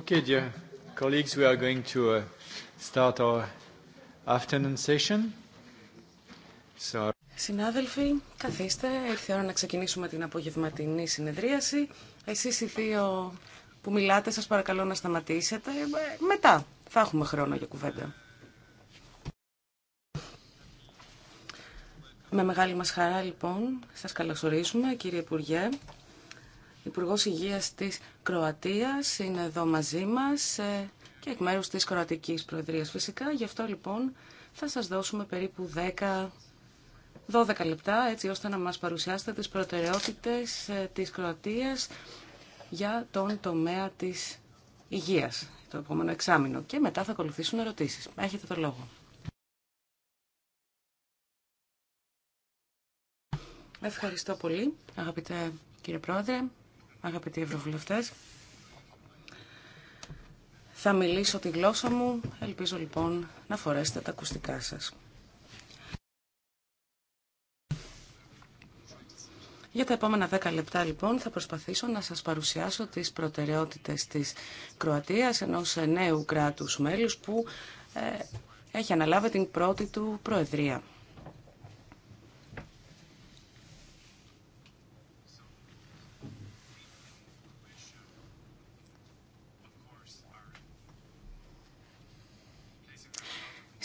Okay, dear colleagues, to uh, Συνάδελφοι, καθίστε. Ήρθε η ώρα να ξεκινήσουμε την απογευματινή συνεδρίαση. Εσεί, οι δύο που μιλάτε, Σα παρακαλώ να σταματήσετε. Μετά θα έχουμε χρόνο για κουβέντα. Με μεγάλη μα χαρά, λοιπόν, σας καλωσορίζουμε, κύριε Υπουργέ, Υπουργό Υγεία τη Κροατία είναι εδώ μαζί μα ε, και εκ μέρου τη Κροατική Προεδρία. Φυσικά, γι' αυτό λοιπόν θα σα δώσουμε περίπου 10. 12 λεπτά έτσι ώστε να μας παρουσιάσετε τις προτεραιότητες ε, της Κροατίας για τον τομέα της υγεία, το επόμενο εξάμεινο και μετά θα ακολουθήσουν ερωτήσεις. Έχετε το λόγο. Ευχαριστώ πολύ αγαπητέ κύριε Πρόεδρε, αγαπητοί ευρωβουλευτές. Θα μιλήσω τη γλώσσα μου, ελπίζω λοιπόν να φορέσετε τα ακουστικά σας. Για τα επόμενα 10 λεπτά λοιπόν θα προσπαθήσω να σας παρουσιάσω τις προτεραιότητες της Κροατίας, ενός ε, νέου κράτους μέλους που ε, έχει αναλάβει την πρώτη του Προεδρία.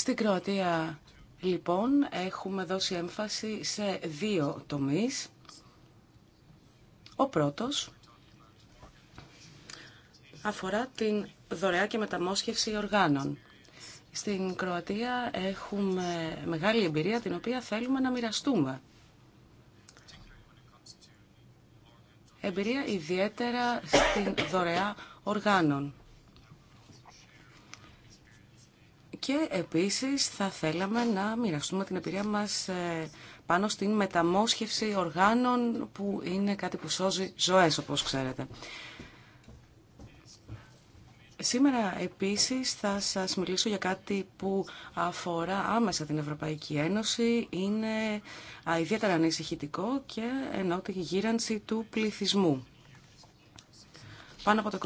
Στην Κροατία, λοιπόν, έχουμε δώσει έμφαση σε δύο τομείς. Ο πρώτος αφορά την δωρεά και μεταμόσχευση οργάνων. Στην Κροατία έχουμε μεγάλη εμπειρία την οποία θέλουμε να μοιραστούμε. Εμπειρία ιδιαίτερα στην δωρεά οργάνων. Και επίσης θα θέλαμε να μοιραστούμε την εμπειρία μας ε, πάνω στην μεταμόσχευση οργάνων που είναι κάτι που σώζει ζωές όπως ξέρετε. Σήμερα επίσης θα σας μιλήσω για κάτι που αφορά άμεσα την Ευρωπαϊκή Ένωση. Είναι ιδιαίτερα ανησυχητικό και ενώ τη γύρανση του πληθυσμού. Πάνω από το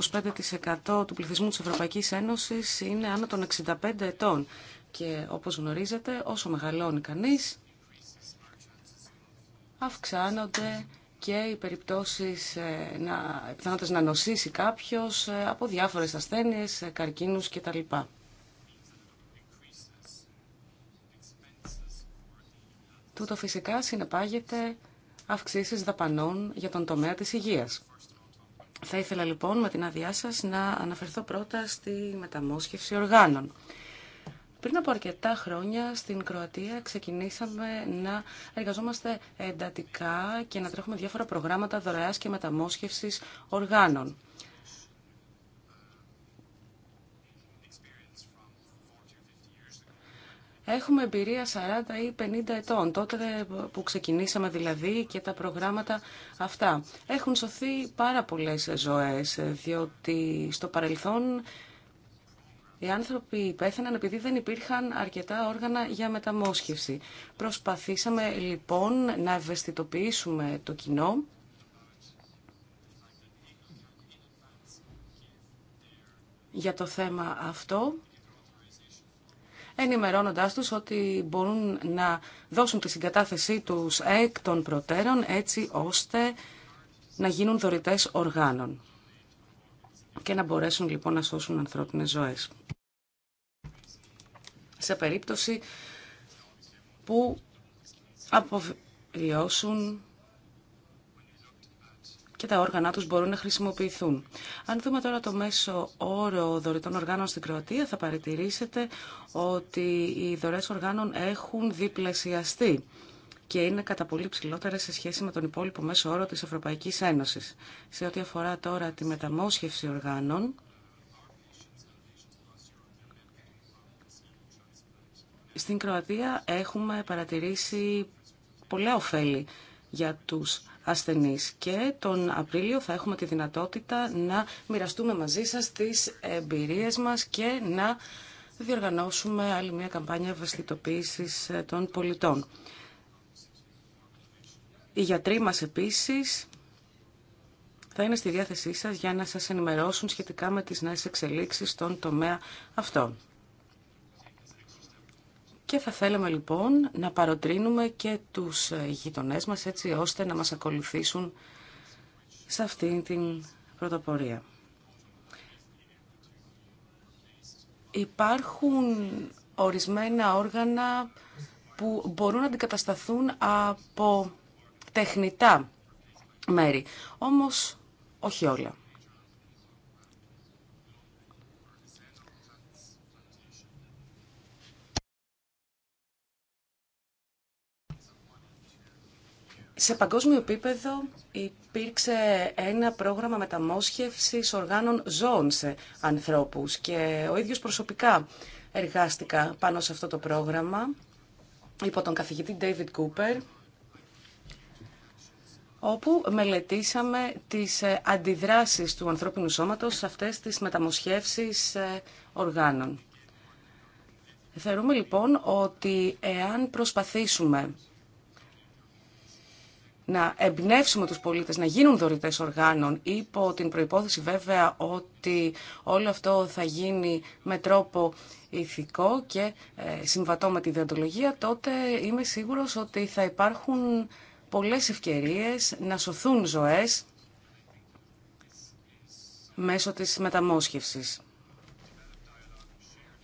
25% του πληθυσμού της Ευρωπαϊκής Ένωσης είναι άνω των 65 ετών. Και όπως γνωρίζετε, όσο μεγαλώνει κανείς, αυξάνονται και οι περιπτώσεις ε, να, να νοσήσει κάποιος ε, από διάφορες ασθένειες, ε, καρκίνους κτλ. Τούτο φυσικά συνεπάγεται αυξήσεις δαπανών για τον τομέα της υγείας. Θα ήθελα λοιπόν με την άδειά σα να αναφερθώ πρώτα στη μεταμόσχευση οργάνων. Πριν από αρκετά χρόνια στην Κροατία ξεκινήσαμε να εργαζόμαστε εντατικά και να τρέχουμε διάφορα προγράμματα δωρεάς και μεταμόσχευσης οργάνων. Έχουμε εμπειρία 40 ή 50 ετών, τότε που ξεκινήσαμε δηλαδή και τα προγράμματα αυτά. Έχουν σωθεί πάρα πολλές ζωές, διότι στο παρελθόν οι άνθρωποι πέθαναν επειδή δεν υπήρχαν αρκετά όργανα για μεταμόσχευση. Προσπαθήσαμε λοιπόν να ευαισθητοποιήσουμε το κοινό για το θέμα αυτό ενημερώνοντάς τους ότι μπορούν να δώσουν τη συγκατάθεσή τους εκ των προτέρων έτσι ώστε να γίνουν δωρητές οργάνων και να μπορέσουν λοιπόν να σώσουν ανθρώπινες ζωές. Σε περίπτωση που αποβιώσουν και τα όργανα τους μπορούν να χρησιμοποιηθούν. Αν δούμε τώρα το μέσο όρο δωρητών οργάνων στην Κροατία, θα παρατηρήσετε ότι οι δωρές οργάνων έχουν διπλασιαστεί και είναι κατά πολύ ψηλότερα σε σχέση με τον υπόλοιπο μέσο όρο της Ευρωπαϊκής Ένωσης. Σε ό,τι αφορά τώρα τη μεταμόσχευση οργάνων, στην Κροατία έχουμε παρατηρήσει πολλά ωφέλη για τους ασθενείς. Και τον Απρίλιο θα έχουμε τη δυνατότητα να μοιραστούμε μαζί σας τις εμπειρίες μας και να διοργανώσουμε άλλη μια καμπάνια ευαισθητοποίησης ε, των πολιτών. Οι γιατροί μας επίσης θα είναι στη διάθεσή σας για να σας ενημερώσουν σχετικά με τις νέες εξελίξεις στον τομέα αυτό. Και θα θέλαμε λοιπόν να παροτρύνουμε και τους ε, γειτονές μας έτσι ώστε να μας ακολουθήσουν σε αυτή την πρωτοπορία. Υπάρχουν ορισμένα όργανα που μπορούν να αντικατασταθούν από τεχνητά μέρη. Όμως όχι όλα. Σε παγκόσμιο επίπεδο υπήρξε ένα πρόγραμμα μεταμόσχευσης οργάνων ζώων σε ανθρώπους και ο ίδιος προσωπικά εργάστηκα πάνω σε αυτό το πρόγραμμα υπό τον καθηγητή David Cooper όπου μελετήσαμε τις ε, αντιδράσεις του ανθρώπινου σώματος σε αυτές τις μεταμοσχεύσεις ε, οργάνων. Θεωρούμε λοιπόν ότι εάν προσπαθήσουμε να εμπνεύσουμε τους πολίτες να γίνουν δωρητές οργάνων υπό την προϋπόθεση βέβαια ότι όλο αυτό θα γίνει με τρόπο ηθικό και ε, συμβατό με τη διοντολογία, τότε είμαι σίγουρος ότι θα υπάρχουν πολλές ευκαιρίες να σωθούν ζωές μέσω της μεταμόσχευσης.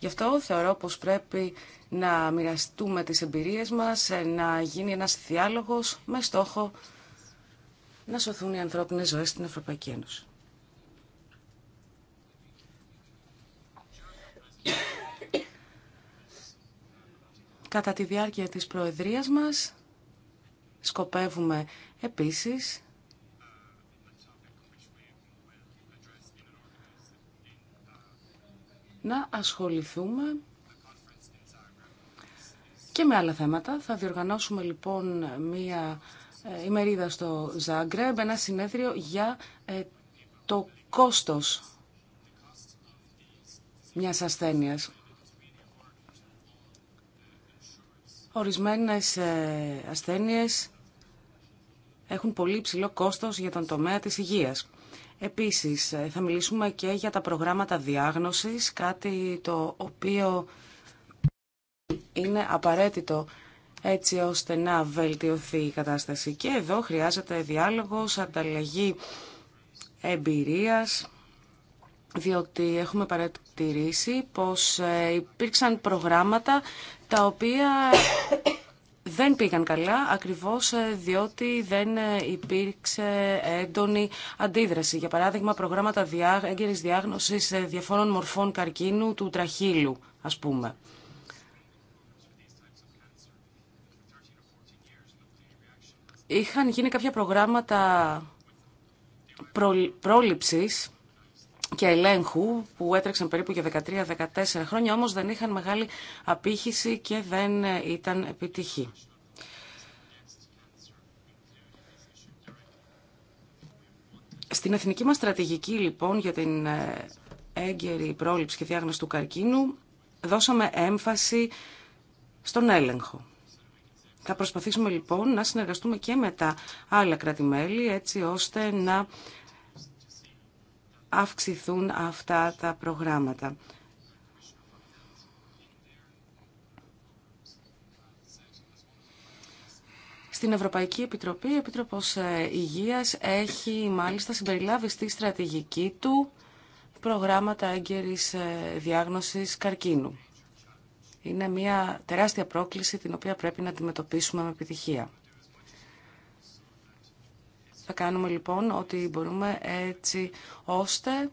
Γι' αυτό θεωρώ πως πρέπει να μοιραστούμε τις εμπειρίες μας, ε, να γίνει ένας διάλογος με στόχο να σωθούν οι ανθρώπινες ζωές στην Ευρωπαϊκή Ένωση. Κατά τη διάρκεια της Προεδρίας μας σκοπεύουμε επίσης να ασχοληθούμε και με άλλα θέματα. Θα διοργανώσουμε λοιπόν μία ε, ημερίδα στο Ζάγκρεμπ, ένα συνέδριο για ε, το κόστος μιας ασθένειας. Ορισμένες ε, ασθένειες έχουν πολύ ψηλό κόστος για τον τομέα της υγείας. Επίσης, ε, θα μιλήσουμε και για τα προγράμματα διάγνωσης, κάτι το οποίο είναι απαραίτητο έτσι ώστε να βελτιωθεί η κατάσταση. Και εδώ χρειάζεται διάλογος, ανταλλαγή εμπειρίας, διότι έχουμε παρατηρήσει πως ε, υπήρξαν προγράμματα τα οποία δεν πήγαν καλά ακριβώς ε, διότι δεν ε, υπήρξε έντονη αντίδραση. Για παράδειγμα, προγράμματα έγκαιρης διάγνωσης ε, διαφόρων μορφών καρκίνου του τραχύλου, ας πούμε. Είχαν γίνει κάποια προγράμματα πρόληψης και ελέγχου που έτρεξαν περίπου για 13-14 χρόνια, όμως δεν είχαν μεγάλη απήχηση και δεν ήταν επιτυχή. Στην εθνική μας στρατηγική λοιπόν για την ε, έγκαιρη πρόληψη και διάγνωση του καρκίνου δώσαμε έμφαση στον έλεγχο. Θα προσπαθήσουμε λοιπόν να συνεργαστούμε και με τα άλλα κράτη-μέλη έτσι ώστε να αυξηθούν αυτά τα προγράμματα. Στην Ευρωπαϊκή Επιτροπή, ο Επίτροπος ε, Υγείας έχει μάλιστα συμπεριλάβει στη στρατηγική του προγράμματα έγκαιρης ε, διάγνωσης καρκίνου. Είναι μια τεράστια πρόκληση την οποία πρέπει να αντιμετωπίσουμε με επιτυχία. Θα κάνουμε λοιπόν ό,τι μπορούμε έτσι ώστε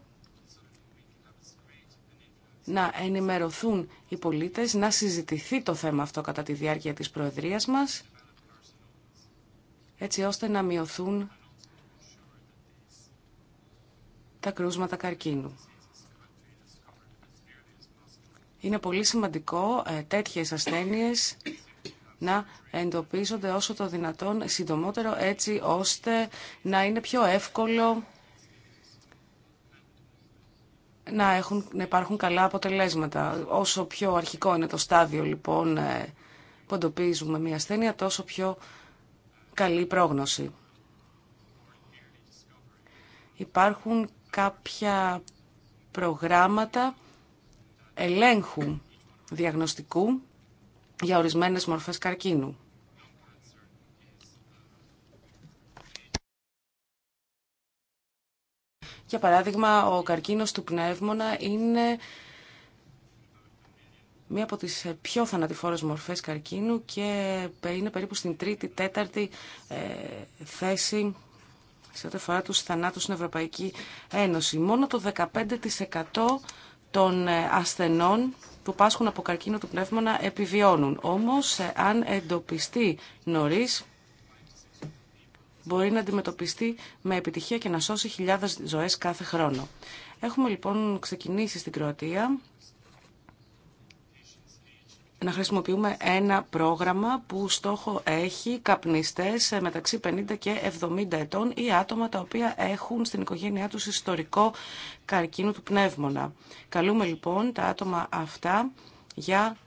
να ενημερωθούν οι πολίτες, να συζητηθεί το θέμα αυτό κατά τη διάρκεια της Προεδρίας μας, έτσι ώστε να μειωθούν τα κρούσματα καρκίνου. Είναι πολύ σημαντικό ε, τέτοιες ασθένειες να εντοπίζονται όσο το δυνατόν συντομότερο έτσι ώστε να είναι πιο εύκολο να, έχουν, να υπάρχουν καλά αποτελέσματα. Όσο πιο αρχικό είναι το στάδιο λοιπόν ε, που εντοπίζουμε μια ασθένεια, τόσο πιο καλή πρόγνωση. Υπάρχουν κάποια προγράμματα ελέγχου διαγνωστικού για ορισμένες μορφές καρκίνου. Για παράδειγμα, ο καρκίνος του πνεύμονα είναι μία από τις πιο θανατηφόρες μορφές καρκίνου και είναι περίπου στην τρίτη, τέταρτη ε, θέση σε ό,τι αφορά τους θανάτους στην Ευρωπαϊκή Ένωση. Μόνο το 15% των ε, ασθενών που πάσχουν από καρκίνο του πνεύμα να επιβιώνουν. Όμως, ε, αν εντοπιστεί νωρίς, μπορεί να αντιμετωπιστεί με επιτυχία και να σώσει χιλιάδες ζωές κάθε χρόνο. Έχουμε λοιπόν ξεκινήσει στην Κροατία να χρησιμοποιούμε ένα πρόγραμμα που στόχο έχει καπνιστές μεταξύ 50 και 70 ετών ή άτομα τα οποία έχουν στην οικογένειά τους ιστορικό καρκίνο του πνεύμονα. Καλούμε λοιπόν τα άτομα αυτά για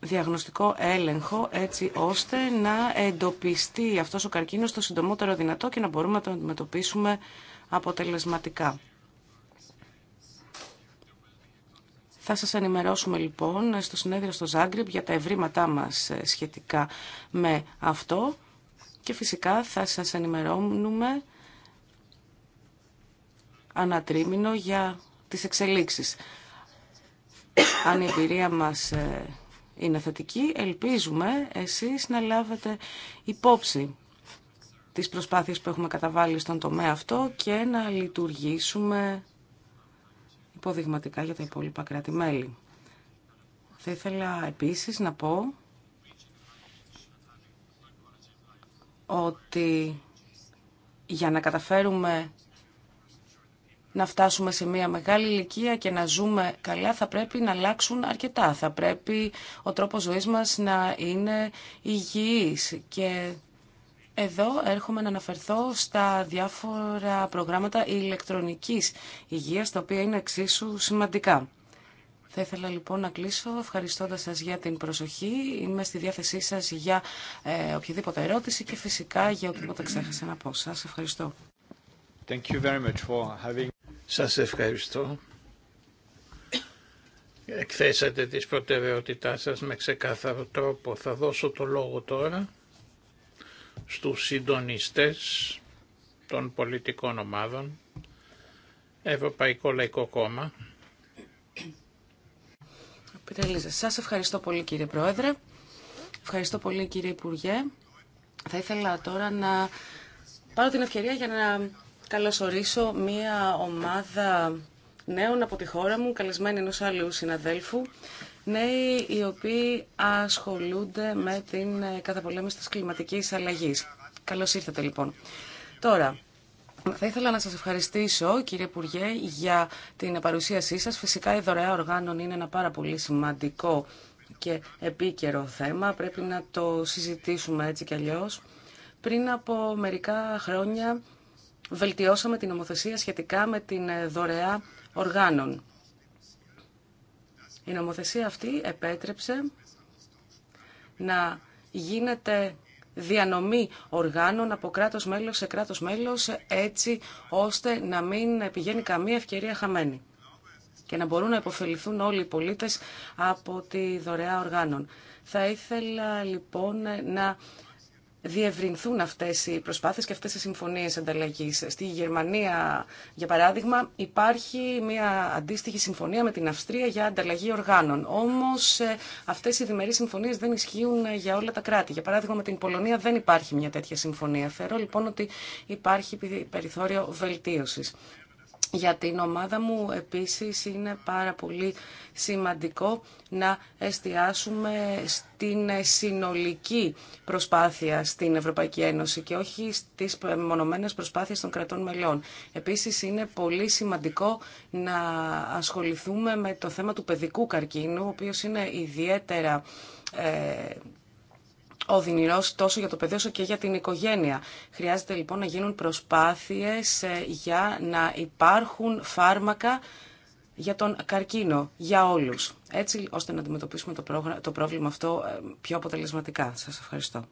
διαγνωστικό έλεγχο έτσι ώστε να εντοπιστεί αυτός ο καρκίνος το συντομότερο δυνατό και να μπορούμε να τον αντιμετωπίσουμε αποτελεσματικά. Θα σας ενημερώσουμε λοιπόν στο συνέδριο στο Ζάγκρεπ για τα ευρήματά μας ε, σχετικά με αυτό και φυσικά θα σας ενημερώνουμε ανατρίμηνο για τις εξελίξεις. Αν η εμπειρία μας ε, είναι θετική, ελπίζουμε εσείς να λάβετε υπόψη τις προσπάθειες που έχουμε καταβάλει στον τομέα αυτό και να λειτουργήσουμε υποδειγματικά για τα υπόλοιπα κράτη-μέλη. Θα ήθελα επίσης να πω ότι για να καταφέρουμε να φτάσουμε σε μια μεγάλη ηλικία και να ζούμε καλά θα πρέπει να αλλάξουν αρκετά. Θα πρέπει ο τρόπος ζωής μας να είναι υγιής και εδώ έρχομαι να αναφερθώ στα διάφορα προγράμματα ηλεκτρονικής υγείας, τα οποία είναι εξίσου σημαντικά. Θα ήθελα λοιπόν να κλείσω ευχαριστώντας σας για την προσοχή. Είμαι στη διάθεσή σας για ε, οποιαδήποτε ερώτηση και φυσικά για οτιδήποτε ξέχασα να πω. Σας ευχαριστώ. Thank you very much for having... Σας ευχαριστώ. Εκθέσατε τις προτεραιότητά σας με ξεκάθαρο τρόπο. Θα δώσω το λόγο τώρα στους συντονιστές των πολιτικών ομάδων, Ευρωπαϊκό Λαϊκό Κόμμα. Πιτελίζα, σας ευχαριστώ πολύ κύριε Πρόεδρε, ευχαριστώ πολύ κύριε Υπουργέ. Θα ήθελα τώρα να πάρω την ευκαιρία για να καλωσορίσω μία ομάδα νέων από τη χώρα μου, καλεσμένη ενός άλλου συναδέλφου, νέοι οι οποίοι ασχολούνται με την ε, καταπολέμηση της κλιματικής αλλαγής. Καλώς ήρθατε λοιπόν. Τώρα, θα ήθελα να σας ευχαριστήσω κύριε Υπουργέ για την παρουσίασή σας. Φυσικά η δωρεά οργάνων είναι ένα πάρα πολύ σημαντικό και επίκαιρο θέμα. Πρέπει να το συζητήσουμε έτσι κι αλλιώς. Πριν από μερικά χρόνια βελτιώσαμε την νομοθεσία σχετικά με την ε, δωρεά οργάνων. Η νομοθεσία αυτή επέτρεψε να γίνεται διανομή οργάνων από κράτος μέλος σε κράτος μέλος έτσι ώστε να μην πηγαίνει καμία ευκαιρία χαμένη και να μπορούν να υποφεληθούν όλοι οι πολίτες από τη δωρεά οργάνων. Θα ήθελα λοιπόν να διευρυνθούν αυτές οι προσπάθειες και αυτές οι συμφωνίες ανταλλαγής. Στη Γερμανία, για παράδειγμα, υπάρχει μια αντίστοιχη συμφωνία με την Αυστρία για ανταλλαγή οργάνων. Όμως ε, αυτές οι διμερείς συμφωνίες δεν ισχύουν ε, για όλα τα κράτη. Για παράδειγμα, με την Πολωνία δεν υπάρχει μια τέτοια συμφωνία. Θεωρώ λοιπόν ότι υπάρχει περιθώριο βελτίωσης. Για την ομάδα μου επίσης είναι πάρα πολύ σημαντικό να εστιάσουμε στην συνολική προσπάθεια στην Ευρωπαϊκή Ένωση και όχι στις μονομένες προσπάθειες των κρατών μελών. Επίσης είναι πολύ σημαντικό να ασχοληθούμε με το θέμα του παιδικού καρκίνου, ο οποίος είναι ιδιαίτερα ε, οδυνηρό τόσο για το παιδί όσο και για την οικογένεια. Χρειάζεται λοιπόν να γίνουν προσπάθειες ε, για να υπάρχουν φάρμακα για τον καρκίνο, για όλους. Έτσι ώστε να αντιμετωπίσουμε το, πρόβλημα αυτό ε, πιο αποτελεσματικά. Σας ευχαριστώ.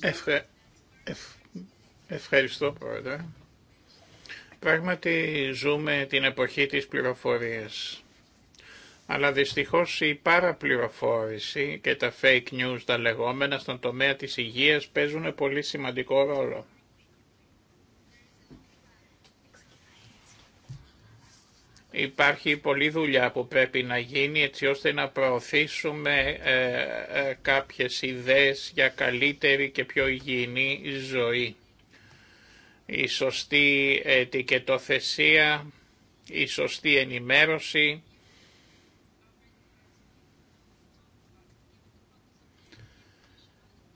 Ευχαριστώ. Ευχαριστώ, Πρόεδρε. Πράγματι ζούμε την εποχή της πληροφορίας. Αλλά δυστυχώς η παραπληροφόρηση και τα fake news τα λεγόμενα στον τομέα της υγείας παίζουν πολύ σημαντικό ρόλο. Υπάρχει πολλή δουλειά που πρέπει να γίνει έτσι ώστε να προωθήσουμε ε, ε κάποιες ιδέες για καλύτερη και πιο υγιεινή ζωή η σωστή ετικετοθεσία, η σωστή ενημέρωση.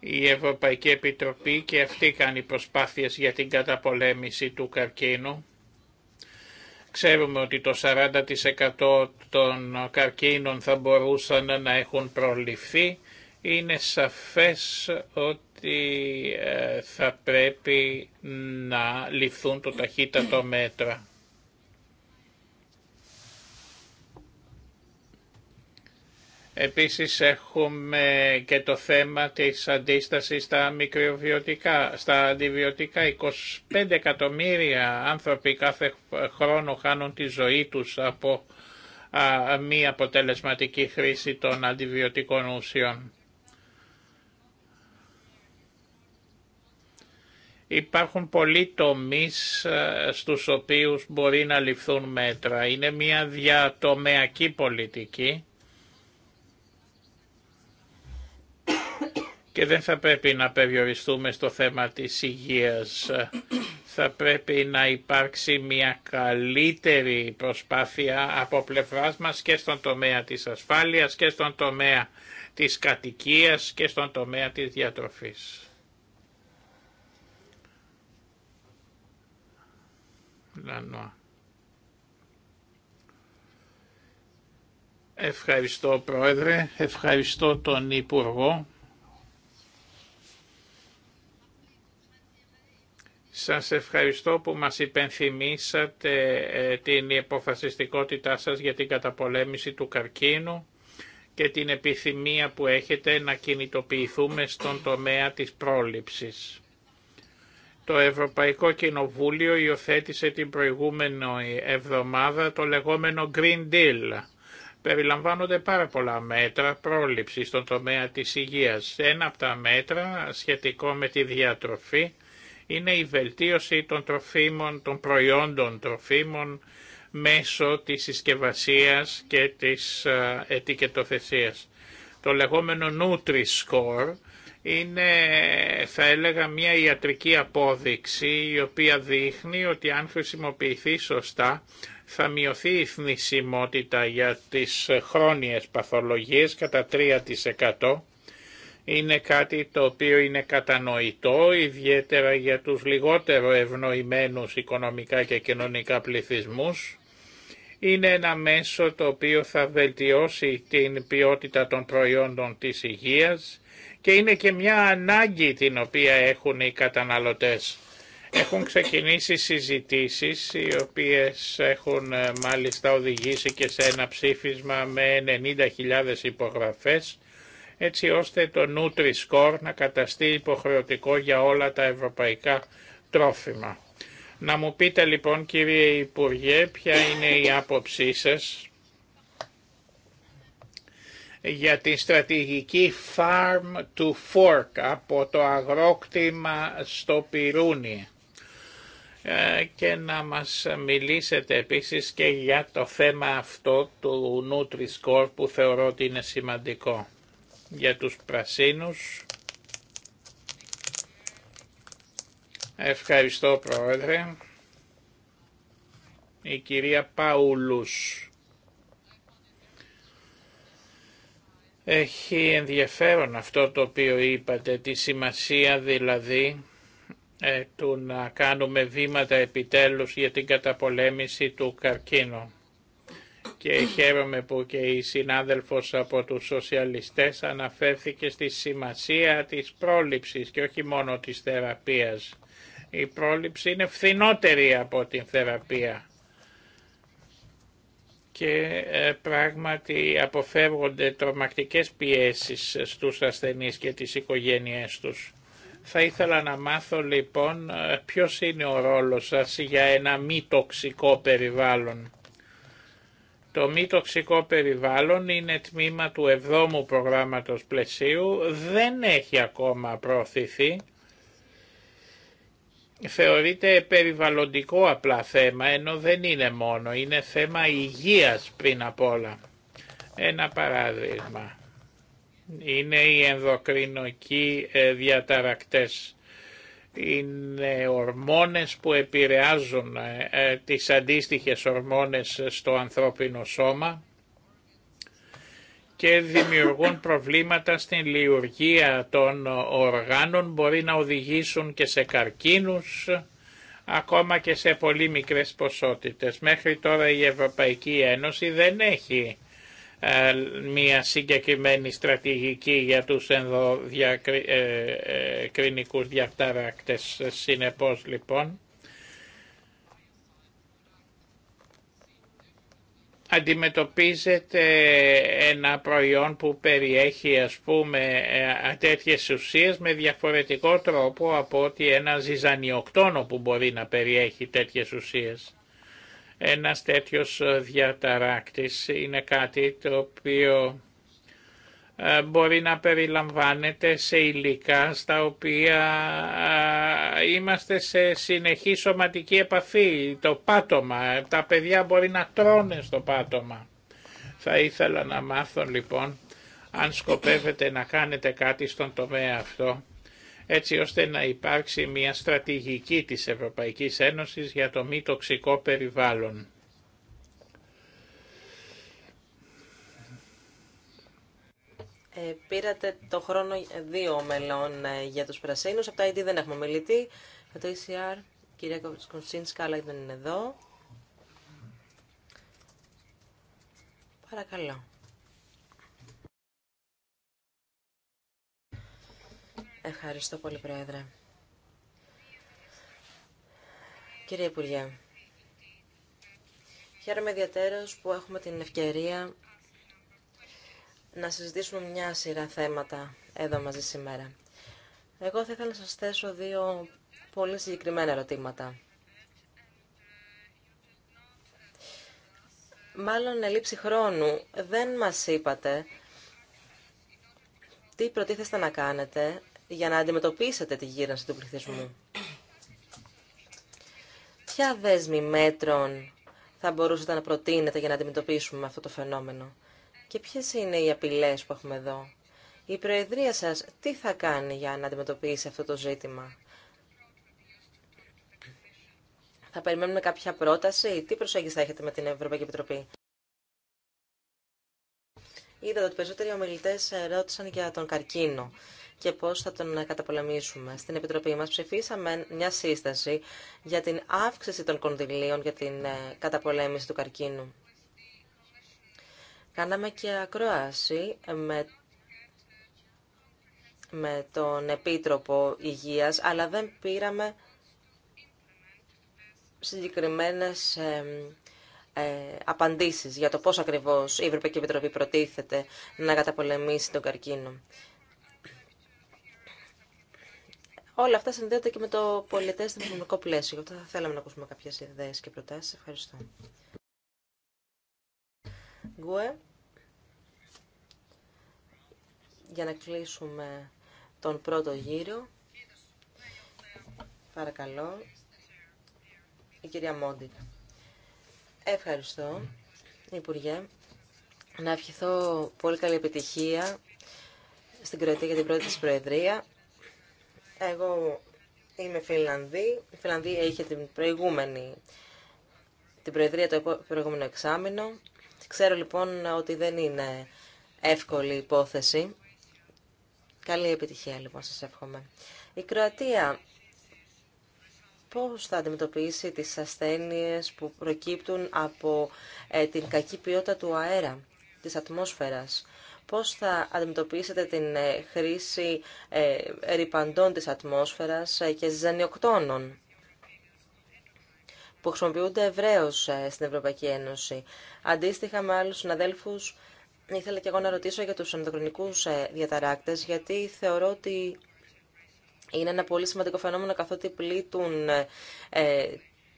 Η Ευρωπαϊκή Επιτροπή και αυτή κάνει προσπάθειες για την καταπολέμηση του καρκίνου. Ξέρουμε ότι το 40% των καρκίνων θα μπορούσαν να έχουν προληφθεί είναι σαφές ότι ε, θα πρέπει να ληφθούν το ταχύτατο μέτρα. Επίσης έχουμε και το θέμα της αντίστασης στα μικροβιωτικά, στα αντιβιωτικά. 25 εκατομμύρια άνθρωποι κάθε χρόνο χάνουν τη ζωή τους από μία μη αποτελεσματική χρήση των αντιβιωτικών ουσιών. Υπάρχουν πολλοί τομείς ε, στους οποίους μπορεί να ληφθούν μέτρα. Είναι μια διατομεακή πολιτική και δεν θα πρέπει να περιοριστούμε στο θέμα της υγείας. Θα πρέπει να υπάρξει μια καλύτερη προσπάθεια από πλευράς μας και στον τομέα της ασφάλειας και στον τομέα της κατοικίας και στον τομέα της διατροφής. Ευχαριστώ Πρόεδρε, ευχαριστώ τον Υπουργό. Σας ευχαριστώ που μας υπενθυμίσατε ε, την υποφασιστικότητά σας για την καταπολέμηση του καρκίνου και την επιθυμία που έχετε να κινητοποιηθούμε στον τομέα της πρόληψης. Το Ευρωπαϊκό Κοινοβούλιο υιοθέτησε την προηγούμενη εβδομάδα το λεγόμενο Green Deal. Περιλαμβάνονται πάρα πολλά μέτρα πρόληψη στον τομέα της υγείας. Ένα από τα μέτρα σχετικό με τη διατροφή είναι η βελτίωση των τροφίμων, των προϊόντων τροφίμων μέσω της συσκευασίας και της ε, ετικετοθεσίας. Το λεγόμενο Nutri-Score είναι θα έλεγα μια ιατρική απόδειξη η οποία δείχνει ότι αν χρησιμοποιηθεί σωστά θα μειωθεί η θνησιμότητα για τις χρόνιες παθολογίες κατά 3%. Είναι κάτι το οποίο είναι κατανοητό, ιδιαίτερα για τους λιγότερο ευνοημένους οικονομικά και κοινωνικά πληθυσμούς. Είναι ένα μέσο το οποίο θα βελτιώσει την ποιότητα των προϊόντων της υγείας και είναι και μια ανάγκη την οποία έχουν οι καταναλωτές. Έχουν ξεκινήσει συζητήσεις οι οποίες έχουν ε, μάλιστα οδηγήσει και σε ένα ψήφισμα με 90.000 υπογραφές έτσι ώστε το Nutri-Score να καταστεί υποχρεωτικό για όλα τα ευρωπαϊκά τρόφιμα. Να μου πείτε λοιπόν κύριε Υπουργέ ποια είναι η άποψή σας για την στρατηγική Farm to Fork από το αγρόκτημα στο Πυρούνι ε, και να μας μιλήσετε επίσης και για το θέμα αυτό του Nutri-Score που θεωρώ ότι είναι σημαντικό για τους πρασίνους. Ευχαριστώ Πρόεδρε. Η κυρία Παουλούς. Έχει ενδιαφέρον αυτό το οποίο είπατε, τη σημασία δηλαδή ε, του να κάνουμε βήματα επιτέλους για την καταπολέμηση του καρκίνου. Και χαίρομαι που και η συνάδελφος από τους σοσιαλιστές αναφέρθηκε στη σημασία της πρόληψης και όχι μόνο της θεραπείας. Η πρόληψη είναι φθηνότερη από την θεραπεία και ε, πράγματι αποφεύγονται τρομακτικές πιέσεις στους ασθενείς και τις οικογένειές τους. Θα ήθελα να μάθω λοιπόν ε, ποιος είναι ο ρόλος σας για ένα μη τοξικό περιβάλλον. Το μη τοξικό περιβάλλον είναι τμήμα του 7ου προγράμματος πλαισίου, δεν έχει ακόμα προωθηθεί θεωρείται περιβαλλοντικό απλά θέμα, ενώ δεν είναι μόνο, είναι θέμα υγείας πριν απ' όλα. Ένα παράδειγμα είναι οι ενδοκρινοκοί ε, διαταρακτές. Είναι ορμόνες που επηρεάζουν ε, ε, τις αντίστοιχες ορμόνες στο ανθρώπινο σώμα και δημιουργούν προβλήματα στην λειτουργία των οργάνων, μπορεί να οδηγήσουν και σε καρκίνους, ακόμα και σε πολύ μικρές ποσότητες. Μέχρι τώρα η Ευρωπαϊκή Ένωση δεν έχει ε, μια συγκεκριμένη στρατηγική για τους ενδοδιακρινικούς ε, ε, διαφταράκτες, Συνεπώς λοιπόν αντιμετωπίζεται ένα προϊόν που περιέχει ας πούμε ε, τέτοιες ουσίες με διαφορετικό τρόπο από ότι ένα ζυζανιοκτόνο που μπορεί να περιέχει τέτοιες ουσίες. ένα τέτοιος ε, διαταράκτης είναι κάτι το οποίο ε, μπορεί να περιλαμβάνεται σε υλικά στα οποία ε, είμαστε σε συνεχή σωματική επαφή, το πάτωμα, ε, τα παιδιά μπορεί να τρώνε στο πάτωμα. Θα ήθελα να μάθω λοιπόν αν σκοπεύετε να κάνετε κάτι στον τομέα αυτό έτσι ώστε να υπάρξει μια στρατηγική της Ευρωπαϊκής Ένωσης για το μη τοξικό περιβάλλον. Ε, πήρατε το χρόνο δύο μελών ε, για τους πρασίνους. Από τα ID δεν έχουμε μιλητή. Με το ECR, κυρία Κονσίνσκα, αλλά δεν είναι εδώ. Παρακαλώ. Ευχαριστώ πολύ, Πρόεδρε. Κύριε Υπουργέ, χαίρομαι ιδιαίτερως που έχουμε την ευκαιρία να συζητήσουμε μια σειρά θέματα εδώ μαζί σήμερα. Εγώ θα ήθελα να σας θέσω δύο πολύ συγκεκριμένα ερωτήματα. Μάλλον ελήψη χρόνου. Δεν μας είπατε τι προτίθεστε να κάνετε για να αντιμετωπίσετε τη γύρανση του πληθυσμού. Ποια δέσμη μέτρων θα μπορούσατε να προτείνετε για να αντιμετωπίσουμε αυτό το φαινόμενο. Και ποιες είναι οι απειλές που έχουμε εδώ. Η Προεδρία σας τι θα κάνει για να αντιμετωπίσει αυτό το ζήτημα. Θα περιμένουμε κάποια πρόταση. Τι προσέγγιση θα έχετε με την Ευρωπαϊκή Επιτροπή. Είδατε ότι περισσότεροι ομιλητέ ρώτησαν για τον καρκίνο και πώ θα τον καταπολεμήσουμε. Στην Επιτροπή μα ψηφίσαμε μια σύσταση για την αύξηση των κονδυλίων για την ε, καταπολέμηση του καρκίνου. Κάναμε και ακρόαση με, με τον Επίτροπο Υγείας, αλλά δεν πήραμε συγκεκριμένες ε, απαντήσεις για το πώς ακριβώς η Ευρωπαϊκή Επιτροπή προτίθεται να καταπολεμήσει τον καρκίνο. Όλα αυτά συνδέονται και με το πολιτές δημοσιονομικό πλαίσιο. Θα θέλαμε να ακούσουμε κάποιες ιδέες και προτάσεις. Ευχαριστώ. Γκουε. Για να κλείσουμε τον πρώτο γύρο. Παρακαλώ. Η κυρία Μόντι. Ευχαριστώ, Υπουργέ. Να ευχηθώ πολύ καλή επιτυχία στην Κροατία για την πρώτη της Προεδρία. Εγώ είμαι Φιλανδή. Η Φιλανδία είχε την προηγούμενη την Προεδρία το προηγούμενο εξάμεινο. Ξέρω λοιπόν ότι δεν είναι εύκολη υπόθεση. Καλή επιτυχία λοιπόν σας εύχομαι. Η Κροατία πώς θα αντιμετωπίσει τις ασθένειες που προκύπτουν από ε, την κακή ποιότητα του αέρα, της ατμόσφαιρας. Πώς θα αντιμετωπίσετε την ε, χρήση ε, ρηπαντών της ατμόσφαιρας και ζανιοκτώνων που χρησιμοποιούνται ευρέω ε, στην Ευρωπαϊκή Ένωση. Αντίστοιχα με άλλου συναδέλφου, ήθελα και εγώ να ρωτήσω για του ενδοκρινικού ε, διαταράκτε, γιατί θεωρώ ότι είναι ένα πολύ σημαντικό φαινόμενο καθότι πλήττουν ε, ε,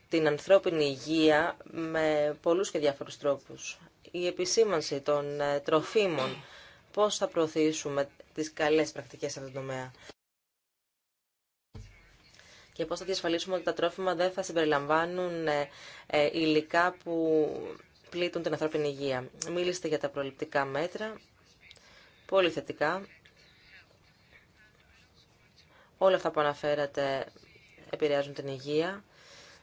την ανθρώπινη υγεία με πολλούς και διάφορους τρόπους. Η επισήμανση των τροφίμων, πώς θα προωθήσουμε τις καλές πρακτικές σε αυτό το τομέα και πώς θα διασφαλίσουμε ότι τα τρόφιμα δεν θα συμπεριλαμβάνουν ε, ε, υλικά που πλήττουν την ανθρώπινη υγεία. Μίλησε για τα προληπτικά μέτρα, πολύ θετικά. Όλα αυτά που αναφέρατε επηρεάζουν την υγεία.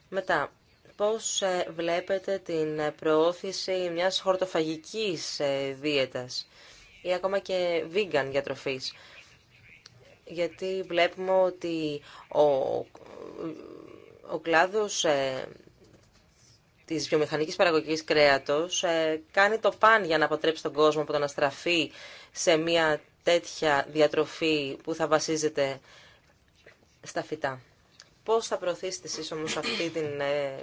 Μετά, πώς ε, βλέπετε την προώθηση μιας χορτοφαγικής δίαιτας ή ακόμα και vegan διατροφής γιατί βλέπουμε ότι ο, ο κλάδος ε, της βιομηχανικής παραγωγής κρέατος ε, κάνει το παν για να αποτρέψει τον κόσμο από το να στραφεί σε μια τέτοια διατροφή που θα βασίζεται στα φυτά. Πώς θα προωθήσετε εσείς όμως αυτή την ε,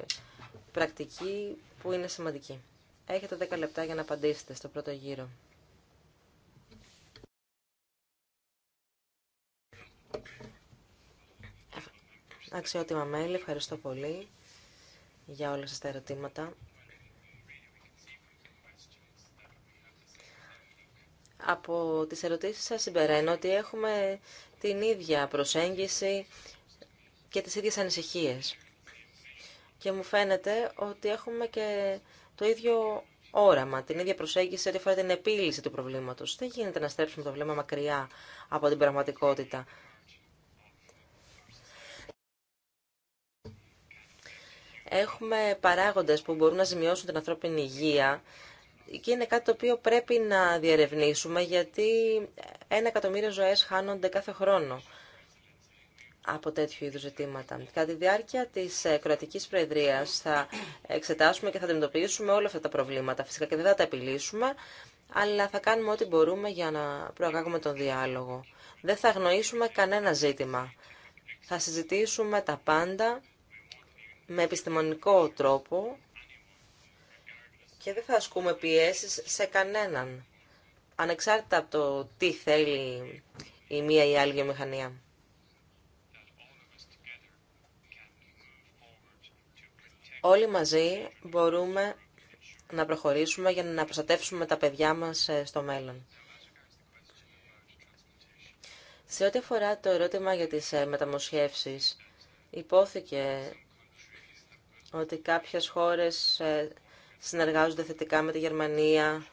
πρακτική που είναι σημαντική. Έχετε 10 λεπτά για να απαντήσετε στο πρώτο γύρο. Αξιότιμα μέλη, ευχαριστώ πολύ για όλα σας τα ερωτήματα. Από τις ερωτήσεις σας συμπεραίνω ότι έχουμε την ίδια προσέγγιση και τις ίδιες ανησυχίες. Και μου φαίνεται ότι έχουμε και το ίδιο όραμα, την ίδια προσέγγιση ό,τι αφορά την επίλυση του προβλήματος. Δεν γίνεται να στρέψουμε το βλέμμα μακριά από την πραγματικότητα. έχουμε παράγοντες που μπορούν να ζημιώσουν την ανθρώπινη υγεία και είναι κάτι το οποίο πρέπει να διερευνήσουμε γιατί ένα εκατομμύριο ζωές χάνονται κάθε χρόνο από τέτοιου είδους ζητήματα. Κατά τη διάρκεια της ε, κρατικής προεδρίας θα εξετάσουμε και θα αντιμετωπίσουμε όλα αυτά τα προβλήματα φυσικά και δεν θα τα επιλύσουμε, αλλά θα κάνουμε ό,τι μπορούμε για να προαγάγουμε τον διάλογο. Δεν θα αγνοήσουμε κανένα ζήτημα. Θα συζητήσουμε τα πάντα με επιστημονικό τρόπο και δεν θα ασκούμε πιέσεις σε κανέναν, ανεξάρτητα από το τι θέλει η μία ή η άλλη βιομηχανία. Όλοι μαζί μπορούμε να προχωρήσουμε για να προστατεύσουμε τα παιδιά μας ε, στο μέλλον. Σε ό,τι αφορά το ερώτημα για τις ε, μεταμοσχεύσεις, υπόθηκε ότι κάποιες χώρες ε, συνεργάζονται θετικά με τη Γερμανία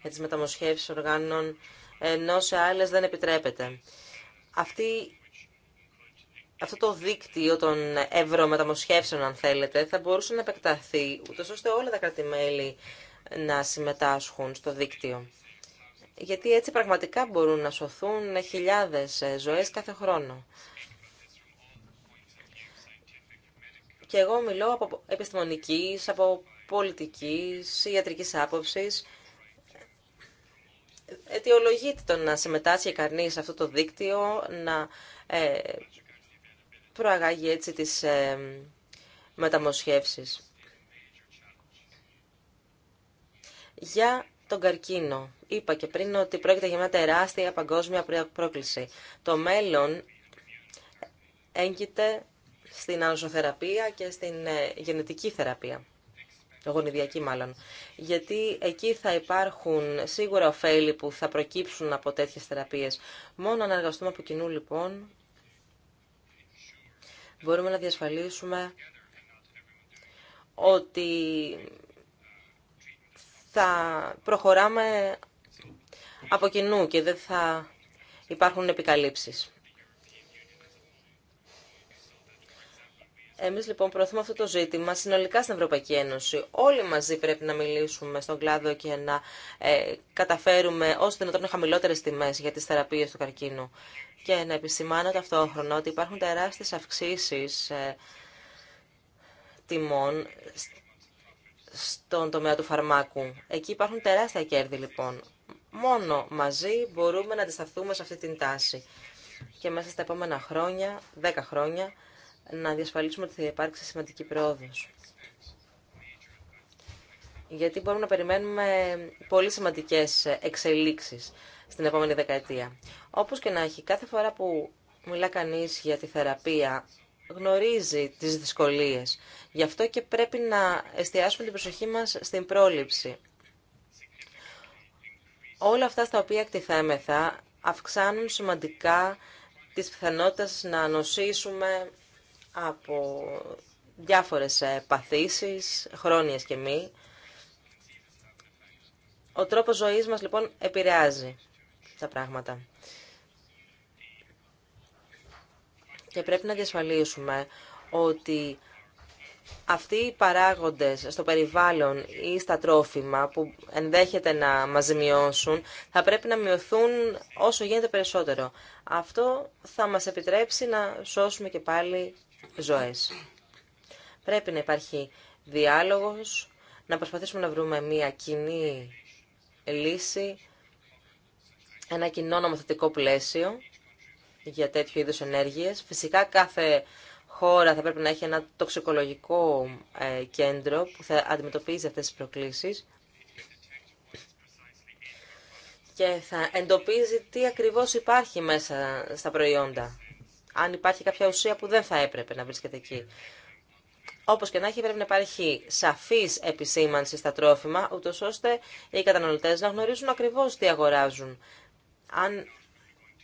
για τις μεταμοσχεύσεις οργάνων, ενώ σε άλλες δεν επιτρέπεται. Αυτή, αυτό το δίκτυο των ευρωμεταμοσχεύσεων, αν θέλετε, θα μπορούσε να επεκταθεί, ούτως ώστε όλα τα κρατημέλη να συμμετάσχουν στο δίκτυο. Γιατί έτσι πραγματικά μπορούν να σωθούν χιλιάδες ε, ζωές κάθε χρόνο. Και εγώ μιλώ από επιστημονικής, από πολιτικής, ιατρικής άποψης. Αιτιολογείται το να συμμετάσχει κανεί σε αυτό το δίκτυο, να ε, προαγάγει έτσι τις ε, μεταμοσχεύσεις. Για τον καρκίνο. Είπα και πριν ότι πρόκειται για μια τεράστια παγκόσμια πρόκληση. Το μέλλον έγκυται στην ανοσοθεραπεία και στην ε, γενετική θεραπεία, γονιδιακή μάλλον. Γιατί εκεί θα υπάρχουν σίγουρα ωφέλη που θα προκύψουν από τέτοιες θεραπείες. Μόνο αν εργαστούμε από κοινού λοιπόν, μπορούμε να διασφαλίσουμε ότι θα προχωράμε από κοινού και δεν θα υπάρχουν επικαλύψεις. Εμείς λοιπόν προωθούμε αυτό το ζήτημα συνολικά στην Ευρωπαϊκή Ένωση. Όλοι μαζί πρέπει να μιλήσουμε στον κλάδο και να ε, καταφέρουμε όσο δυνατόν χαμηλότερε τιμέ για τι θεραπείε του καρκίνου. Και να επισημάνω ταυτόχρονα ότι υπάρχουν τεράστιε αυξήσει ε, τιμών στον τομέα του φαρμάκου. Εκεί υπάρχουν τεράστια κέρδη λοιπόν. Μόνο μαζί μπορούμε να αντισταθούμε σε αυτή την τάση. Και μέσα στα επόμενα χρόνια, 10 χρόνια, να διασφαλίσουμε ότι θα υπάρξει σημαντική πρόοδος. Γιατί μπορούμε να περιμένουμε πολύ σημαντικές εξελίξεις στην επόμενη δεκαετία. Όπως και να έχει, κάθε φορά που μιλά κανείς για τη θεραπεία, γνωρίζει τις δυσκολίες. Γι' αυτό και πρέπει να εστιάσουμε την προσοχή μας στην πρόληψη. Όλα αυτά στα οποία εκτιθέμεθα αυξάνουν σημαντικά τις πιθανότητες να νοσήσουμε από διάφορες ε, παθήσεις, χρόνιες και μη. Ο τρόπος ζωής μας λοιπόν επηρεάζει τα πράγματα. Και πρέπει να διασφαλίσουμε ότι αυτοί οι παράγοντες στο περιβάλλον ή στα τρόφιμα που ενδέχεται να μας μειώσουν, θα πρέπει να μειωθούν όσο γίνεται περισσότερο. Αυτό θα μας επιτρέψει να σώσουμε και πάλι ζωές. Πρέπει να υπάρχει διάλογος, να προσπαθήσουμε να βρούμε μια κοινή λύση, ένα κοινό νομοθετικό πλαίσιο για τέτοιου είδους ενέργειες. Φυσικά κάθε χώρα θα πρέπει να έχει ένα τοξικολογικό ε, κέντρο που θα αντιμετωπίζει αυτές τις προκλήσεις και θα εντοπίζει τι ακριβώς υπάρχει μέσα στα προϊόντα αν υπάρχει κάποια ουσία που δεν θα έπρεπε να βρίσκεται εκεί. Όπω και να έχει, πρέπει να υπάρχει σαφή επισήμανση στα τρόφιμα, ούτω ώστε οι καταναλωτέ να γνωρίζουν ακριβώ τι αγοράζουν. Αν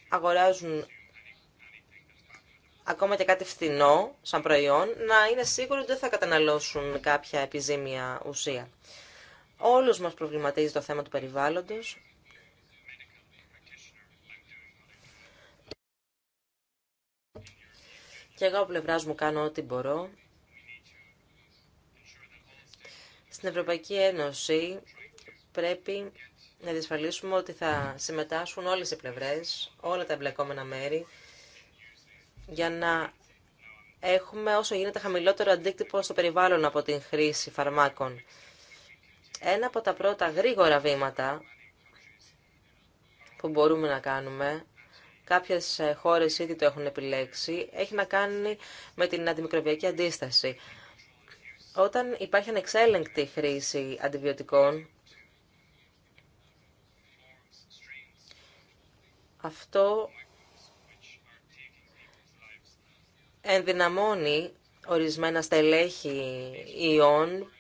αγοράζουν ακόμα και κάτι φθηνό σαν προϊόν, να είναι σίγουροι ότι δεν θα καταναλώσουν κάποια επιζήμια ουσία. Όλους μας προβληματίζει το θέμα του περιβάλλοντος Και εγώ από πλευράς μου κάνω ό,τι μπορώ. Στην Ευρωπαϊκή Ένωση πρέπει να διασφαλίσουμε ότι θα συμμετάσχουν όλες οι πλευρές, όλα τα εμπλεκόμενα μέρη, για να έχουμε όσο γίνεται χαμηλότερο αντίκτυπο στο περιβάλλον από την χρήση φαρμάκων. Ένα από τα πρώτα γρήγορα βήματα που μπορούμε να κάνουμε κάποιες ε, χώρες ήδη το έχουν επιλέξει, έχει να κάνει με την αντιμικροβιακή αντίσταση. Όταν υπάρχει ανεξέλεγκτη χρήση αντιβιωτικών, αυτό ενδυναμώνει ορισμένα στελέχη ιών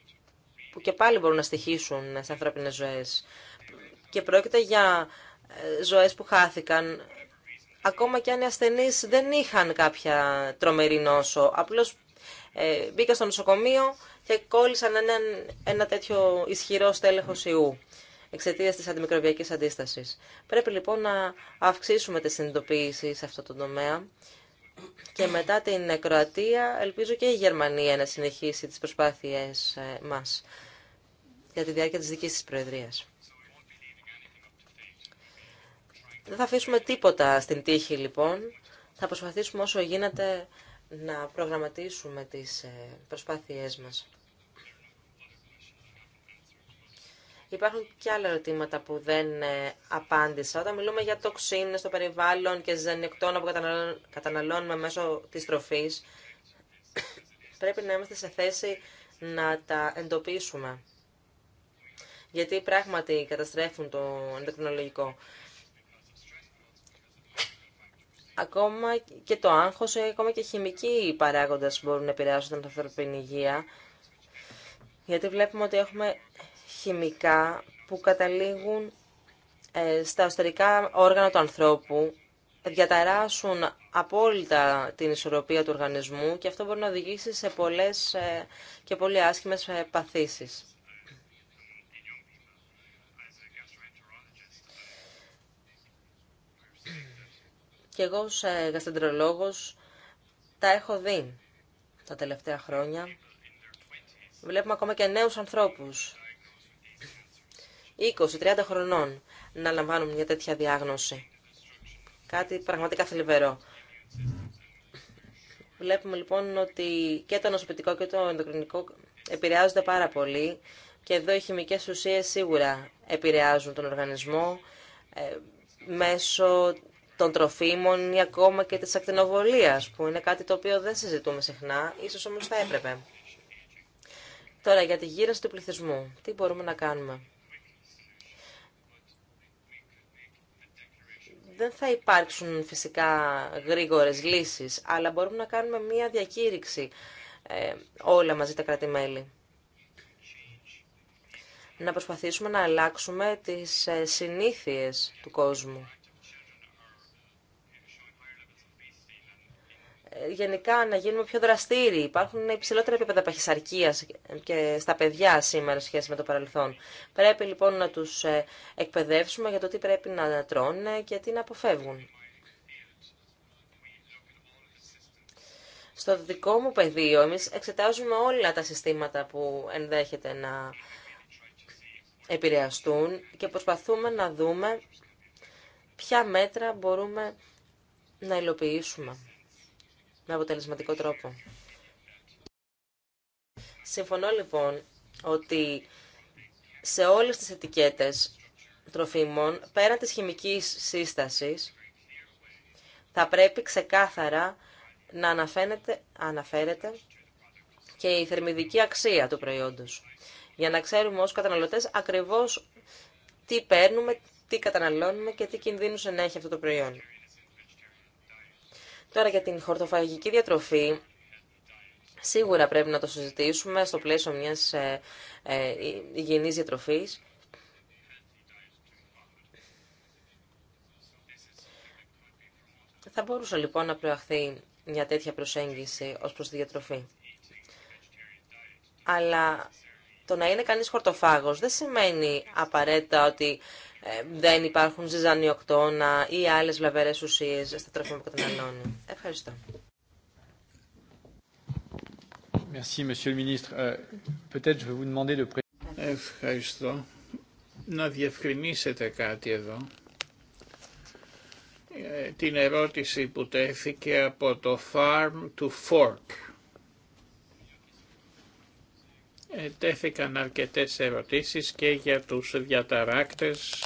που και πάλι μπορούν να στοιχήσουν σε ανθρώπινες ζωές. Και πρόκειται για ε, ζωές που χάθηκαν ακόμα και αν οι ασθενεί δεν είχαν κάποια τρομερή νόσο. Απλώς ε, μπήκα στο νοσοκομείο και κόλλησαν ένα, ένα τέτοιο ισχυρό στέλεχος ιού εξαιτία τη αντιμικροβιακή αντίσταση. Πρέπει λοιπόν να αυξήσουμε τη συνειδητοποίηση σε αυτό το τομέα. Και μετά την Κροατία, ελπίζω και η Γερμανία να συνεχίσει τις προσπάθειές ε, μας για τη διάρκεια της δικής της Προεδρίας. Δεν θα αφήσουμε τίποτα στην τύχη λοιπόν. Θα προσπαθήσουμε όσο γίνεται να προγραμματίσουμε τις ε, προσπάθειές μας. Υπάρχουν και άλλα ερωτήματα που δεν ε, απάντησα. Όταν μιλούμε για τοξίνες στο περιβάλλον και ζενεκτόνα που καταναλώνουμε μέσω της τροφής, πρέπει να είμαστε σε θέση να τα εντοπίσουμε. Γιατί πράγματι καταστρέφουν το Ακόμα και το άγχος, ακόμα και χημικοί παράγοντες μπορούν να επηρεάσουν την ανθρωπίνη υγεία. Γιατί βλέπουμε ότι έχουμε χημικά που καταλήγουν ε, στα οστερικά όργανα του ανθρώπου, διαταράσουν απόλυτα την ισορροπία του οργανισμού και αυτό μπορεί να οδηγήσει σε πολλές ε, και πολύ άσχημες ε, παθήσεις. Και εγώ ως ε, γαστεντρολόγος τα έχω δει τα τελευταία χρόνια. Βλέπουμε ακόμα και νέους ανθρώπους, 20-30 χρονών, να λαμβάνουν μια τέτοια διάγνωση. Κάτι πραγματικά θλιβερό. Βλέπουμε λοιπόν ότι και το νοσοποιητικό και το ενδοκρινικό επηρεάζονται πάρα πολύ και εδώ οι χημικές ουσίες σίγουρα επηρεάζουν τον οργανισμό ε, μέσω των τροφίμων ή ακόμα και της ακτινοβολίας, που είναι κάτι το οποίο δεν συζητούμε συχνά, ίσως όμως θα έπρεπε. Τώρα, για τη γύρωση του πληθυσμού, τι μπορούμε να κάνουμε. Δεν θα υπάρξουν φυσικά γρήγορες λύσεις, αλλά μπορούμε να κάνουμε μία διακήρυξη ε, όλα μαζί τα κράτη-μέλη. Να προσπαθήσουμε να αλλάξουμε τις ε, συνήθειες του κόσμου. γενικά να γίνουμε πιο δραστήριοι. Υπάρχουν υψηλότερα επίπεδα παχυσαρκίας και στα παιδιά σήμερα σχέση με το παρελθόν. Πρέπει λοιπόν να τους ε, εκπαιδεύσουμε για το τι πρέπει να τρώνε και τι να αποφεύγουν. Στο δικό μου πεδίο εμείς εξετάζουμε όλα τα συστήματα που ενδέχεται να επηρεαστούν και προσπαθούμε να δούμε ποια μέτρα μπορούμε να υλοποιήσουμε με αποτελεσματικό τρόπο. Συμφωνώ λοιπόν ότι σε όλες τις ετικέτες τροφίμων, πέραν της χημικής σύστασης, θα πρέπει ξεκάθαρα να αναφέρεται, και η θερμιδική αξία του προϊόντος. Για να ξέρουμε ως καταναλωτές ακριβώς τι παίρνουμε, τι καταναλώνουμε και τι κινδύνους ενέχει αυτό το προϊόν. Τώρα για την χορτοφαγική διατροφή, σίγουρα πρέπει να το συζητήσουμε στο πλαίσιο μιας ε, ε, υγιεινής διατροφής. Θα μπορούσε λοιπόν να προαχθεί μια τέτοια προσέγγιση ως προς τη διατροφή. Αλλά το να είναι κανείς χορτοφάγος δεν σημαίνει απαραίτητα ότι ε, δεν υπάρχουν ζυζανιοκτώνα ή άλλε βλαβερέ ουσίε στα τρόφιμα που καταναλώνουν. Ευχαριστώ. Ευχαριστώ. Να διευκρινίσετε κάτι εδώ. Ε, την ερώτηση που τέθηκε από το farm to fork Ε, τέθηκαν αρκετές ερωτήσεις και για τους διαταράκτες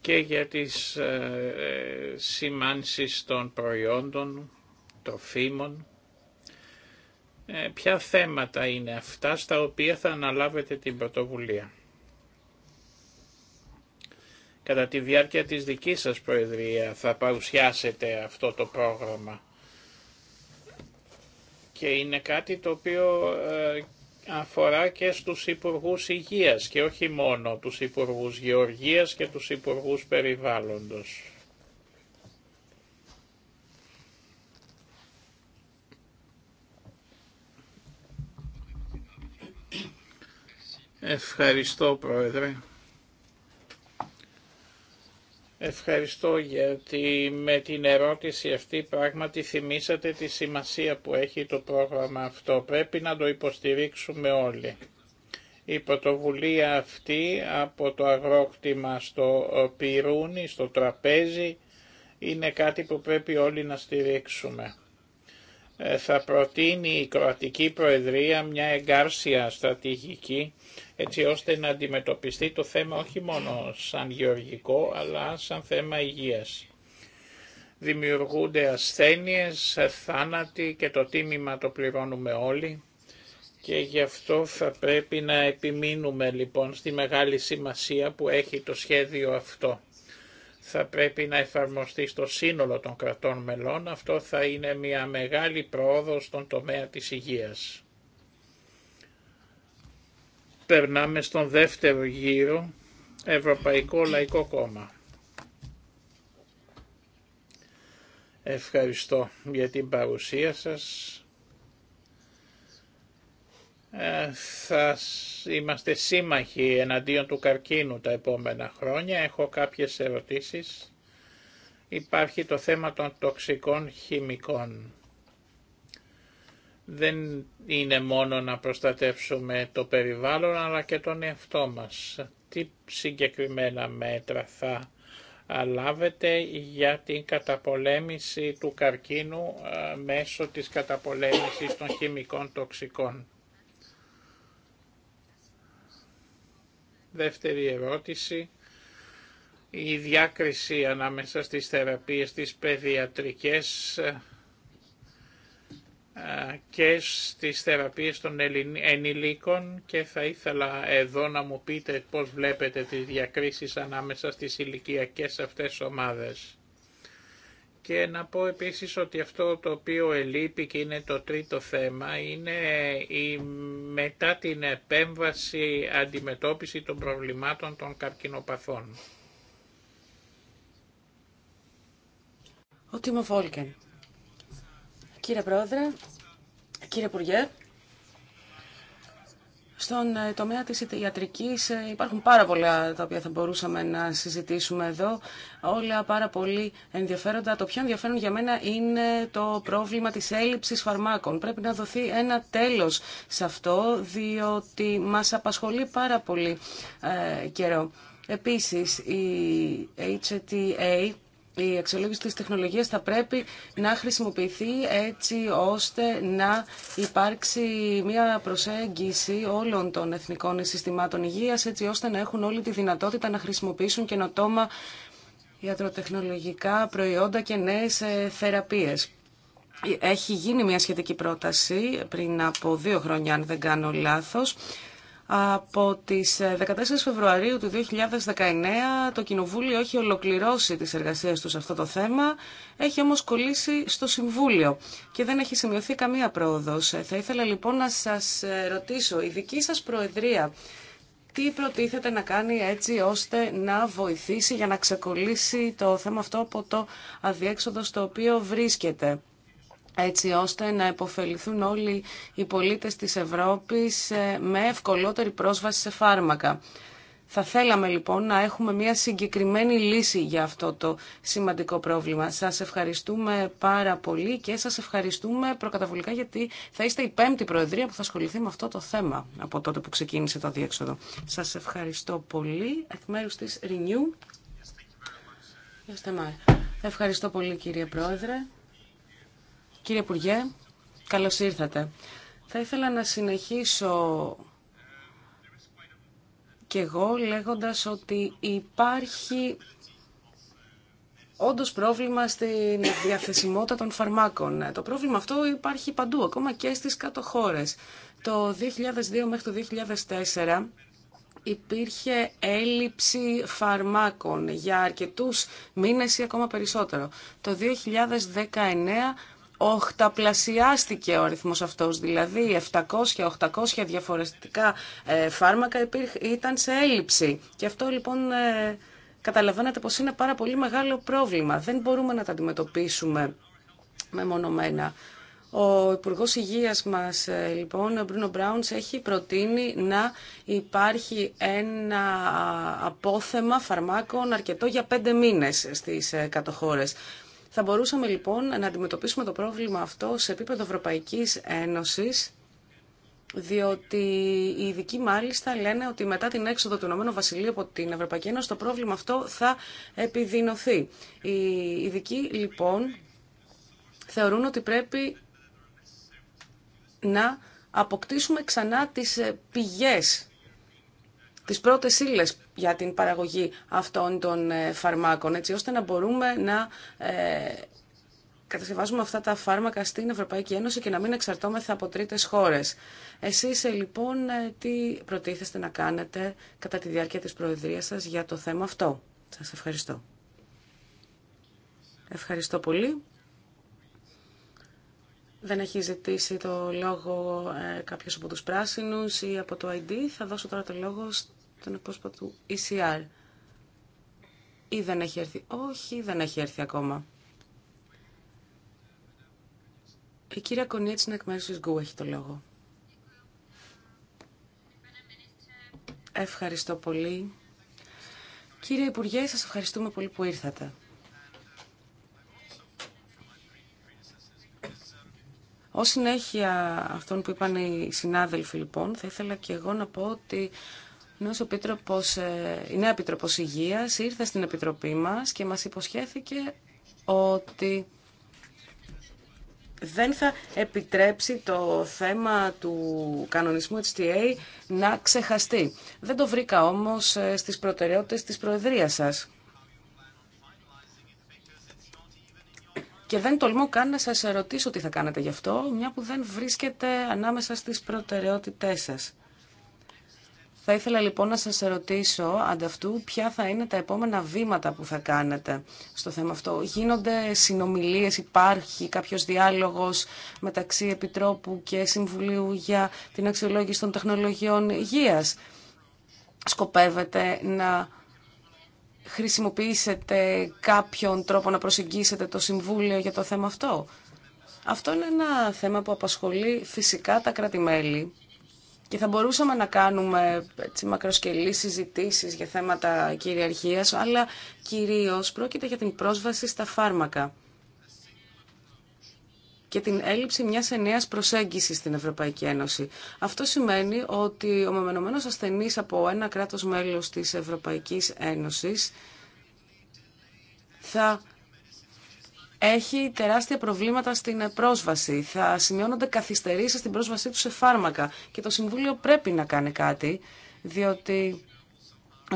και για τις ε, των προϊόντων, τροφίμων. Ε, ποια θέματα είναι αυτά στα οποία θα αναλάβετε την πρωτοβουλία. Κατά τη διάρκεια της δικής σας Προεδρία θα παρουσιάσετε αυτό το πρόγραμμα και είναι κάτι το οποίο ε, αφορά και στους Υπουργούς Υγείας και όχι μόνο τους Υπουργούς Γεωργίας και τους Υπουργούς Περιβάλλοντος. Ευχαριστώ Πρόεδρε. Ευχαριστώ γιατί με την ερώτηση αυτή πράγματι θυμήσατε τη σημασία που έχει το πρόγραμμα αυτό. Πρέπει να το υποστηρίξουμε όλοι. Η πρωτοβουλία αυτή από το αγρόκτημα στο πυρούνι, στο τραπέζι, είναι κάτι που πρέπει όλοι να στηρίξουμε. Ε, θα προτείνει η Κροατική Προεδρία μια εγκάρσια στρατηγική έτσι ώστε να αντιμετωπιστεί το θέμα όχι μόνο σαν γεωργικό αλλά σαν θέμα υγείας. Δημιουργούνται ασθένειες, θάνατοι και το τίμημα το πληρώνουμε όλοι και γι' αυτό θα πρέπει να επιμείνουμε λοιπόν στη μεγάλη σημασία που έχει το σχέδιο αυτό. Θα πρέπει να εφαρμοστεί στο σύνολο των κρατών μελών, αυτό θα είναι μια μεγάλη πρόοδο στον τομέα της υγείας περνάμε στον δεύτερο γύρο Ευρωπαϊκό Λαϊκό Κόμμα. Ευχαριστώ για την παρουσία σας. Ε, θα είμαστε σύμμαχοι εναντίον του καρκίνου τα επόμενα χρόνια. Έχω κάποιες ερωτήσεις. Υπάρχει το θέμα των τοξικών χημικών δεν είναι μόνο να προστατεύσουμε το περιβάλλον αλλά και τον εαυτό μας. Τι συγκεκριμένα μέτρα θα λάβετε για την καταπολέμηση του καρκίνου ε, μέσω της καταπολέμησης των χημικών τοξικών. Δεύτερη ερώτηση. Η διάκριση ανάμεσα στις θεραπείες, της παιδιατρικές και στις θεραπείες των ενηλίκων και θα ήθελα εδώ να μου πείτε πώς βλέπετε τις διακρίσεις ανάμεσα στις ηλικιακέ αυτές ομάδες. Και να πω επίσης ότι αυτό το οποίο ελείπει και είναι το τρίτο θέμα είναι η μετά την επέμβαση αντιμετώπιση των προβλημάτων των καρκινοπαθών. Ο Τίμο Κύριε Πρόεδρε, κύριε Υπουργέ, στον ε, τομέα της ιατρικής ε, ε, υπάρχουν πάρα πολλά τα οποία θα μπορούσαμε να συζητήσουμε εδώ. Όλα πάρα πολύ ενδιαφέροντα. Το πιο ενδιαφέρον για μένα είναι το πρόβλημα της έλλειψης φαρμάκων. Πρέπει να δοθεί ένα τέλος σε αυτό, διότι μας απασχολεί πάρα πολύ καιρό. Επίσης, η HTA η αξιολόγηση της τεχνολογίας θα πρέπει να χρησιμοποιηθεί έτσι ώστε να υπάρξει μια προσέγγιση όλων των εθνικών συστημάτων υγείας έτσι ώστε να έχουν όλη τη δυνατότητα να χρησιμοποιήσουν καινοτόμα ιατροτεχνολογικά προϊόντα και νέες ε, θεραπείες. Έχει γίνει μια σχετική πρόταση πριν από δύο χρόνια, αν δεν κάνω λάθος, από τις 14 ε, Φεβρουαρίου του 2019 το Κοινοβούλιο έχει ολοκληρώσει τις εργασίες του σε αυτό το θέμα, έχει όμως κολλήσει στο Συμβούλιο και δεν έχει σημειωθεί καμία πρόοδος. Ε, θα ήθελα λοιπόν να σας ε, ρωτήσω, η δική σας Προεδρία τι προτίθεται να κάνει έτσι ώστε να βοηθήσει για να ξεκολλήσει το θέμα αυτό από το αδιέξοδο στο οποίο βρίσκεται έτσι ώστε να επωφεληθούν όλοι οι πολίτες της Ευρώπης ε, με ευκολότερη πρόσβαση σε φάρμακα. Θα θέλαμε λοιπόν να έχουμε μια συγκεκριμένη λύση για αυτό το σημαντικό πρόβλημα. Σας ευχαριστούμε πάρα πολύ και σας ευχαριστούμε προκαταβολικά γιατί θα είστε η πέμπτη Προεδρία που θα ασχοληθεί με αυτό το θέμα από τότε που ξεκίνησε το διέξοδο. Σας ευχαριστώ πολύ. Εκ μέρους της Renew. Ευχαριστώ πολύ κύριε Πρόεδρε. Κύριε Υπουργέ, καλώς ήρθατε. Θα ήθελα να συνεχίσω και εγώ λέγοντας ότι υπάρχει όντως πρόβλημα στην διαθεσιμότητα των φαρμάκων. Ε, το πρόβλημα αυτό υπάρχει παντού, ακόμα και στις κατοχώρες. Το 2002 μέχρι το 2004 υπήρχε έλλειψη φαρμάκων για αρκετούς μήνες ή ακόμα περισσότερο. Το 2019 οχταπλασιάστηκε ο αριθμός αυτός, δηλαδή 700-800 διαφορετικά ε, φάρμακα ήταν σε έλλειψη. Και αυτό λοιπόν ε, καταλαβαίνετε πως είναι πάρα πολύ μεγάλο πρόβλημα. Δεν μπορούμε να τα αντιμετωπίσουμε μεμονωμένα. Ο Υπουργό Υγεία μα, ε, λοιπόν, ο Μπρούνο Μπράουνς, έχει προτείνει να υπάρχει ένα απόθεμα φαρμάκων αρκετό για πέντε μήνε στι κατοχώρε. Θα μπορούσαμε λοιπόν να αντιμετωπίσουμε το πρόβλημα αυτό σε επίπεδο Ευρωπαϊκής Ένωσης, διότι οι ειδικοί μάλιστα λένε ότι μετά την έξοδο του Ηνωμένου Βασιλείου από την Ευρωπαϊκή Ένωση το πρόβλημα αυτό θα επιδεινωθεί. Οι ειδικοί λοιπόν θεωρούν ότι πρέπει να αποκτήσουμε ξανά τις πηγές τις πρώτες ύλε για την παραγωγή αυτών των ε, φαρμάκων, έτσι ώστε να μπορούμε να ε, κατασκευάζουμε αυτά τα φάρμακα στην Ευρωπαϊκή Ένωση και να μην εξαρτώμεθα από τρίτες χώρες. Εσείς ε, λοιπόν ε, τι προτίθεστε να κάνετε κατά τη διάρκεια της Προεδρίας σας για το θέμα αυτό. Σας ευχαριστώ. Ευχαριστώ πολύ. Δεν έχει ζητήσει το λόγο ε, κάποιο από τους πράσινους ή από το ID. Θα δώσω τώρα το λόγο στον εκπρόσωπο του ECR. Ή δεν έχει έρθει. Όχι, δεν έχει έρθει ακόμα. Η κυρία ερθει ακομα η κυρια να εκ μέρου τη Γκου έχει το λόγο. Ευχαριστώ πολύ. Κύριε Υπουργέ, σας ευχαριστούμε πολύ που ήρθατε. Ως συνέχεια αυτών που είπαν οι συνάδελφοι λοιπόν, θα ήθελα και εγώ να πω ότι επίτροπος, ε, η νέα Επιτροπός Υγείας ήρθε στην Επιτροπή μας και μας υποσχέθηκε ότι δεν θα επιτρέψει το θέμα του κανονισμού HTA να ξεχαστεί. Δεν το βρήκα όμως ε, στις προτεραιότητες της Προεδρίας σας. Και δεν τολμώ καν να σας ερωτήσω τι θα κάνετε γι' αυτό, μια που δεν βρίσκεται ανάμεσα στις προτεραιότητές σας. Θα ήθελα λοιπόν να σας ερωτήσω ανταυτού ποια θα είναι τα επόμενα βήματα που θα κάνετε στο θέμα αυτό. Γίνονται συνομιλίες, υπάρχει κάποιος διάλογος μεταξύ Επιτρόπου και Συμβουλίου για την αξιολόγηση των τεχνολογιών υγείας. Σκοπεύετε να χρησιμοποιήσετε κάποιον τρόπο να προσεγγίσετε το Συμβούλιο για το θέμα αυτό. Αυτό είναι ένα θέμα που απασχολεί φυσικά τα κρατη και θα μπορούσαμε να κάνουμε έτσι, μακροσκελή συζητήσει για θέματα κυριαρχίας, αλλά κυρίως πρόκειται για την πρόσβαση στα φάρμακα και την έλλειψη μιας ενιαία προσέγγισης στην Ευρωπαϊκή Ένωση. Αυτό σημαίνει ότι ο μεμονωμένο ασθενής από ένα κράτος μέλος της Ευρωπαϊκής Ένωσης θα έχει τεράστια προβλήματα στην πρόσβαση. Θα σημειώνονται καθυστερήσεις στην πρόσβασή του σε φάρμακα. Και το Συμβούλιο πρέπει να κάνει κάτι, διότι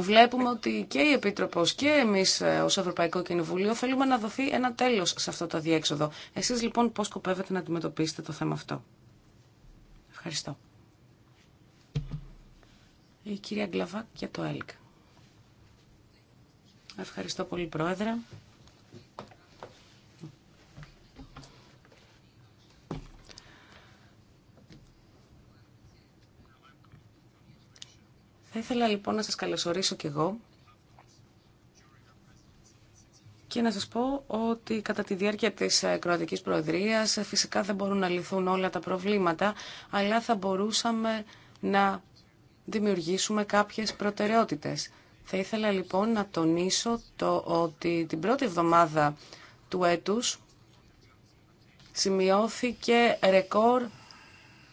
βλέπουμε ότι και η επίτροπο και εμείς ε, ως Ευρωπαϊκό Κοινοβουλίο θέλουμε να δοθεί ένα τέλος σε αυτό το διέξοδο. Εσείς λοιπόν πώς σκοπεύετε να αντιμετωπίσετε το θέμα αυτό. Ευχαριστώ. Η κυρία Γκλαβάκ για το ΕΛΚ. Ευχαριστώ πολύ Πρόεδρε. Θα ήθελα λοιπόν να σας καλωσορίσω κι εγώ και να σας πω ότι κατά τη διάρκεια της ε, Κροατικής Προεδρίας ε, φυσικά δεν μπορούν να λυθούν όλα τα προβλήματα, αλλά θα μπορούσαμε να δημιουργήσουμε κάποιες προτεραιότητες. Θα ήθελα λοιπόν να τονίσω το ότι την πρώτη εβδομάδα του έτους σημειώθηκε ρεκόρ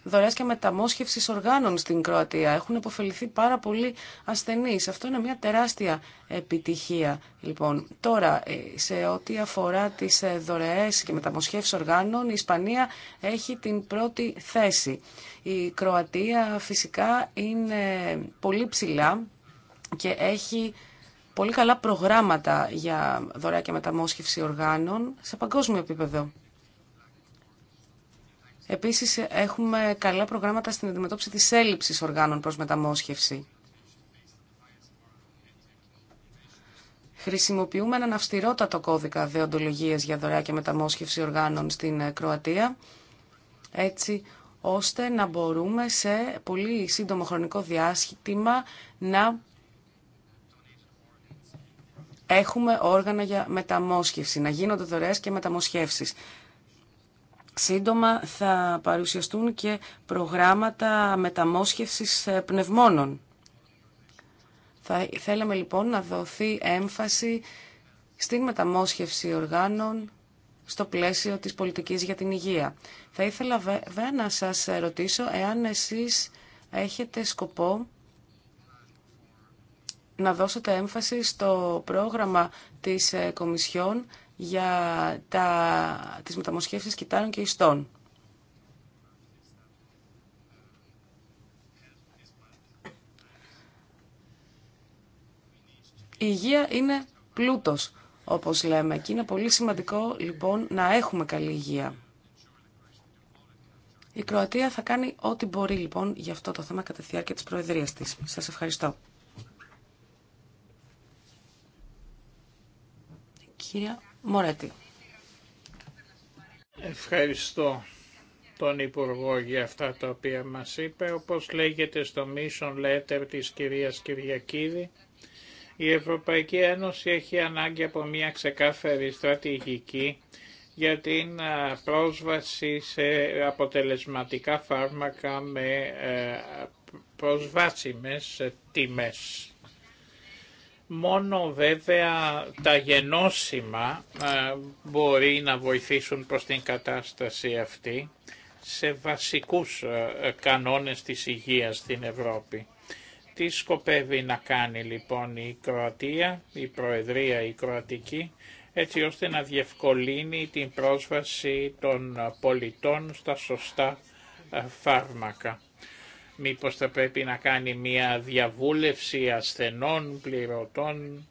Δωρέα και μεταμόσχευση οργάνων στην Κροατία. Έχουν υποφεληθεί πάρα πολλοί ασθενείς. Αυτό είναι μια τεράστια επιτυχία. Λοιπόν, τώρα, ε, σε ό,τι αφορά τις ε, δωρεέ και μεταμόσχευση οργάνων, η Ισπανία έχει την πρώτη θέση. Η Κροατία φυσικά είναι πολύ ψηλά και έχει πολύ καλά προγράμματα για δωρεά και μεταμόσχευση οργάνων σε παγκόσμιο επίπεδο. Επίσης έχουμε καλά προγράμματα στην αντιμετώπιση τη έλλειψη οργάνων προ μεταμόσχευση. Χρησιμοποιούμε έναν αυστηρότατο κώδικα δεοντολογίας για δωρεά και μεταμόσχευση οργάνων στην ε, Κροατία, έτσι ώστε να μπορούμε σε πολύ σύντομο χρονικό διάστημα να έχουμε όργανα για μεταμόσχευση, να γίνονται δωρεές και μεταμοσχεύσεις. Σύντομα θα παρουσιαστούν και προγράμματα μεταμόσχευσης ε, πνευμόνων. Θα θέλαμε λοιπόν να δοθεί έμφαση στην μεταμόσχευση οργάνων στο πλαίσιο της πολιτικής για την υγεία. Θα ήθελα βέβαια να σας ρωτήσω εάν εσείς έχετε σκοπό να δώσετε έμφαση στο πρόγραμμα της ε, Κομισιόν για τα, τις μεταμοσχεύσεις κοιτάνων και ιστών. Η υγεία είναι πλούτος, όπως λέμε, και είναι πολύ σημαντικό λοιπόν να έχουμε καλή υγεία. Η Κροατία θα κάνει ό,τι μπορεί λοιπόν για αυτό το θέμα κατά τη διάρκεια της Προεδρίας της. Σας ευχαριστώ. Κυρία Ευχαριστώ τον Υπουργό για αυτά τα οποία μας είπε. Όπως λέγεται στο Mission Letter της κυρίας Κυριακίδη, η Ευρωπαϊκή Ένωση έχει ανάγκη από μια ξεκάθαρη στρατηγική για την πρόσβαση σε αποτελεσματικά φάρμακα με ε, προσβάσιμες τιμές. Μόνο βέβαια τα γενώσιμα ε, μπορεί να βοηθήσουν προς την κατάσταση αυτή σε βασικούς ε, ε, κανόνες της υγείας στην Ευρώπη. Τι σκοπεύει να κάνει λοιπόν η Κροατία, η Προεδρία η Κροατική, έτσι ώστε να διευκολύνει την πρόσβαση των πολιτών στα σωστά φάρμακα. Μήπως θα πρέπει να κάνει μια διαβούλευση ασθενών, πληρωτών,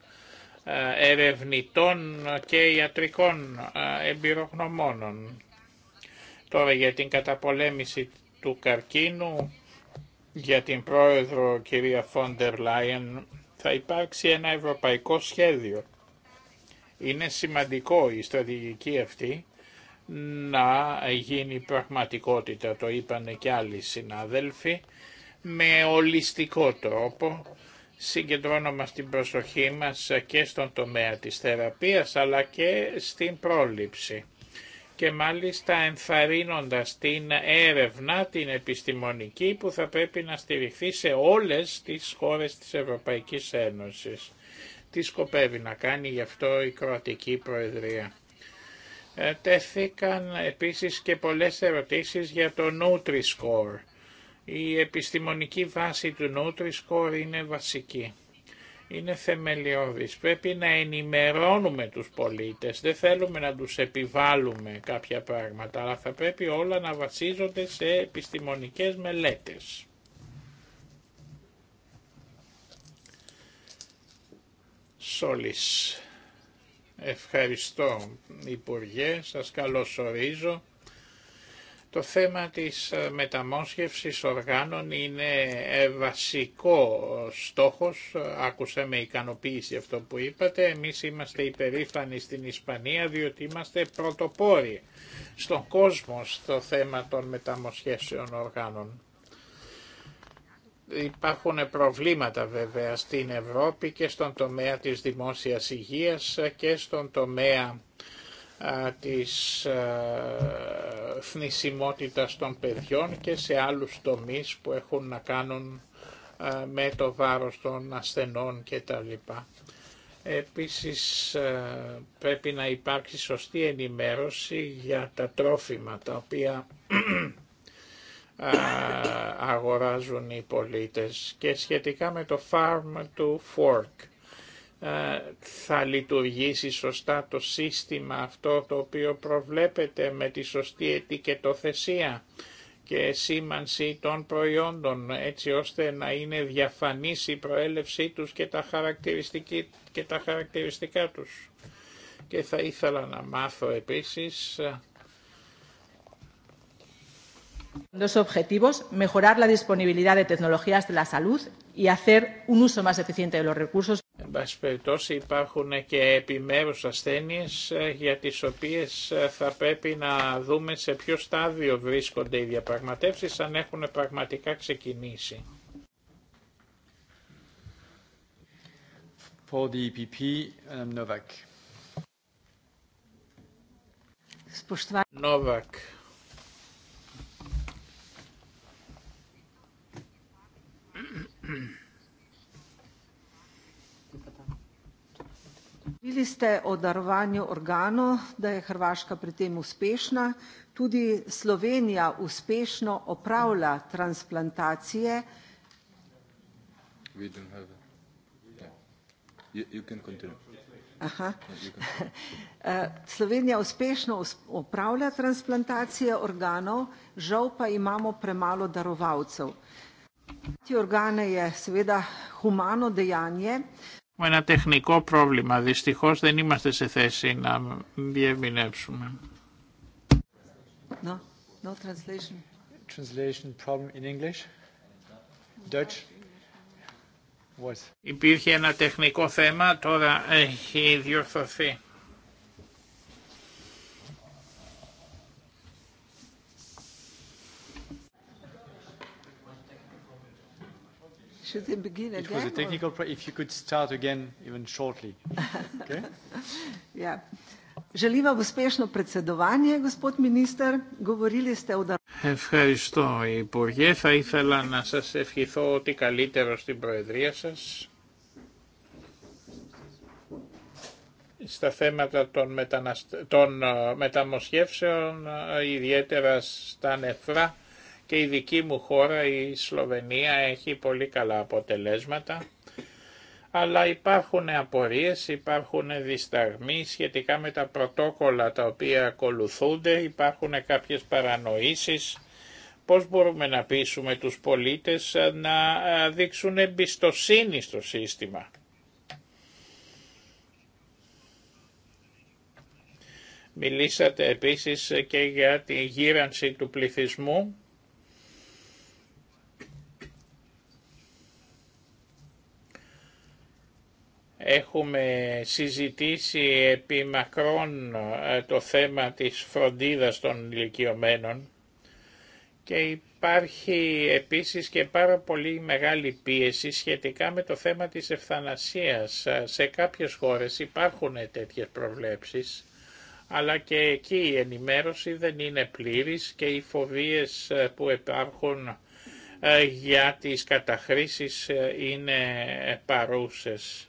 ε, ερευνητών και ιατρικών ε, εμπειρογνωμόνων. Τώρα για την καταπολέμηση του καρκίνου, για την πρόεδρο κυρία Φόντερ Λάιεν, θα υπάρξει ένα ευρωπαϊκό σχέδιο. Είναι σημαντικό η στρατηγική αυτή να γίνει πραγματικότητα, το είπαν και άλλοι συνάδελφοι, με ολιστικό τρόπο, συγκεντρώνουμε στην προσοχή μας και στον τομέα της θεραπείας αλλά και στην πρόληψη και μάλιστα ενθαρρύνοντας την έρευνα την επιστημονική που θα πρέπει να στηριχθεί σε όλες τις χώρες της Ευρωπαϊκής Ένωσης. Τι σκοπεύει να κάνει γι' αυτό η Κροατική Προεδρία. Ε, τέθηκαν επίσης και πολλές ερωτήσεις για το Nutri-Score. Η επιστημονική βάση του Nutri-Score είναι βασική. Είναι θεμελιώδης. Πρέπει να ενημερώνουμε τους πολίτες. Δεν θέλουμε να τους επιβάλλουμε κάποια πράγματα, αλλά θα πρέπει όλα να βασίζονται σε επιστημονικές μελέτες. Solis. Ευχαριστώ Υπουργέ, σας καλωσορίζω. Το θέμα της ε, μεταμόσχευσης οργάνων είναι ε, βασικό στόχος. Άκουσα με ικανοποίηση αυτό που είπατε. Εμείς είμαστε υπερήφανοι στην Ισπανία διότι είμαστε πρωτοπόροι στον κόσμο στο θέμα των μεταμοσχεύσεων οργάνων. Υπάρχουν προβλήματα βέβαια στην Ευρώπη και στον τομέα της δημόσιας υγείας και στον τομέα της θνησιμότητας των παιδιών και σε άλλους τομείς που έχουν να κάνουν με το βάρος των ασθενών κτλ. Επίσης πρέπει να υπάρξει σωστή ενημέρωση για τα τρόφιμα τα οποία αγοράζουν οι πολίτες και σχετικά με το farm to fork ε, θα λειτουργήσει σωστά το σύστημα αυτό το οποίο προβλέπεται με τη σωστή ετικετοθεσία και σήμανση των προϊόντων έτσι ώστε να είναι διαφανής η προέλευσή τους και τα, και τα χαρακτηριστικά τους. Και θα ήθελα να μάθω επίσης Dos objetivos, mejorar la disponibilidad de tecnologías de la salud y hacer un uso más eficiente de los recursos. Εν πάση περιπτώσει υπάρχουν και επιμέρους ασθένειες ε, για τις οποίες ε, θα πρέπει να δούμε σε ποιο στάδιο βρίσκονται οι διαπραγματεύσεις αν έχουν πραγματικά ξεκινήσει. For the EPP, um, Novak. Novak. Govorili ste o darovanju organov, da je Hrvaška pri tem uspešna. Tudi Slovenija uspešno opravlja transplantacije. Slovenija uspešno opravlja transplantacije organov, žal pa imamo premalo darovalcev χούμανο Τι Με ένα τεχνικό πρόβλημα. Δυστυχώς δεν είμαστε σε θέση να διευμηνεύσουμε. No, no translation. Translation problem in English. Dutch. What? Υπήρχε ένα τεχνικό θέμα, τώρα έχει διορθωθεί. Should they begin again? It was a technical. problem. If you could start again, even shortly. Okay. Yeah. Želim uspešno predsedovanje, gospod minister. Govorili ste o Ευχαριστώ, Υπουργέ. Θα ήθελα να σας ευχηθώ ότι καλύτερο στην Προεδρία σας. Στα θέματα των, μεταναστε... των μεταμοσχεύσεων, ιδιαίτερα στα νεφρά, και η δική μου χώρα, η Σλοβενία, έχει πολύ καλά αποτελέσματα, αλλά υπάρχουν απορίες, υπάρχουν δισταγμοί σχετικά με τα πρωτόκολλα τα οποία ακολουθούνται, υπάρχουν κάποιες παρανοήσεις, πώς μπορούμε να πείσουμε τους πολίτες να δείξουν εμπιστοσύνη στο σύστημα. Μιλήσατε επίσης και για τη γύρανση του πληθυσμού Έχουμε συζητήσει επί μακρόν ε, το θέμα της φροντίδας των ηλικιωμένων και υπάρχει επίσης και πάρα πολύ μεγάλη πίεση σχετικά με το θέμα της ευθανασίας. Ε, σε κάποιες χώρες υπάρχουν τέτοιες προβλέψεις, αλλά και εκεί η ενημέρωση δεν είναι πλήρης και οι φοβίες ε, που υπάρχουν για τις καταχρήσεις είναι παρούσες.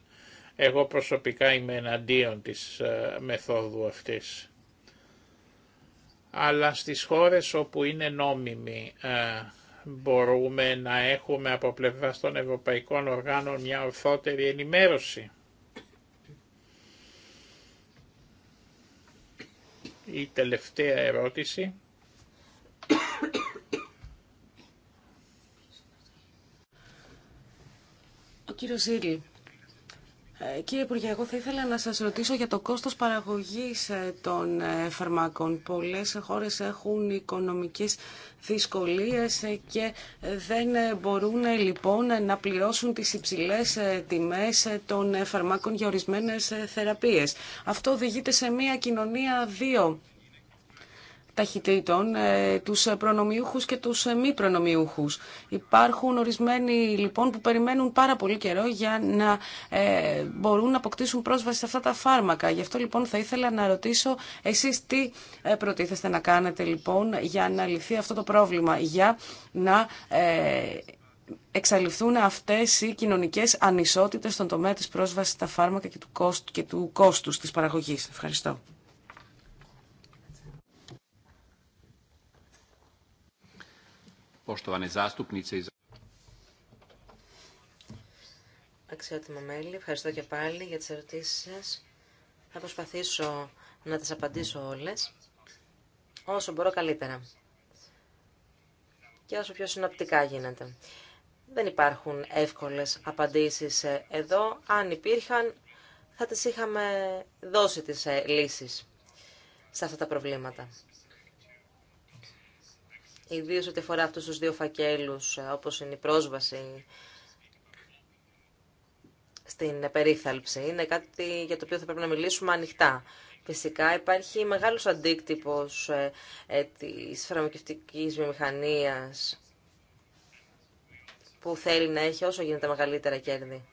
Εγώ προσωπικά είμαι εναντίον της ε, μεθόδου αυτής. Αλλά στις χώρες όπου είναι νόμιμη ε, μπορούμε να έχουμε από πλευρά των ευρωπαϊκών οργάνων μια ορθότερη ενημέρωση. Η τελευταία ερώτηση. Ο κύριος Ζήλη ε, κύριε Υπουργέ, εγώ θα ήθελα να σας ρωτήσω για το κόστος παραγωγής ε, των ε, φαρμάκων. Πολλές χώρες έχουν οικονομικές δυσκολίες και δεν μπορούν λοιπόν να πληρώσουν τις υψηλές τιμές των φαρμάκων για ορισμένες θεραπείες. Αυτό οδηγείται σε μια κοινωνία δύο ταχυτήτων, ε, τους ε, προνομιούχους και τους ε, μη προνομιούχους. Υπάρχουν ορισμένοι λοιπόν που περιμένουν πάρα πολύ καιρό για να μπορούν να αποκτήσουν πρόσβαση σε αυτά τα φάρμακα. Γι' αυτό λοιπόν θα ήθελα να ρωτήσω εσείς τι προτίθεστε να κάνετε λοιπόν για να λυθεί αυτό το πρόβλημα, για να ε, εξαλειφθούν αυτές οι κοινωνικές ανισότητες στον τομέα της πρόσβασης στα φάρμακα και του κόστου, και του της παραγωγής. Ευχαριστώ. poštovane Αξιότιμα μέλη, ευχαριστώ και πάλι για τις ερωτήσεις σας. Θα προσπαθήσω να τις απαντήσω όλες, όσο μπορώ καλύτερα και όσο πιο συνοπτικά γίνεται. Δεν υπάρχουν εύκολες απαντήσεις εδώ. Αν υπήρχαν, θα τις είχαμε δώσει τις ε, λύσεις σε αυτά τα προβλήματα. Ιδίω ό,τι αφορά αυτού τους δύο φακέλου ε, όπως είναι η πρόσβαση στην περίθαλψη. Είναι κάτι για το οποίο θα πρέπει να μιλήσουμε ανοιχτά. Φυσικά υπάρχει μεγάλος αντίκτυπος ε, ε, της φαρμακευτική βιομηχανία που θέλει να έχει όσο γίνεται μεγαλύτερα κέρδη.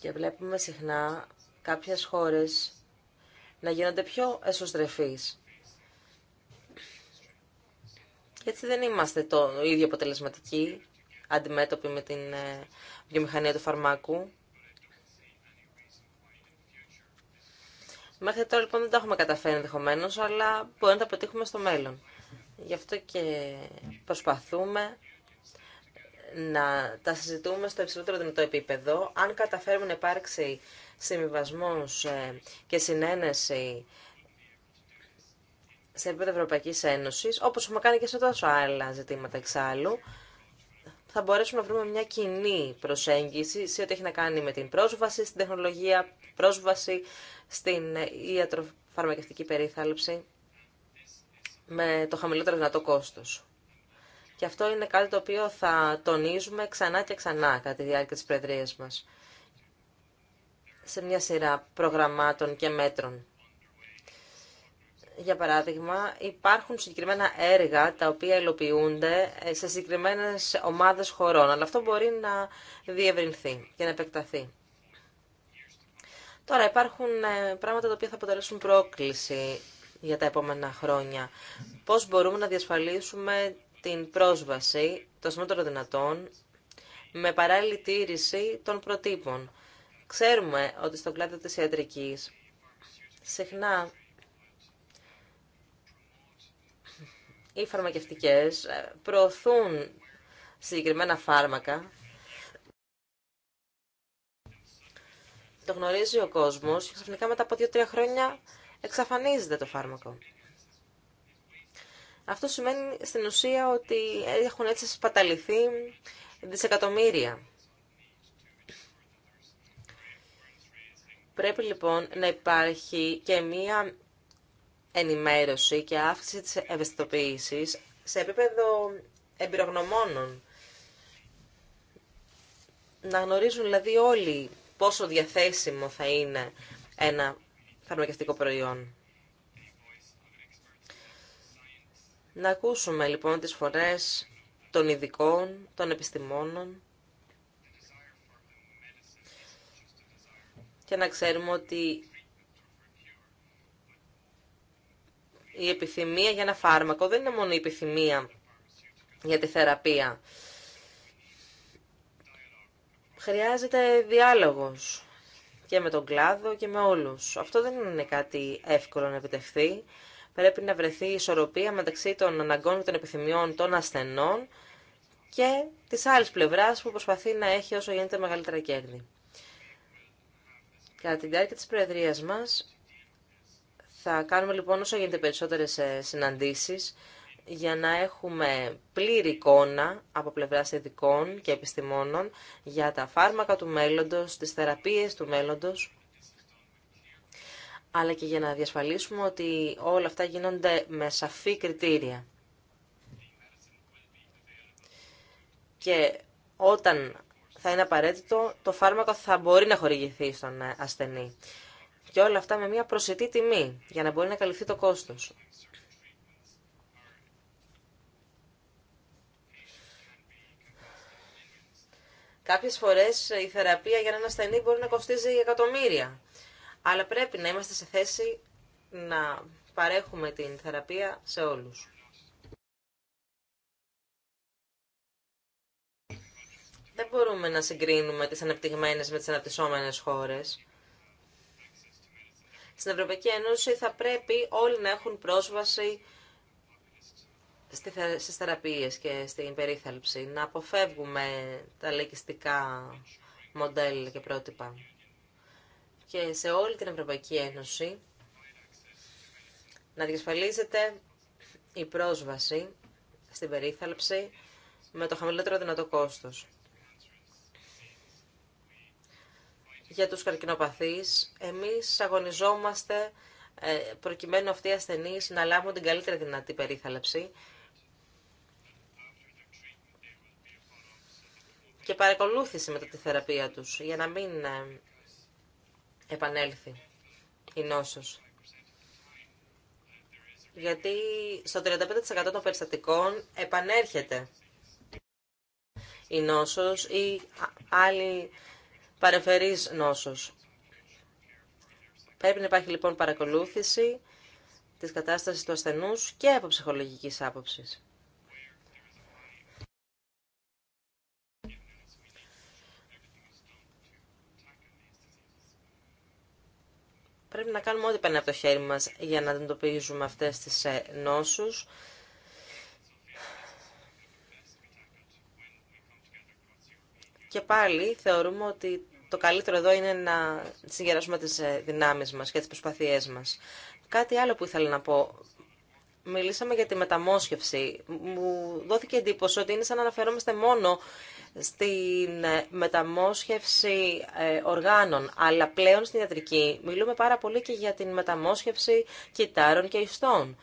Και βλέπουμε συχνά κάποιες χώρες να γίνονται πιο εσωστρεφείς. Και έτσι δεν είμαστε το ίδιο αποτελεσματικοί αντιμέτωποι με την ε, βιομηχανία του φαρμάκου. Μέχρι τώρα λοιπόν δεν τα έχουμε καταφέρει ενδεχομένω, αλλά μπορεί να τα πετύχουμε στο μέλλον. Γι' αυτό και προσπαθούμε να τα συζητούμε στο υψηλότερο δυνατό επίπεδο. Αν καταφέρουμε να υπάρξει συμβιβασμό ε, και συνένεση σε επίπεδο Ευρωπαϊκής Ένωσης, όπως έχουμε κάνει και σε τόσο άλλα ζητήματα εξάλλου, θα μπορέσουμε να βρούμε μια κοινή προσέγγιση σε ό,τι έχει να κάνει με την πρόσβαση στην τεχνολογία, πρόσβαση στην ιατροφαρμακευτική περίθαλψη με το χαμηλότερο δυνατό κόστος. Και αυτό είναι κάτι το οποίο θα τονίζουμε ξανά και ξανά κατά τη διάρκεια τη προεδρία μα, σε μια σειρά προγραμμάτων και μέτρων για παράδειγμα, υπάρχουν συγκεκριμένα έργα τα οποία υλοποιούνται ε, σε συγκεκριμένες ομάδες χωρών, αλλά αυτό μπορεί να διευρυνθεί και να επεκταθεί. Τώρα υπάρχουν ε, πράγματα τα οποία θα αποτελέσουν πρόκληση για τα επόμενα χρόνια. Πώς μπορούμε να διασφαλίσουμε την πρόσβαση των σημαντικών δυνατών με παράλληλη τήρηση των προτύπων. Ξέρουμε ότι στον κλάδο της ιατρικής συχνά οι φαρμακευτικές ε, προωθούν συγκεκριμένα φάρμακα. Το γνωρίζει ο κόσμος και ξαφνικά μετά από 2-3 χρόνια εξαφανίζεται το φάρμακο. Αυτό σημαίνει στην ουσία ότι έχουν έτσι σπαταληθεί δισεκατομμύρια. Πρέπει λοιπόν να υπάρχει και μία ενημέρωση και αύξηση της ευαισθητοποίησης σε επίπεδο εμπειρογνωμόνων. Να γνωρίζουν δηλαδή όλοι πόσο διαθέσιμο θα είναι ένα φαρμακευτικό προϊόν. Να ακούσουμε λοιπόν τις φορές των ειδικών, των επιστημόνων και να ξέρουμε ότι η επιθυμία για ένα φάρμακο δεν είναι μόνο η επιθυμία για τη θεραπεία. Χρειάζεται διάλογος και με τον κλάδο και με όλους. Αυτό δεν είναι κάτι εύκολο να επιτευχθεί. Πρέπει να βρεθεί ισορροπία μεταξύ των αναγκών και των επιθυμιών των ασθενών και της άλλης πλευράς που προσπαθεί να έχει όσο γίνεται μεγαλύτερα κέρδη. Κατά τη διάρκεια της Προεδρίας μας θα κάνουμε λοιπόν όσο γίνεται περισσότερες ε, συναντήσεις για να έχουμε πλήρη εικόνα από πλευράς ειδικών και επιστημόνων για τα φάρμακα του μέλλοντος, τις θεραπείες του μέλλοντος, αλλά και για να διασφαλίσουμε ότι όλα αυτά γίνονται με σαφή κριτήρια. Και όταν θα είναι απαραίτητο, το φάρμακο θα μπορεί να χορηγηθεί στον ε, ασθενή. Και όλα αυτά με μια προσιτή τιμή, για να μπορεί να καλυφθεί το κόστος. Κάποιες φορές η θεραπεία για έναν ασθενή μπορεί να κοστίζει εκατομμύρια. Αλλά πρέπει να είμαστε σε θέση να παρέχουμε την θεραπεία σε όλους. Δεν μπορούμε να συγκρίνουμε τις αναπτυγμένες με τις αναπτυσσόμενες χώρες στην Ευρωπαϊκή Ένωση θα πρέπει όλοι να έχουν πρόσβαση στις θεραπείες και στην περίθαλψη, να αποφεύγουμε τα λαϊκιστικά μοντέλα και πρότυπα. Και σε όλη την Ευρωπαϊκή Ένωση να διασφαλίζεται η πρόσβαση στην περίθαλψη με το χαμηλότερο δυνατό κόστος. για τους καρκινοπαθείς, εμείς αγωνιζόμαστε ε, προκειμένου αυτοί οι ασθενείς να λάβουν την καλύτερη δυνατή περίθαλψη και παρακολούθηση μετά τη θεραπεία τους για να μην ε, επανέλθει η νόσος. Γιατί στο 35% των περιστατικών επανέρχεται η νόσος ή άλλη παρεφερής νόσος. Πρέπει να υπάρχει λοιπόν παρακολούθηση της κατάστασης του ασθενούς και από ψυχολογικής άποψης. Πρέπει να κάνουμε ό,τι παίρνει από το χέρι μας για να αντιμετωπίζουμε αυτές τις ε, νόσους. Και πάλι θεωρούμε ότι το καλύτερο εδώ είναι να συγκεράσουμε τις ε, δυνάμεις μας και τις προσπαθίες μας. Κάτι άλλο που ήθελα να πω. Μιλήσαμε για τη μεταμόσχευση. Μου δόθηκε εντύπωση ότι είναι σαν να αναφερόμαστε μόνο στην ε, μεταμόσχευση ε, οργάνων, αλλά πλέον στην ιατρική μιλούμε πάρα πολύ και για την μεταμόσχευση κυτάρων και ιστών.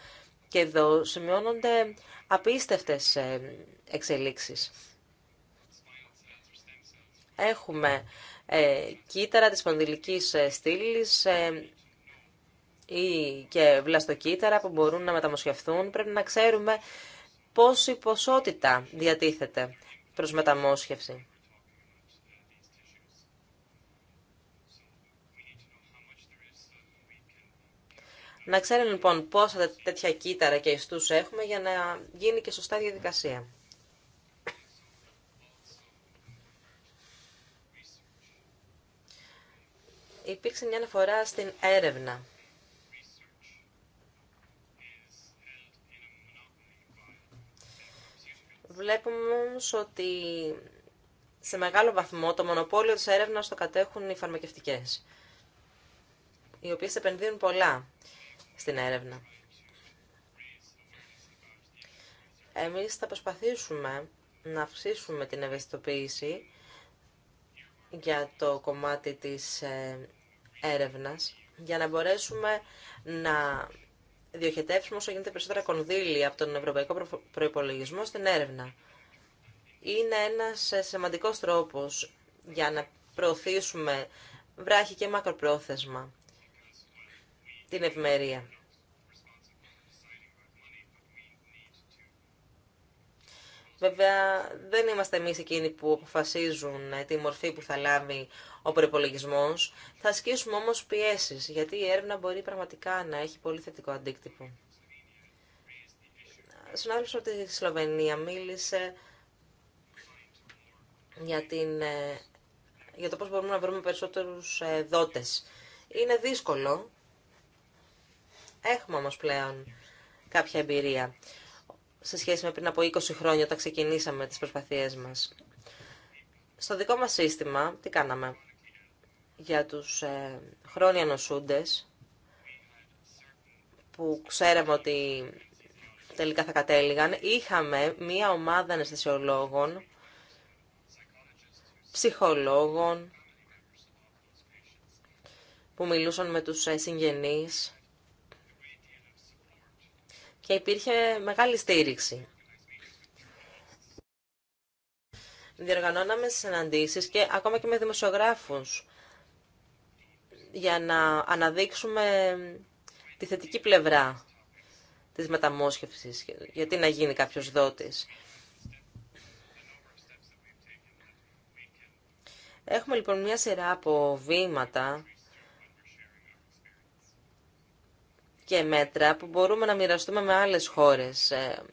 Και εδώ σημειώνονται απίστευτες εξελίξεις. Έχουμε ε, κύτταρα της σπονδυλικής ε, στήλης ε, ή και βλαστοκύτταρα που μπορούν να μεταμοσχευθούν, πρέπει να ξέρουμε πόση ποσότητα διατίθεται προς μεταμόσχευση. Να ξέρουν λοιπόν πόσα τέτοια κύτταρα και ιστούς έχουμε για να γίνει και σωστά διαδικασία. υπήρξε μια αναφορά στην έρευνα. Βλέπουμε όμως ότι σε μεγάλο βαθμό το μονοπόλιο της έρευνας το κατέχουν οι φαρμακευτικές, οι οποίες επενδύουν πολλά στην έρευνα. Εμείς θα προσπαθήσουμε να αυξήσουμε την ευαισθητοποίηση για το κομμάτι της ε, για να μπορέσουμε να διοχετεύσουμε όσο γίνεται περισσότερα κονδύλια από τον Ευρωπαϊκό Προϋπολογισμό στην έρευνα. Είναι ένας ε, σημαντικός τρόπος για να προωθήσουμε βράχη και μακροπρόθεσμα την ευημερία. Βέβαια, δεν είμαστε εμεί εκείνοι που αποφασίζουν ε, τη μορφή που θα λάβει ο προπολογισμό. Θα ασκήσουμε όμω πιέσει, γιατί η έρευνα μπορεί πραγματικά να έχει πολύ θετικό αντίκτυπο. Συνάδελφο από τη Σλοβενία μίλησε για, ε, για το πώς μπορούμε να βρούμε περισσότερους ε, δότες. Είναι δύσκολο. Έχουμε όμως πλέον κάποια εμπειρία σε σχέση με πριν από 20 χρόνια όταν ξεκινήσαμε τις προσπαθίες μας. Στο δικό μας σύστημα, τι κάναμε για τους ε, χρόνια νοσούντες που ξέραμε ότι τελικά θα κατέληγαν, είχαμε μία ομάδα αναισθησιολόγων, ψυχολόγων, που μιλούσαν με τους ε, συγγενείς και υπήρχε μεγάλη στήριξη. Διοργανώναμε συναντήσεις και ακόμα και με δημοσιογράφους για να αναδείξουμε τη θετική πλευρά της μεταμόσχευσης, γιατί να γίνει κάποιος δότης. Έχουμε λοιπόν μια σειρά από βήματα και μέτρα που μπορούμε να μοιραστούμε με άλλες χώρες ε,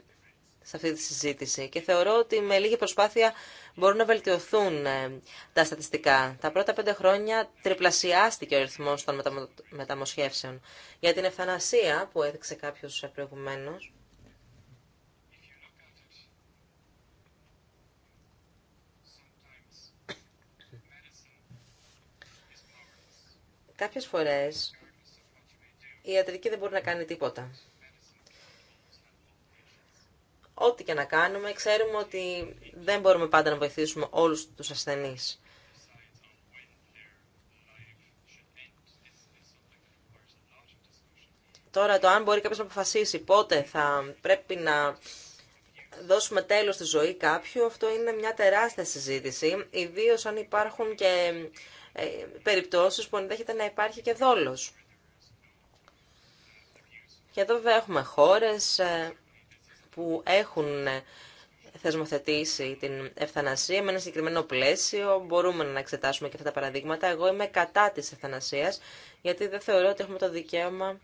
σε αυτή τη συζήτηση. Και θεωρώ ότι με λίγη προσπάθεια μπορούν να βελτιωθούν ε, τα στατιστικά. Τα πρώτα πέντε χρόνια τριπλασιάστηκε ο αριθμό των μεταμοσχεύσεων. Για την ευθανασία που έδειξε κάποιο προηγουμένω. Κάποιες φορές η ιατρική δεν μπορεί να κάνει τίποτα. Ό,τι και να κάνουμε, ξέρουμε ότι δεν μπορούμε πάντα να βοηθήσουμε όλους τους ασθενείς. Τώρα το αν μπορεί κάποιος να αποφασίσει πότε θα πρέπει να δώσουμε τέλος στη ζωή κάποιου, αυτό είναι μια τεράστια συζήτηση, ιδίως αν υπάρχουν και ε, περιπτώσεις που ενδέχεται να υπάρχει και δόλος. Και εδώ βέβαια έχουμε χώρες ε, που έχουν ε, θεσμοθετήσει την ευθανασία με ένα συγκεκριμένο πλαίσιο. Μπορούμε να εξετάσουμε και αυτά τα παραδείγματα. Εγώ είμαι κατά της ευθανασίας, γιατί δεν θεωρώ ότι έχουμε το δικαίωμα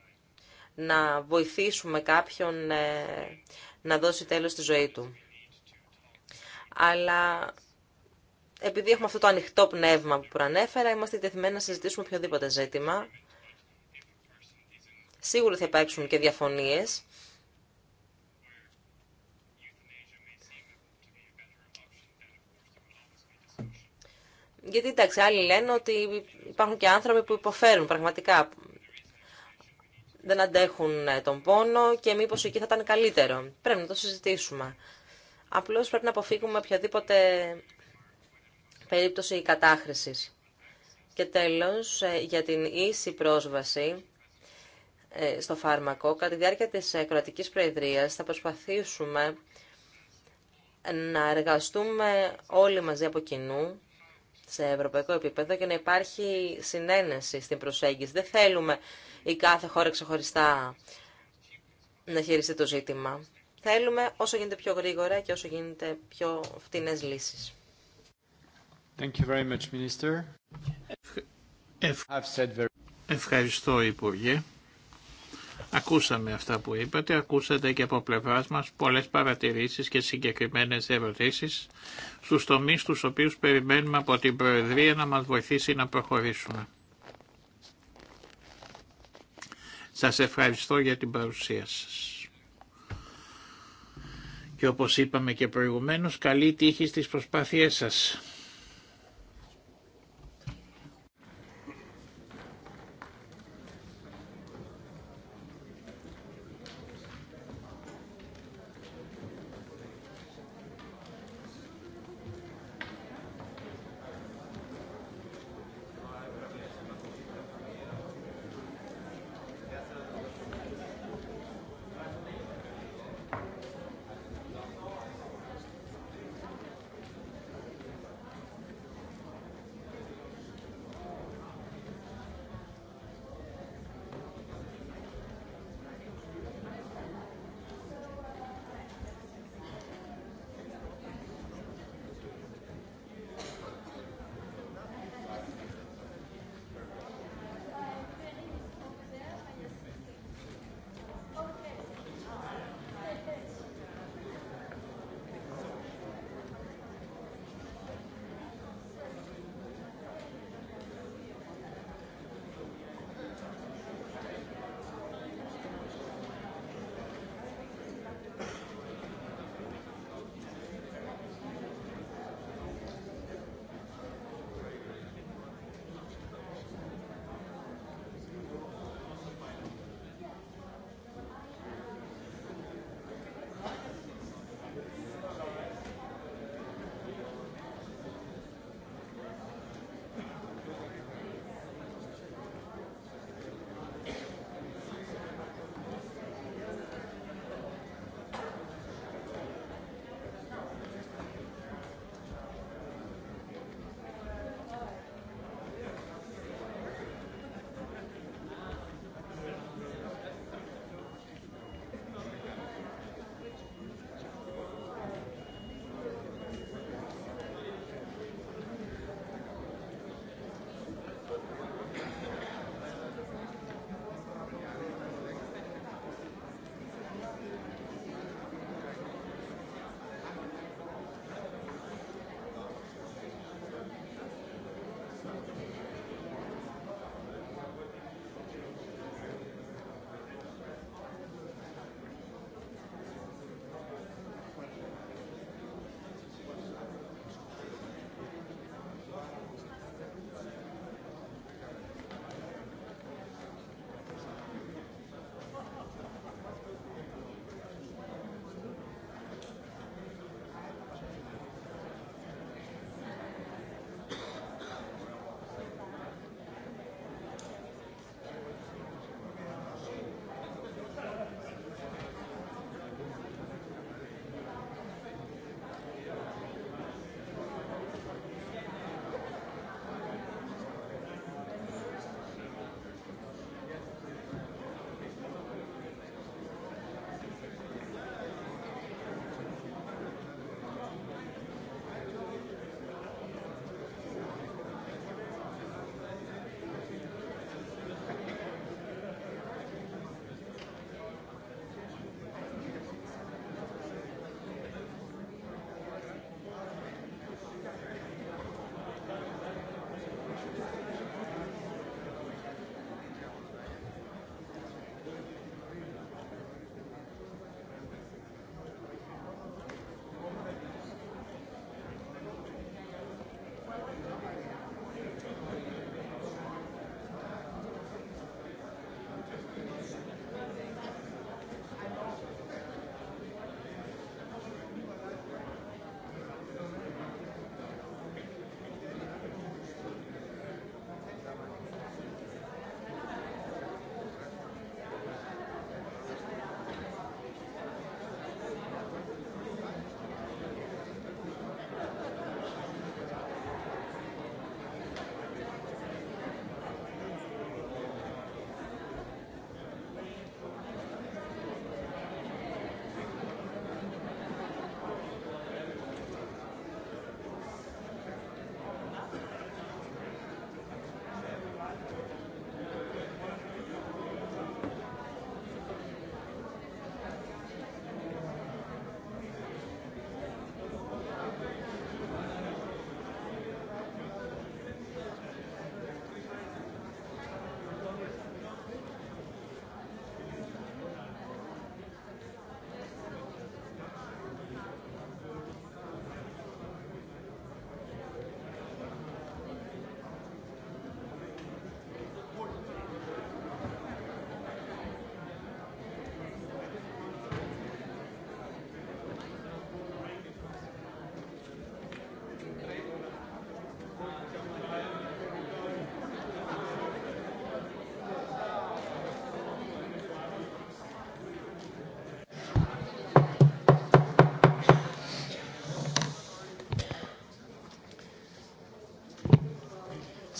να βοηθήσουμε κάποιον ε, να δώσει τέλος στη ζωή του. Αλλά επειδή έχουμε αυτό το ανοιχτό πνεύμα που προανέφερα, είμαστε διεθυμένοι να συζητήσουμε οποιοδήποτε ζήτημα Σίγουρα θα υπάρξουν και διαφωνίες. Γιατί εντάξει, άλλοι λένε ότι υπάρχουν και άνθρωποι που υποφέρουν πραγματικά. Δεν αντέχουν ε, τον πόνο και μήπως εκεί θα ήταν καλύτερο. Πρέπει να το συζητήσουμε. Απλώς πρέπει να αποφύγουμε οποιαδήποτε περίπτωση κατάχρησης. Και τέλος, ε, για την ίση πρόσβαση ε, στο φάρμακο. Κατά τη διάρκεια της κρατικής προεδρίας θα προσπαθήσουμε να εργαστούμε όλοι μαζί από κοινού σε ευρωπαϊκό επίπεδο και να υπάρχει συνένεση στην προσέγγιση. Δεν θέλουμε η κάθε χώρα ξεχωριστά να χειριστεί το ζήτημα. Θέλουμε όσο γίνεται πιο γρήγορα και όσο γίνεται πιο φτηνές λύσεις. Thank you very Ευχαριστώ, Υπουργέ. Ακούσαμε αυτά που είπατε, ακούσατε και από πλευρά μα πολλές παρατηρήσεις και συγκεκριμένες ερωτήσει στους τομείς του οποίους περιμένουμε από την Προεδρία να μα βοηθήσει να προχωρήσουμε. Σα ευχαριστώ για την παρουσία σα. Και όπως είπαμε και προηγουμένως, καλή τύχη στις προσπάθειές σας.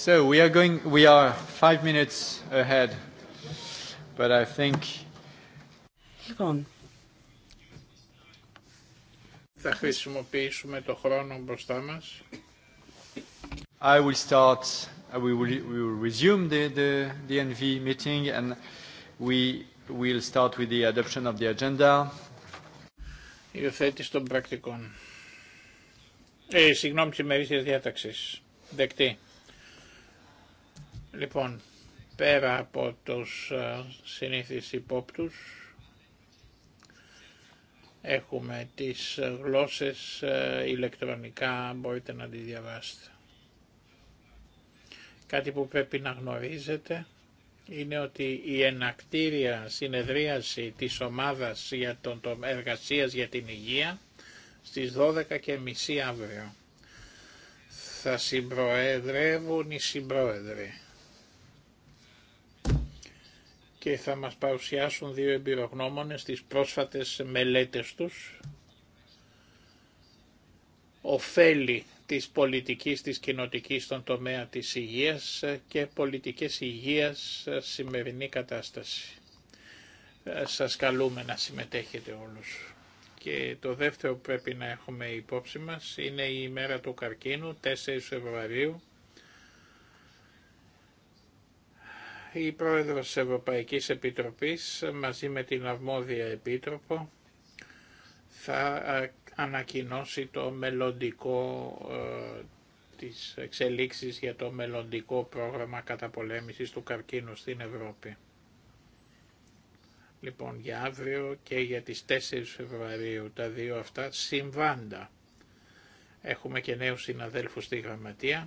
So we are going, we are five minutes ahead, but I think. Λοιπόν. Θα χρησιμοποιήσουμε το χρόνο μπροστά μας. I will start. We will, we will resume the, the, the NV meeting and we will start with the adoption of the agenda. Υιοθέτηση των πρακτικών. Ε, συγγνώμη, ημερήσια διάταξης. Δεκτή. Λοιπόν, πέρα από τους ε, συνήθεις υπόπτους, έχουμε τις γλώσσες ε, ηλεκτρονικά, μπορείτε να τη διαβάσετε. Κάτι που πρέπει να γνωρίζετε είναι ότι η ενακτήρια συνεδρίαση της ομάδας για τον, εργασίας για την υγεία στις 12.30 αύριο. Θα συμπροεδρεύουν οι συμπρόεδροι και θα μας παρουσιάσουν δύο εμπειρογνώμονες τις πρόσφατες μελέτες τους. Οφέλη της πολιτικής της κοινοτική στον τομέα της υγείας και πολιτικές υγείας σημερινή κατάσταση. Ε, σας καλούμε να συμμετέχετε όλους. Και το δεύτερο που πρέπει να έχουμε υπόψη μας είναι η ημέρα του καρκίνου, 4 Φεβρουαρίου, η Πρόεδρος της Ευρωπαϊκής Επιτροπής μαζί με την Αρμόδια Επίτροπο θα ε, ανακοινώσει το μελλοντικό ε, της εξελίξεις για το μελλοντικό πρόγραμμα καταπολέμησης του καρκίνου στην Ευρώπη. Λοιπόν, για αύριο και για τις 4 Φεβρουαρίου τα δύο αυτά συμβάντα. Έχουμε και νέους συναδέλφους στη Γραμματεία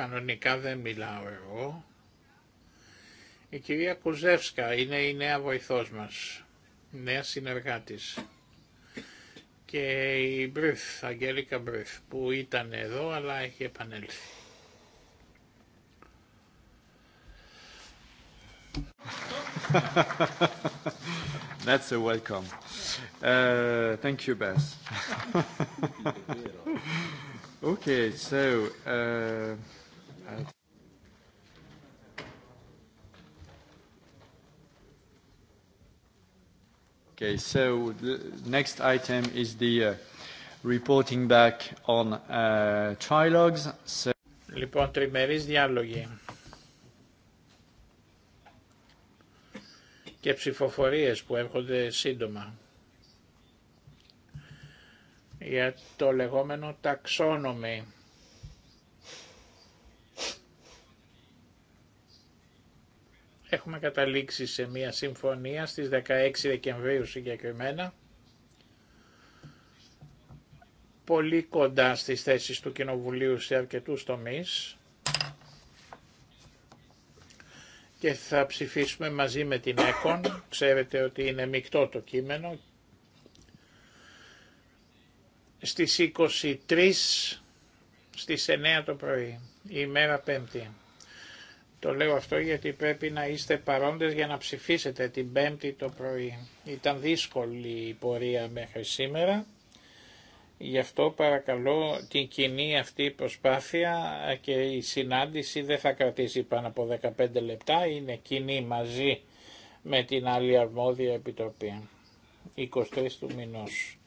Κανονικά δεν μιλάω εγώ. Η κυρία Κουζεύσκα είναι η νέα βοηθός μας, νέα συνεργάτης. Και η Μπρυφ, Αγγέλικα Μπρυφ, που ήταν εδώ αλλά έχει επανέλθει. That's a welcome. Uh, thank you, Bess. okay, so uh, Okay, so the next item is the uh, reporting back on uh, trilogues. So... Λοιπόν, τριμερείς διάλογοι και ψηφοφορίες που έρχονται σύντομα για το λεγόμενο ταξόνομη. Έχουμε καταλήξει σε μια συμφωνία στις 16 Δεκεμβρίου συγκεκριμένα, πολύ κοντά στις θέσεις του Κοινοβουλίου σε αρκετούς τομείς και θα ψηφίσουμε μαζί με την ΕΚΟΝ. Ξέρετε ότι είναι μεικτό το κείμενο. Στις 23, στις 9 το πρωί, η ημέρα πέμπτη. Το λέω αυτό γιατί πρέπει να είστε παρόντες για να ψηφίσετε την Πέμπτη το πρωί. Ήταν δύσκολη η πορεία μέχρι σήμερα. Γι' αυτό παρακαλώ την κοινή αυτή προσπάθεια και η συνάντηση δεν θα κρατήσει πάνω από 15 λεπτά. Είναι κοινή μαζί με την άλλη αρμόδια επιτροπή. 23 του μηνός.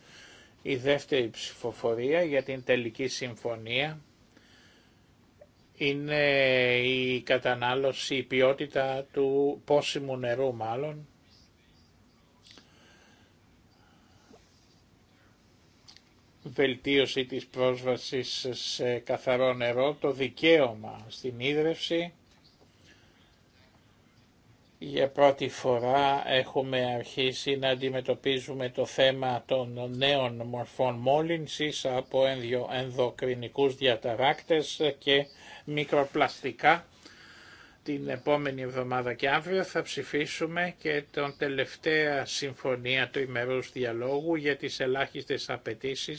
Η δεύτερη ψηφοφορία για την τελική συμφωνία είναι η κατανάλωση, η ποιότητα του πόσιμου νερού μάλλον, βελτίωση της πρόσβασης σε καθαρό νερό, το δικαίωμα στην ίδρυυση. Για πρώτη φορά έχουμε αρχίσει να αντιμετωπίζουμε το θέμα των νέων μορφών μόλυνσης από ενδοκρινικούς διαταράκτες και μικροπλαστικά. Την επόμενη εβδομάδα και αύριο θα ψηφίσουμε και τον τελευταία συμφωνία του ημερούς διαλόγου για τις ελάχιστες απαιτήσει.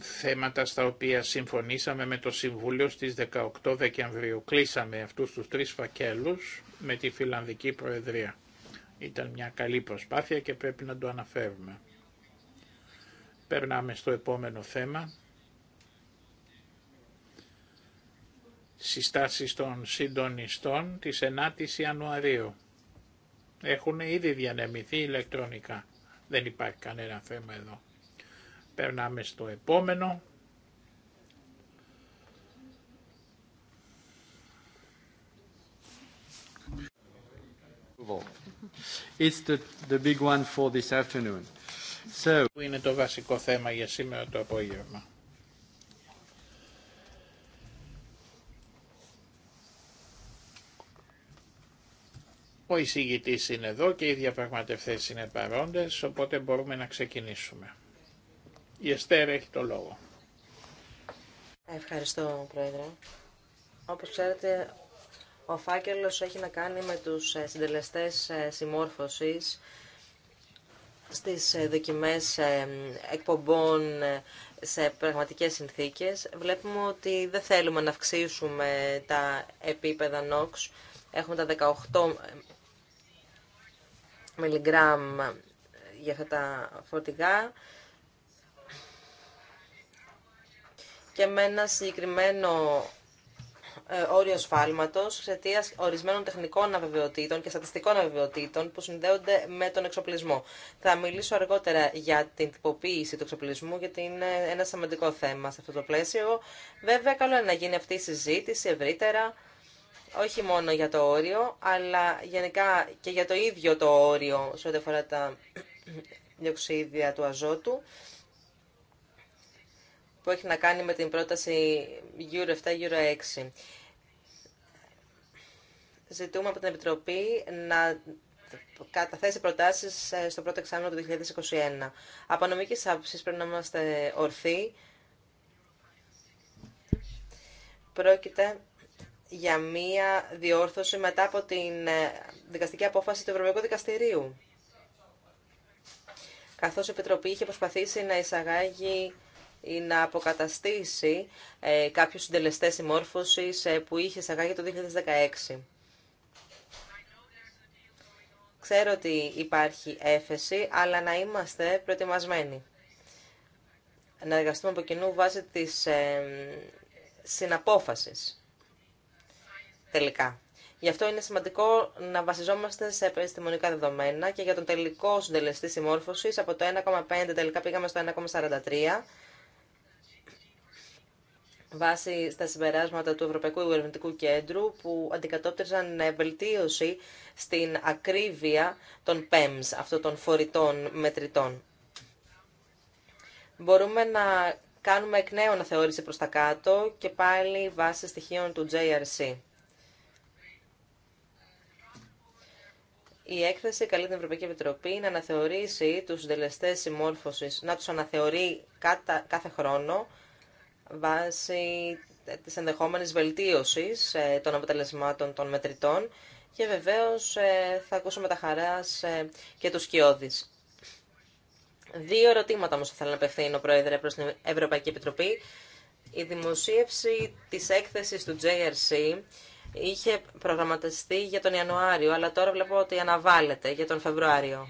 θέματα στα οποία συμφωνήσαμε με το Συμβούλιο στις 18 Δεκεμβρίου. Κλείσαμε αυτούς τους τρεις φακέλους με τη Φιλανδική Προεδρία. Ήταν μια καλή προσπάθεια και πρέπει να το αναφέρουμε. Περνάμε στο επόμενο θέμα. Συστάσεις των συντονιστών της 9ης Ιανουαρίου. Έχουν ήδη διανεμηθεί ηλεκτρονικά. Δεν υπάρχει κανένα θέμα εδώ. Περνάμε στο επόμενο. It's the, the big one for this afternoon που είναι το βασικό θέμα για σήμερα το απόγευμα. Ο εισηγητής είναι εδώ και οι διαπραγματευτές είναι παρόντες, οπότε μπορούμε να ξεκινήσουμε. Η Εστέρα έχει το λόγο. Ευχαριστώ, Πρόεδρε. Όπως ξέρετε, ο φάκελος έχει να κάνει με τους ε, συντελεστές ε, συμμόρφωσης στις ε, δοκιμές ε, εκπομπών ε, σε πραγματικές συνθήκες. Βλέπουμε ότι δεν θέλουμε να αυξήσουμε τα επίπεδα NOx. Έχουμε τα 18 μιλιγκράμμ για αυτά τα φορτηγά και με ένα συγκεκριμένο ε, όριο σφάλματο εξαιτία ορισμένων τεχνικών αβεβαιοτήτων και στατιστικών αβεβαιοτήτων που συνδέονται με τον εξοπλισμό. Θα μιλήσω αργότερα για την τυποποίηση του εξοπλισμού, γιατί είναι ένα σημαντικό θέμα σε αυτό το πλαίσιο. Βέβαια, καλό είναι να γίνει αυτή η συζήτηση ευρύτερα, όχι μόνο για το όριο, αλλά γενικά και για το ίδιο το όριο σε ό,τι αφορά τα διοξίδια του αζότου που έχει να κάνει με την πρόταση Euro 7, Euro 6. Ζητούμε από την Επιτροπή να καταθέσει προτάσεις ε, στο πρώτο εξάμεινο του 2021. Από νομικής άποψης πρέπει να είμαστε ορθοί. Πρόκειται για μία διόρθωση μετά από την ε, δικαστική απόφαση του Ευρωπαϊκού Δικαστηρίου. Καθώς η Επιτροπή είχε προσπαθήσει να εισαγάγει ή να αποκαταστήσει ε, κάποιους συντελεστές συμμόρφωσης ε, που είχε για το 2016. Ξέρω ότι υπάρχει έφεση, αλλά να είμαστε προετοιμασμένοι. Να εργαστούμε από κοινού βάσει της ε, συναπόφασης τελικά. Γι' αυτό είναι σημαντικό να βασιζόμαστε σε επιστημονικά δεδομένα και για τον τελικό συντελεστή συμμόρφωσης από το 1,5 τελικά πήγαμε στο 1,43 βάσει στα συμπεράσματα του Ευρωπαϊκού Ερευνητικού Κέντρου που αντικατόπτριζαν βελτίωση στην ακρίβεια των PEMS, αυτών των φορητών μετρητών. Μπορούμε να κάνουμε εκ νέου αναθεώρηση προς τα κάτω και πάλι βάσει στοιχείων του JRC. Η έκθεση καλεί την Ευρωπαϊκή Επιτροπή να αναθεωρήσει τους συντελεστές συμμόρφωσης, να τους αναθεωρεί κάθε χρόνο, βάσει της ενδεχόμενης βελτίωσης ε, των αποτελεσμάτων των μετρητών και βεβαίως ε, θα ακούσουμε τα χαράς ε, και τους σκιώδης. Δύο ερωτήματα όμως θα θέλω να απευθύνω, Πρόεδρε, προς την Ευρωπαϊκή Επιτροπή. Η δημοσίευση της έκθεσης του JRC είχε προγραμματιστεί για τον Ιανουάριο, αλλά τώρα βλέπω ότι αναβάλλεται για τον Φεβρουάριο.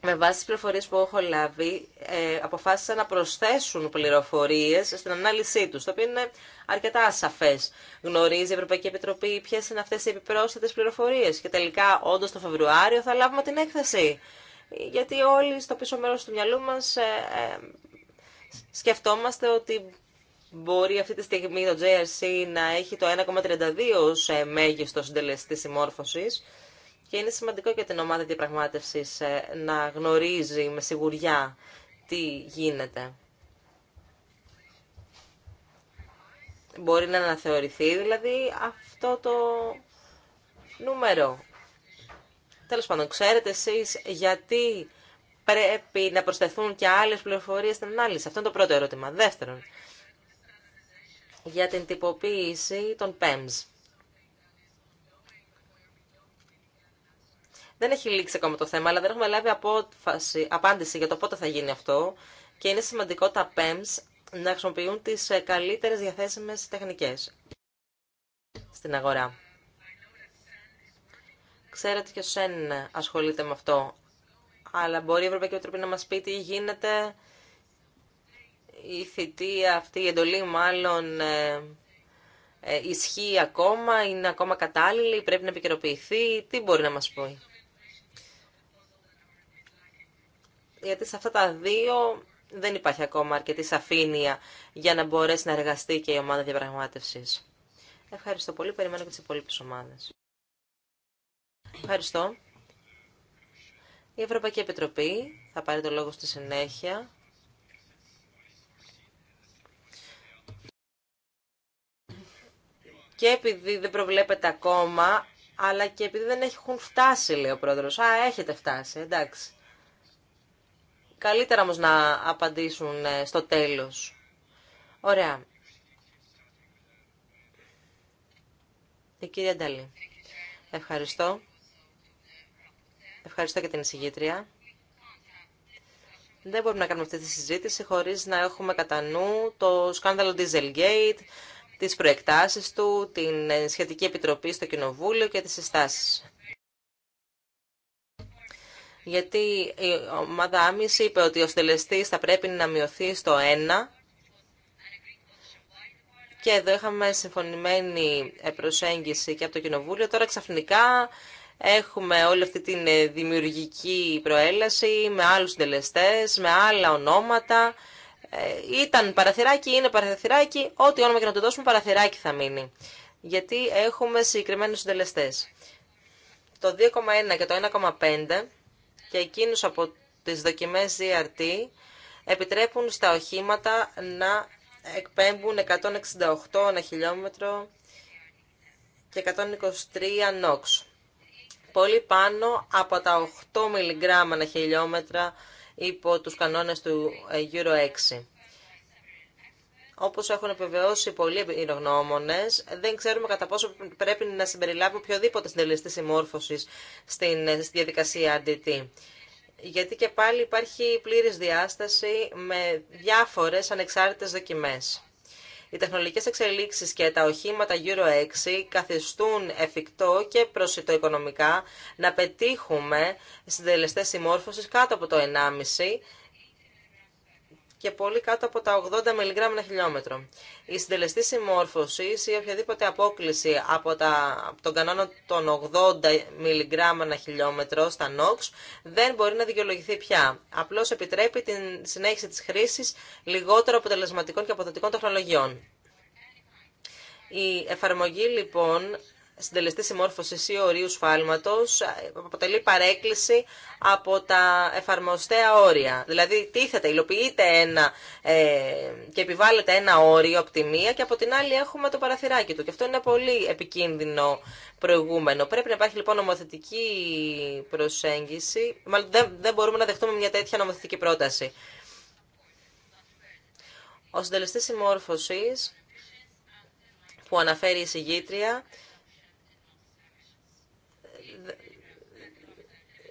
με βάση τι πληροφορίες που έχω λάβει, ε, αποφάσισαν να προσθέσουν πληροφορίες στην ανάλυση τους, το οποίο είναι αρκετά ασαφέ. Γνωρίζει η Ευρωπαϊκή Επιτροπή ποιες είναι αυτές οι επιπρόσθετες πληροφορίες και τελικά όντω το Φεβρουάριο θα λάβουμε την έκθεση. Γιατί όλοι στο πίσω μέρος του μυαλού μας ε, ε, σκεφτόμαστε ότι μπορεί αυτή τη στιγμή το JRC να έχει το 1,32 ως ε, μέγιστο συντελεστή συμμόρφωσης, και είναι σημαντικό για την ομάδα διαπραγμάτευση ε, να γνωρίζει με σιγουριά τι γίνεται. Μπορεί να αναθεωρηθεί δηλαδή αυτό το νούμερο. Τέλος πάντων, ξέρετε εσείς γιατί πρέπει να προσθεθούν και άλλες πληροφορίες στην ανάλυση. Αυτό είναι το πρώτο ερώτημα. Δεύτερον, για την τυποποίηση των PEMS. Δεν έχει λήξει ακόμα το θέμα, αλλά δεν έχουμε λάβει απάντηση για το πότε θα γίνει αυτό και είναι σημαντικό τα PEMS να χρησιμοποιούν τις ε, καλύτερες διαθέσιμες τεχνικές στην αγορά. Ξέρετε και ο Σεν ασχολείται με αυτό, αλλά μπορεί η Ευρωπαϊκή Επιτροπή να μας πει τι γίνεται η θητεία αυτή, η εντολή μάλλον ε, ε, ισχύει ακόμα, είναι ακόμα κατάλληλη, πρέπει να επικαιροποιηθεί, τι μπορεί να μας πει. γιατί σε αυτά τα δύο δεν υπάρχει ακόμα αρκετή σαφήνεια για να μπορέσει να εργαστεί και η ομάδα διαπραγματεύση. Ευχαριστώ πολύ. Περιμένω και τι υπόλοιπε ομάδε. Ευχαριστώ. Η Ευρωπαϊκή Επιτροπή θα πάρει το λόγο στη συνέχεια. Και επειδή δεν προβλέπετε ακόμα, αλλά και επειδή δεν έχουν φτάσει, λέει ο πρόεδρος. Α, έχετε φτάσει, εντάξει. Καλύτερα όμως να απαντήσουν ε, στο τέλος. Ωραία. Η κυρία Νταλή. Ευχαριστώ. Ευχαριστώ και την εισηγήτρια. Δεν μπορούμε να κάνουμε αυτή τη συζήτηση χωρίς να έχουμε κατά νου το σκάνδαλο Dieselgate, τις προεκτάσεις του, την ε, σχετική επιτροπή στο Κοινοβούλιο και τις συστάσεις γιατί η ομάδα Άμυση είπε ότι ο στελεστής θα πρέπει να μειωθεί στο 1 και εδώ είχαμε συμφωνημένη προσέγγιση και από το Κοινοβούλιο. Τώρα ξαφνικά έχουμε όλη αυτή την δημιουργική προέλαση με άλλους συντελεστέ, με άλλα ονόματα. Ε, ήταν παραθυράκι, είναι παραθυράκι, ό,τι όνομα και να το δώσουμε παραθυράκι θα μείνει. Γιατί έχουμε συγκεκριμένους συντελεστέ. Το 2,1 και το 1,5 και εκείνους από τις δοκιμές ZRT επιτρέπουν στα οχήματα να εκπέμπουν 168 ένα χιλιόμετρο και 123 νόξ. Πολύ πάνω από τα 8 μιλιγκράμμα χιλιόμετρα υπό τους κανόνες του ε, Euro 6. Όπως έχουν επιβεβαιώσει πολλοί εμπειρογνώμονες, δεν ξέρουμε κατά πόσο πρέπει να συμπεριλάβουμε οποιοδήποτε συντελεστή συμμόρφωση στη διαδικασία RDT. Γιατί και πάλι υπάρχει πλήρης διάσταση με διάφορες ανεξάρτητες δοκιμές. Οι τεχνολογικές εξελίξεις και τα οχήματα Euro 6 καθιστούν εφικτό και προσιτό οικονομικά να πετύχουμε συντελεστές συμμόρφωσης κάτω από το 1,5 και πολύ κάτω από τα 80 mg ένα χιλιόμετρο. Η συντελεστή συμμόρφωση ή οποιαδήποτε απόκληση από, τα, τον κανόνα των 80 mg ένα χιλιόμετρο στα NOx δεν μπορεί να δικαιολογηθεί πια. Απλώ επιτρέπει την συνέχιση τη χρήση λιγότερο αποτελεσματικών και αποδοτικών τεχνολογιών. Η εφαρμογή λοιπόν συντελεστή συμμόρφωση ή ορίου σφάλματο ε, αποτελεί παρέκκληση από τα εφαρμοστέα όρια. Δηλαδή, τίθεται, υλοποιείται ένα ε, και επιβάλλεται ένα όριο από τη μία και από την άλλη έχουμε το παραθυράκι του. Και αυτό είναι πολύ επικίνδυνο προηγούμενο. Πρέπει να υπάρχει λοιπόν νομοθετική προσέγγιση. Μάλλον δεν, δεν μπορούμε να δεχτούμε μια τέτοια νομοθετική πρόταση. Ο συντελεστή συμμόρφωση που αναφέρει η συγγήτρια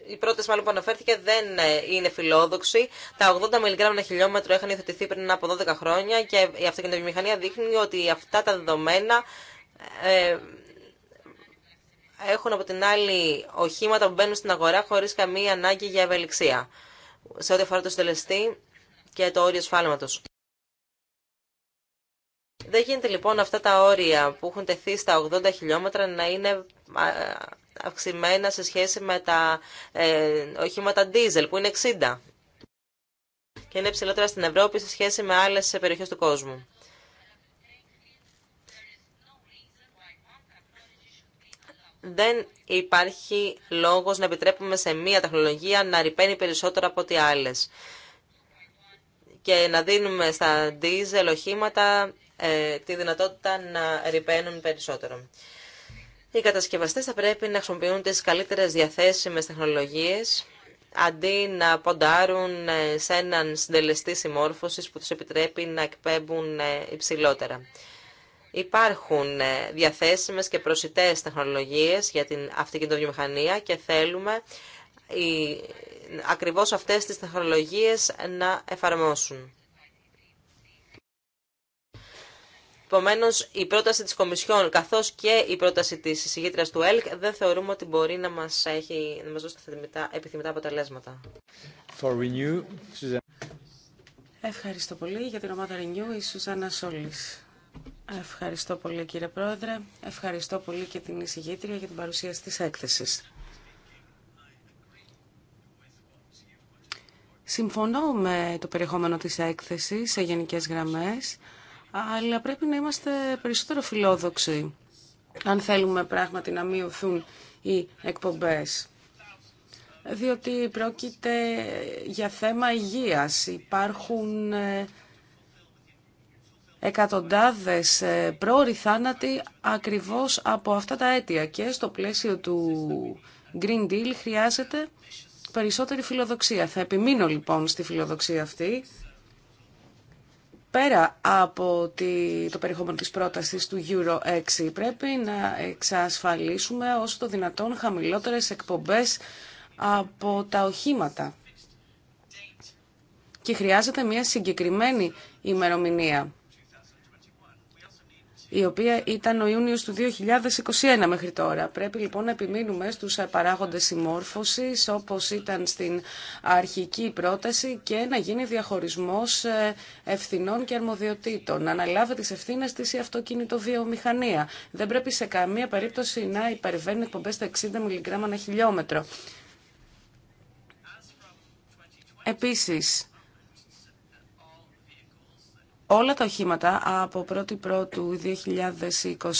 η πρώτη μάλλον που αναφέρθηκε δεν ε, είναι φιλόδοξη. Τα 80 μιλιγκράμμα χιλιόμετρο είχαν υιοθετηθεί πριν από 12 χρόνια και η αυτοκινητοβιομηχανία δείχνει ότι αυτά τα δεδομένα ε, έχουν από την άλλη οχήματα που μπαίνουν στην αγορά χωρίς καμία ανάγκη για ευελιξία σε ό,τι αφορά το συντελεστή και το όριο σφάλματος. Δεν γίνεται λοιπόν αυτά τα όρια που έχουν τεθεί στα 80 χιλιόμετρα να είναι αυξημένα σε σχέση με τα ε, οχήματα diesel που είναι 60 και είναι ψηλότερα στην Ευρώπη σε σχέση με άλλες περιοχές του κόσμου. Δεν υπάρχει λόγος να επιτρέπουμε σε μία τεχνολογία να ρηπαίνει περισσότερο από ό,τι άλλες και να δίνουμε στα diesel οχήματα ε, τη δυνατότητα να ρηπαίνουν περισσότερο οι κατασκευαστές θα πρέπει να χρησιμοποιούν τις καλύτερες διαθέσιμες τεχνολογίες αντί να ποντάρουν ε, σε έναν συντελεστή συμμόρφωσης που τους επιτρέπει να εκπέμπουν ε, υψηλότερα. Υπάρχουν ε, διαθέσιμες και προσιτές τεχνολογίες για την αυτοκινητοβιομηχανία και θέλουμε οι, ακριβώς αυτές τις τεχνολογίες να εφαρμόσουν. Επομένω, η πρόταση τη Κομισιόν καθώ και η πρόταση τη εισηγήτρια του ΕΛΚ δεν θεωρούμε ότι μπορεί να μα έχει μας δώσει επιθυμητά αποτελέσματα. Ευχαριστώ πολύ για την ομάδα Renew, η Σουζάννα Σόλη. Ευχαριστώ πολύ κύριε Πρόεδρε. Ευχαριστώ πολύ και την εισηγήτρια για την παρουσίαση τη έκθεσης. Συμφωνώ με το περιεχόμενο της έκθεσης σε γενικές γραμμές αλλά πρέπει να είμαστε περισσότερο φιλόδοξοι αν θέλουμε πράγματι να μειωθούν οι εκπομπές. Διότι πρόκειται για θέμα υγείας. Υπάρχουν ε, εκατοντάδες ε, πρόοροι θάνατοι ακριβώς από αυτά τα αίτια και στο πλαίσιο του Green Deal χρειάζεται περισσότερη φιλοδοξία. Θα επιμείνω λοιπόν στη φιλοδοξία αυτή πέρα από το περιεχόμενο της πρότασης του Euro 6. Πρέπει να εξασφαλίσουμε όσο το δυνατόν χαμηλότερες εκπομπές από τα οχήματα. Και χρειάζεται μια συγκεκριμένη ημερομηνία η οποία ήταν ο Ιούνιος του 2021 μέχρι τώρα. Πρέπει λοιπόν να επιμείνουμε στους παράγοντες συμμόρφωσης όπως ήταν στην αρχική πρόταση και να γίνει διαχωρισμός ε, ευθυνών και αρμοδιοτήτων. Να αναλάβει τις ευθύνες της η αυτοκινητοβιομηχανία. Δεν πρέπει σε καμία περίπτωση να υπερβαίνει εκπομπές στα 60 μιλιγκράμμα ανά χιλιόμετρο. Επίσης, Όλα τα οχήματα από 1η Πρώτου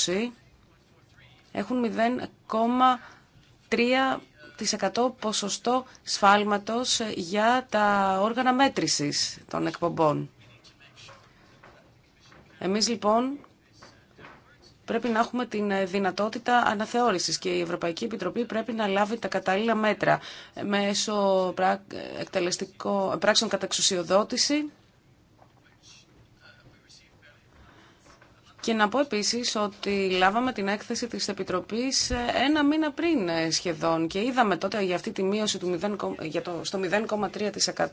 2020 έχουν 0,3% ποσοστό σφάλματος για τα όργανα μέτρησης των εκπομπών. Εμείς λοιπόν πρέπει να έχουμε την δυνατότητα αναθεώρησης και η Ευρωπαϊκή Επιτροπή πρέπει να λάβει τα κατάλληλα μέτρα μέσω πράξεων εξουσιοδότηση Και να πω επίσης ότι λάβαμε την έκθεση της Επιτροπής ε, ένα μήνα πριν ε, σχεδόν και είδαμε τότε για αυτή τη μείωση του για το, στο 0,3%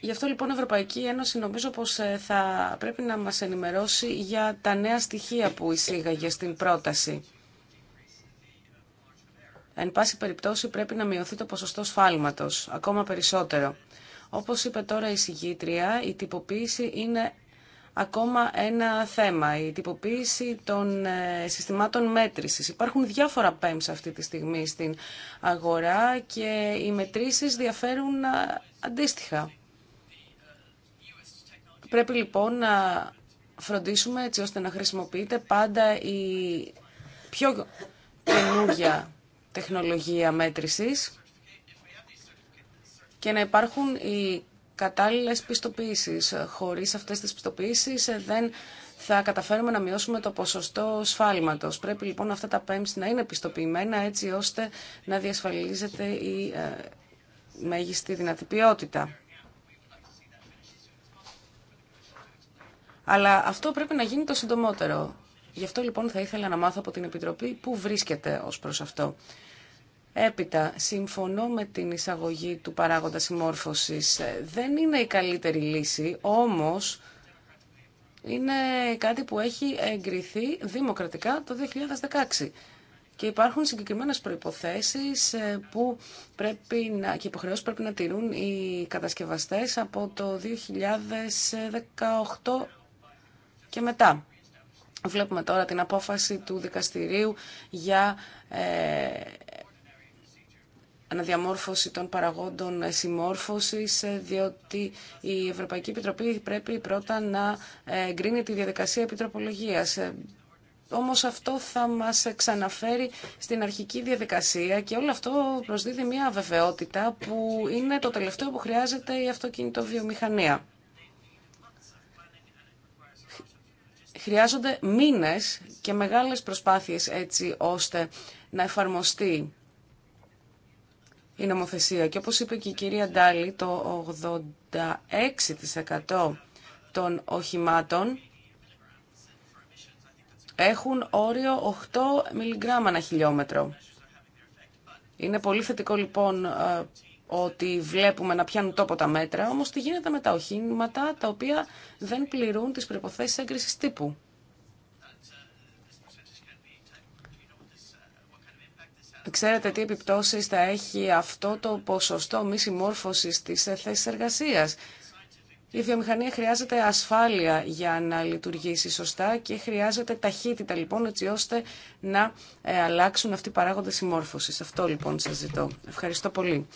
Γι' αυτό λοιπόν η Ευρωπαϊκή Ένωση νομίζω πως ε, θα πρέπει να μας ενημερώσει για τα νέα στοιχεία που εισήγαγε στην πρόταση. Εν πάση περιπτώσει πρέπει να μειωθεί το ποσοστό σφάλματος ακόμα περισσότερο. Όπως είπε τώρα η συγγήτρια, η τυποποίηση είναι ακόμα ένα θέμα, η τυποποίηση των ε, συστημάτων μέτρησης. Υπάρχουν διάφορα PEMS αυτή τη στιγμή στην αγορά και οι μετρήσεις διαφέρουν ε, αντίστοιχα. Πρέπει λοιπόν να φροντίσουμε έτσι ώστε να χρησιμοποιείται πάντα η πιο καινούργια τεχνολογία μέτρησης και να υπάρχουν οι κατάλληλες πιστοποιήσεις. Χωρίς αυτές τις πιστοποιήσεις ε, δεν θα καταφέρουμε να μειώσουμε το ποσοστό σφάλματος. Πρέπει λοιπόν αυτά τα PEMS να είναι πιστοποιημένα έτσι ώστε να διασφαλίζεται η ε, μέγιστη δυνατή ποιότητα. Αλλά αυτό πρέπει να γίνει το συντομότερο. Γι' αυτό λοιπόν θα ήθελα να μάθω από την Επιτροπή πού βρίσκεται ως προς αυτό. Έπειτα, συμφωνώ με την εισαγωγή του παράγοντα συμμόρφωσης. Ε, δεν είναι η καλύτερη λύση, όμως είναι κάτι που έχει εγκριθεί δημοκρατικά το 2016. Και υπάρχουν συγκεκριμένες προϋποθέσεις ε, που πρέπει να, και πρέπει να τηρούν οι κατασκευαστέ από το 2018 και μετά. Βλέπουμε τώρα την απόφαση του δικαστηρίου για ε, αναδιαμόρφωση των παραγόντων ε, συμμόρφωσης, ε, διότι η Ευρωπαϊκή Επιτροπή πρέπει πρώτα να ε, εγκρίνει τη διαδικασία επιτροπολογίας. Όμως αυτό θα μας ξαναφέρει στην αρχική διαδικασία και όλο αυτό προσδίδει μια βεβαιότητα που είναι το τελευταίο που χρειάζεται η αυτοκινητοβιομηχανία. Χρειάζονται μήνες και μεγάλες προσπάθειες έτσι ώστε να εφαρμοστεί η νομοθεσία. Και όπως είπε και η κυρία Ντάλη, το 86% των οχημάτων έχουν όριο 8 μιλιγκράμμα ανά χιλιόμετρο. Είναι πολύ θετικό λοιπόν ε, ότι βλέπουμε να πιάνουν τόπο τα μέτρα, όμως τι γίνεται με τα οχήματα τα οποία δεν πληρούν τις προϋποθέσεις έγκρισης τύπου. Ξέρετε τι επιπτώσεις θα έχει αυτό το ποσοστό μη συμμόρφωσης της θέσης εργασίας. Η βιομηχανία χρειάζεται ασφάλεια για να λειτουργήσει σωστά και χρειάζεται ταχύτητα λοιπόν έτσι ώστε να ε, αλλάξουν αυτοί οι παράγοντες συμμόρφωσης. Αυτό λοιπόν σας ζητώ. Ευχαριστώ πολύ.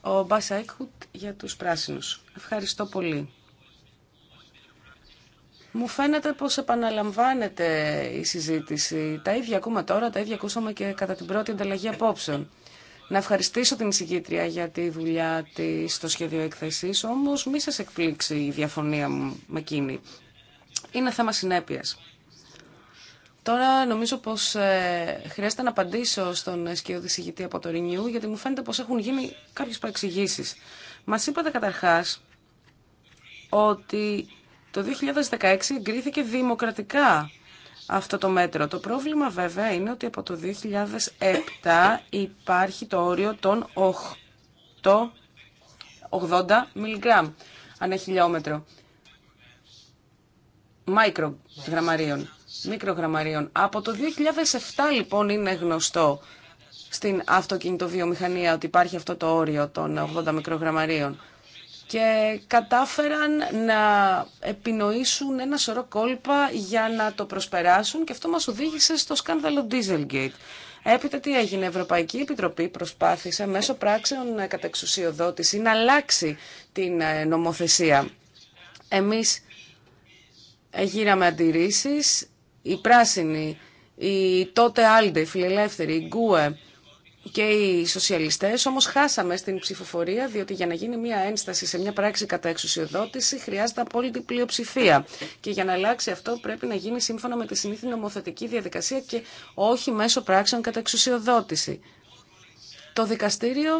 Ο Μπάσα Έκχουτ για τους πράσινους. Ευχαριστώ πολύ. Μου φαίνεται πως επαναλαμβάνεται η συζήτηση. Τα ίδια ακούμε τώρα, τα ίδια ακούσαμε και κατά την πρώτη ανταλλαγή απόψεων. Να ευχαριστήσω την εισηγήτρια για τη δουλειά τη στο σχέδιο έκθεση, όμω μη σα εκπλήξει η διαφωνία μου με εκείνη. Είναι θέμα συνέπεια. Τώρα νομίζω πω ε, χρειάζεται να απαντήσω στον σκιώδη εισηγητή από το Renew, γιατί μου φαίνεται πω έχουν γίνει κάποιε παρεξηγήσει. Μα είπατε καταρχά ότι το 2016 εγκρίθηκε δημοκρατικά αυτό το μέτρο. Το πρόβλημα βέβαια είναι ότι από το 2007 υπάρχει το όριο των 80 μιλιγκράμμ ανά χιλιόμετρο. Μικρογραμμαρίων. Από το 2007 λοιπόν είναι γνωστό στην αυτοκινητοβιομηχανία ότι υπάρχει αυτό το όριο των 80 μικρογραμμαρίων και κατάφεραν να επινοήσουν ένα σωρό κόλπα για να το προσπεράσουν και αυτό μας οδήγησε στο σκάνδαλο Dieselgate. Έπειτα τι έγινε, η Ευρωπαϊκή Επιτροπή προσπάθησε μέσω πράξεων εξουσιοδότηση να αλλάξει την ε, νομοθεσία. Εμείς ε, γύραμε αντιρρήσεις, οι πράσινοι, οι τότε Άλντε, οι φιλελεύθεροι, οι Γκουε, και οι σοσιαλιστέ όμω χάσαμε στην ψηφοφορία, διότι για να γίνει μια ένσταση σε μια πράξη κατά εξουσιοδότηση χρειάζεται απόλυτη πλειοψηφία. Και για να αλλάξει αυτό πρέπει να γίνει σύμφωνα με τη συνήθινη νομοθετική διαδικασία και όχι μέσω πράξεων κατά εξουσιοδότηση. Το δικαστήριο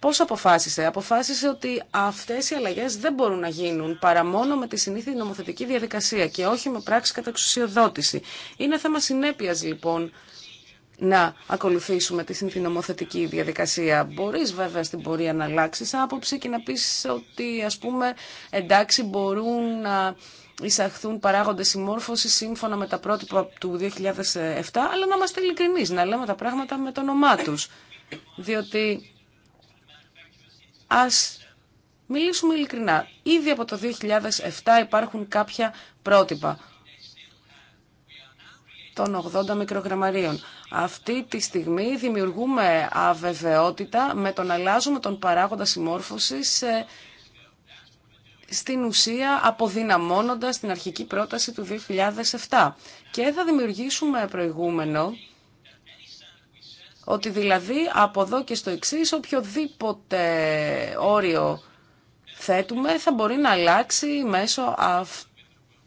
πώ αποφάσισε. Αποφάσισε ότι αυτέ οι αλλαγέ δεν μπορούν να γίνουν παρά μόνο με τη συνήθινη νομοθετική διαδικασία και όχι με πράξη κατά εξουσιοδότηση. Είναι θέμα συνέπεια λοιπόν να ακολουθήσουμε τη συνθηνομοθετική διαδικασία. Μπορείς βέβαια στην πορεία να αλλάξεις άποψη και να πεις ότι ας πούμε εντάξει μπορούν να εισαχθούν παράγοντες συμμόρφωση σύμφωνα με τα πρότυπα του 2007, αλλά να είμαστε ειλικρινείς, να λέμε τα πράγματα με το όνομά τους. Διότι ας μιλήσουμε ειλικρινά. Ήδη από το 2007 υπάρχουν κάποια πρότυπα των 80 μικρογραμμαρίων. Αυτή τη στιγμή δημιουργούμε αβεβαιότητα με τον αλλάζουμε τον παράγοντα συμμόρφωσης ε, στην ουσία αποδυναμώνοντας την αρχική πρόταση του 2007. Και θα δημιουργήσουμε προηγούμενο ότι δηλαδή από εδώ και στο εξή οποιοδήποτε όριο θέτουμε θα μπορεί να αλλάξει μέσω αυτού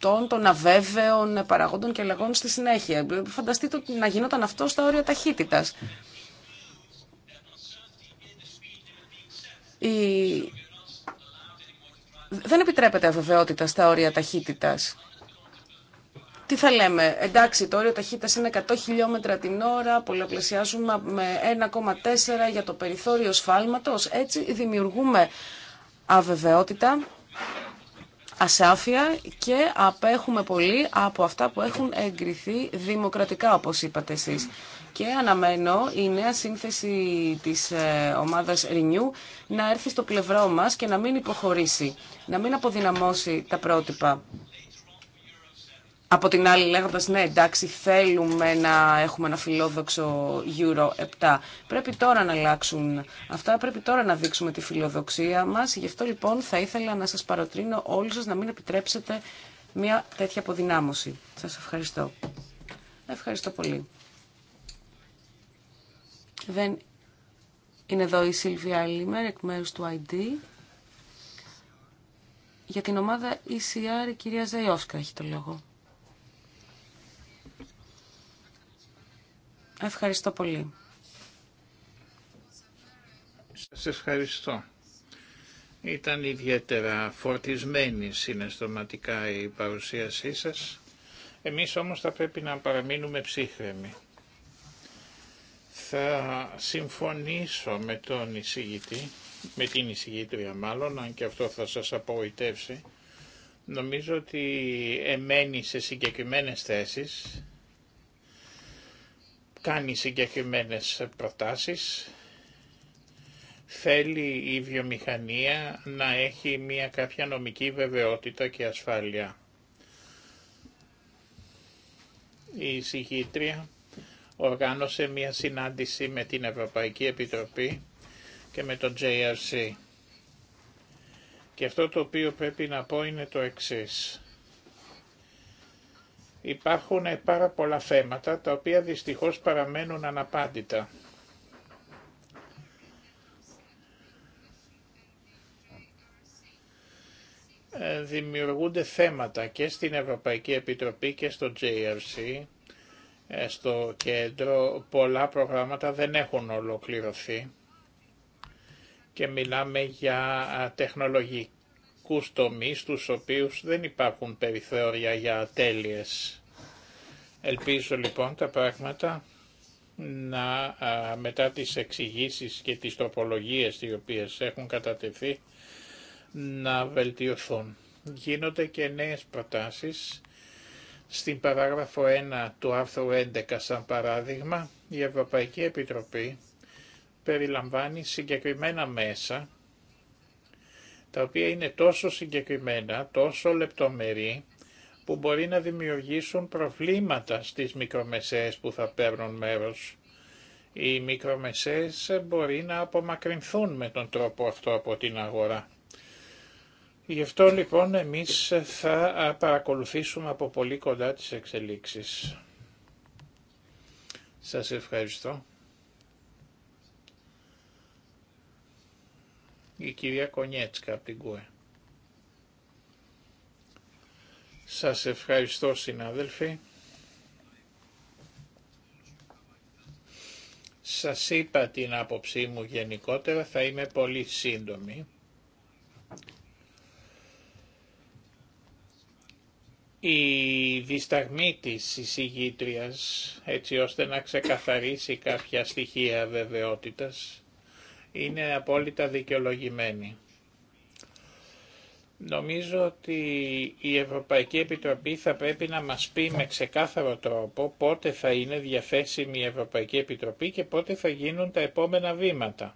αυτών των αβέβαιων παραγόντων και λαγών στη συνέχεια. Φανταστείτε ότι να γινόταν αυτό στα όρια ταχύτητας. Δεν επιτρέπεται αβεβαιότητα στα όρια ταχύτητας. Τι θα λέμε, εντάξει το όριο ταχύτητας είναι 100 χιλιόμετρα την ώρα, πολλαπλασιάζουμε με 1,4 για το περιθώριο σφάλματος, έτσι δημιουργούμε αβεβαιότητα ασάφεια και απέχουμε πολύ από αυτά που έχουν εγκριθεί δημοκρατικά, όπως είπατε εσείς. Και αναμένω η νέα σύνθεση της ε, ομάδας Renew να έρθει στο πλευρό μας και να μην υποχωρήσει, να μην αποδυναμώσει τα πρότυπα από την άλλη λέγοντας ναι εντάξει θέλουμε να έχουμε ένα φιλόδοξο Euro 7. Πρέπει τώρα να αλλάξουν αυτά, πρέπει τώρα να δείξουμε τη φιλοδοξία μας. Γι' αυτό λοιπόν θα ήθελα να σας παροτρύνω όλους σας να μην επιτρέψετε μια τέτοια αποδυνάμωση. Σας ευχαριστώ. Ευχαριστώ πολύ. Δεν είναι εδώ η Σίλβια Λίμερ εκ μέρους του ID. Για την ομάδα ECR η κυρία Ζαϊόσκα έχει το λόγο. Ευχαριστώ πολύ. Σας ευχαριστώ. Ήταν ιδιαίτερα φορτισμένη συναισθηματικά η παρουσίασή σας. Εμείς όμως θα πρέπει να παραμείνουμε ψύχρεμοι. Θα συμφωνήσω με τον εισηγητή, με την εισηγήτρια μάλλον, αν και αυτό θα σας απογοητεύσει. Νομίζω ότι εμένει σε συγκεκριμένες θέσεις κάνει συγκεκριμένες προτάσεις. Θέλει η βιομηχανία να έχει μια κάποια νομική βεβαιότητα και ασφάλεια. Η συγχύτρια οργάνωσε μια συνάντηση με την Ευρωπαϊκή Επιτροπή και με τον JRC. Και αυτό το οποίο πρέπει να πω είναι το εξής. Υπάρχουν πάρα πολλά θέματα τα οποία δυστυχώς παραμένουν αναπάντητα. Ε, δημιουργούνται θέματα και στην Ευρωπαϊκή Επιτροπή και στο JRC, ε, στο κέντρο. Πολλά προγράμματα δεν έχουν ολοκληρωθεί και μιλάμε για τεχνολογικούς τομείς τους οποίους δεν υπάρχουν περιθώρια για ατέλειες. Ελπίζω λοιπόν τα πράγματα να μετά τις εξηγήσει και τις τροπολογίες οι οποίες έχουν κατατεθεί να βελτιωθούν. Γίνονται και νέες προτάσεις στην παράγραφο 1 του άρθρου 11 σαν παράδειγμα η Ευρωπαϊκή Επιτροπή περιλαμβάνει συγκεκριμένα μέσα τα οποία είναι τόσο συγκεκριμένα, τόσο λεπτομερή που μπορεί να δημιουργήσουν προβλήματα στις μικρομεσαίες που θα παίρνουν μέρος. Οι μικρομεσαίες μπορεί να απομακρυνθούν με τον τρόπο αυτό από την αγορά. Γι' αυτό λοιπόν εμείς θα παρακολουθήσουμε από πολύ κοντά τις εξελίξεις. Σας ευχαριστώ. Η κυρία Κονιέτσκα από την Σας ευχαριστώ συνάδελφοι. Σας είπα την άποψή μου γενικότερα, θα είμαι πολύ σύντομη. Η δισταγμή της εισηγήτριας, έτσι ώστε να ξεκαθαρίσει κάποια στοιχεία βεβαιότητας, είναι απόλυτα δικαιολογημένη. Νομίζω ότι η Ευρωπαϊκή Επιτροπή θα πρέπει να μας πει με ξεκάθαρο τρόπο πότε θα είναι διαθέσιμη η Ευρωπαϊκή Επιτροπή και πότε θα γίνουν τα επόμενα βήματα.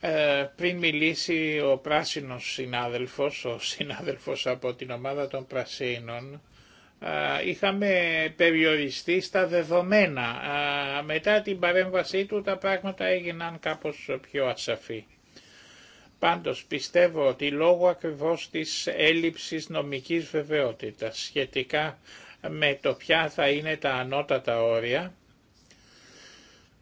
Ε, πριν μιλήσει ο πράσινος συνάδελφος, ο συνάδελφος από την ομάδα των Πρασίνων, είχαμε περιοριστεί στα δεδομένα. Μετά την παρέμβασή του τα πράγματα έγιναν κάπως πιο ασαφή. Πάντως πιστεύω ότι λόγω ακριβώς της έλλειψης νομικής βεβαιότητας σχετικά με το ποια θα είναι τα ανώτατα όρια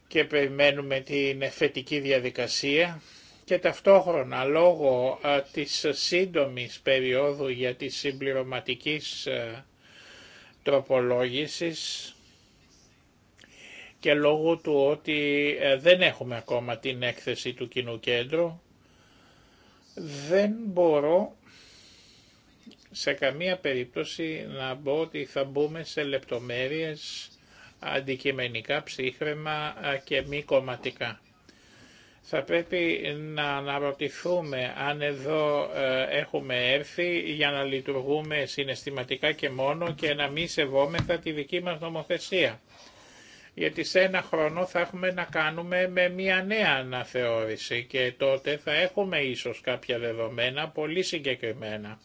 και περιμένουμε την εφετική διαδικασία και ταυτόχρονα λόγω της σύντομης περίοδου για τη συμπληρωματικής τροπολόγησης και λόγω του ότι ε, δεν έχουμε ακόμα την έκθεση του Κοινού Κέντρου, δεν μπορώ σε καμία περίπτωση να πω ότι θα μπούμε σε λεπτομέρειες αντικειμενικά, ψύχρεμα ε, και μη κομματικά θα πρέπει να αναρωτηθούμε αν εδώ ε, έχουμε έρθει για να λειτουργούμε συναισθηματικά και μόνο και να μην σεβόμεθα τη δική μας νομοθεσία. Γιατί σε ένα χρόνο θα έχουμε να κάνουμε με μια νέα αναθεώρηση και τότε θα έχουμε ίσως κάποια δεδομένα πολύ συγκεκριμένα.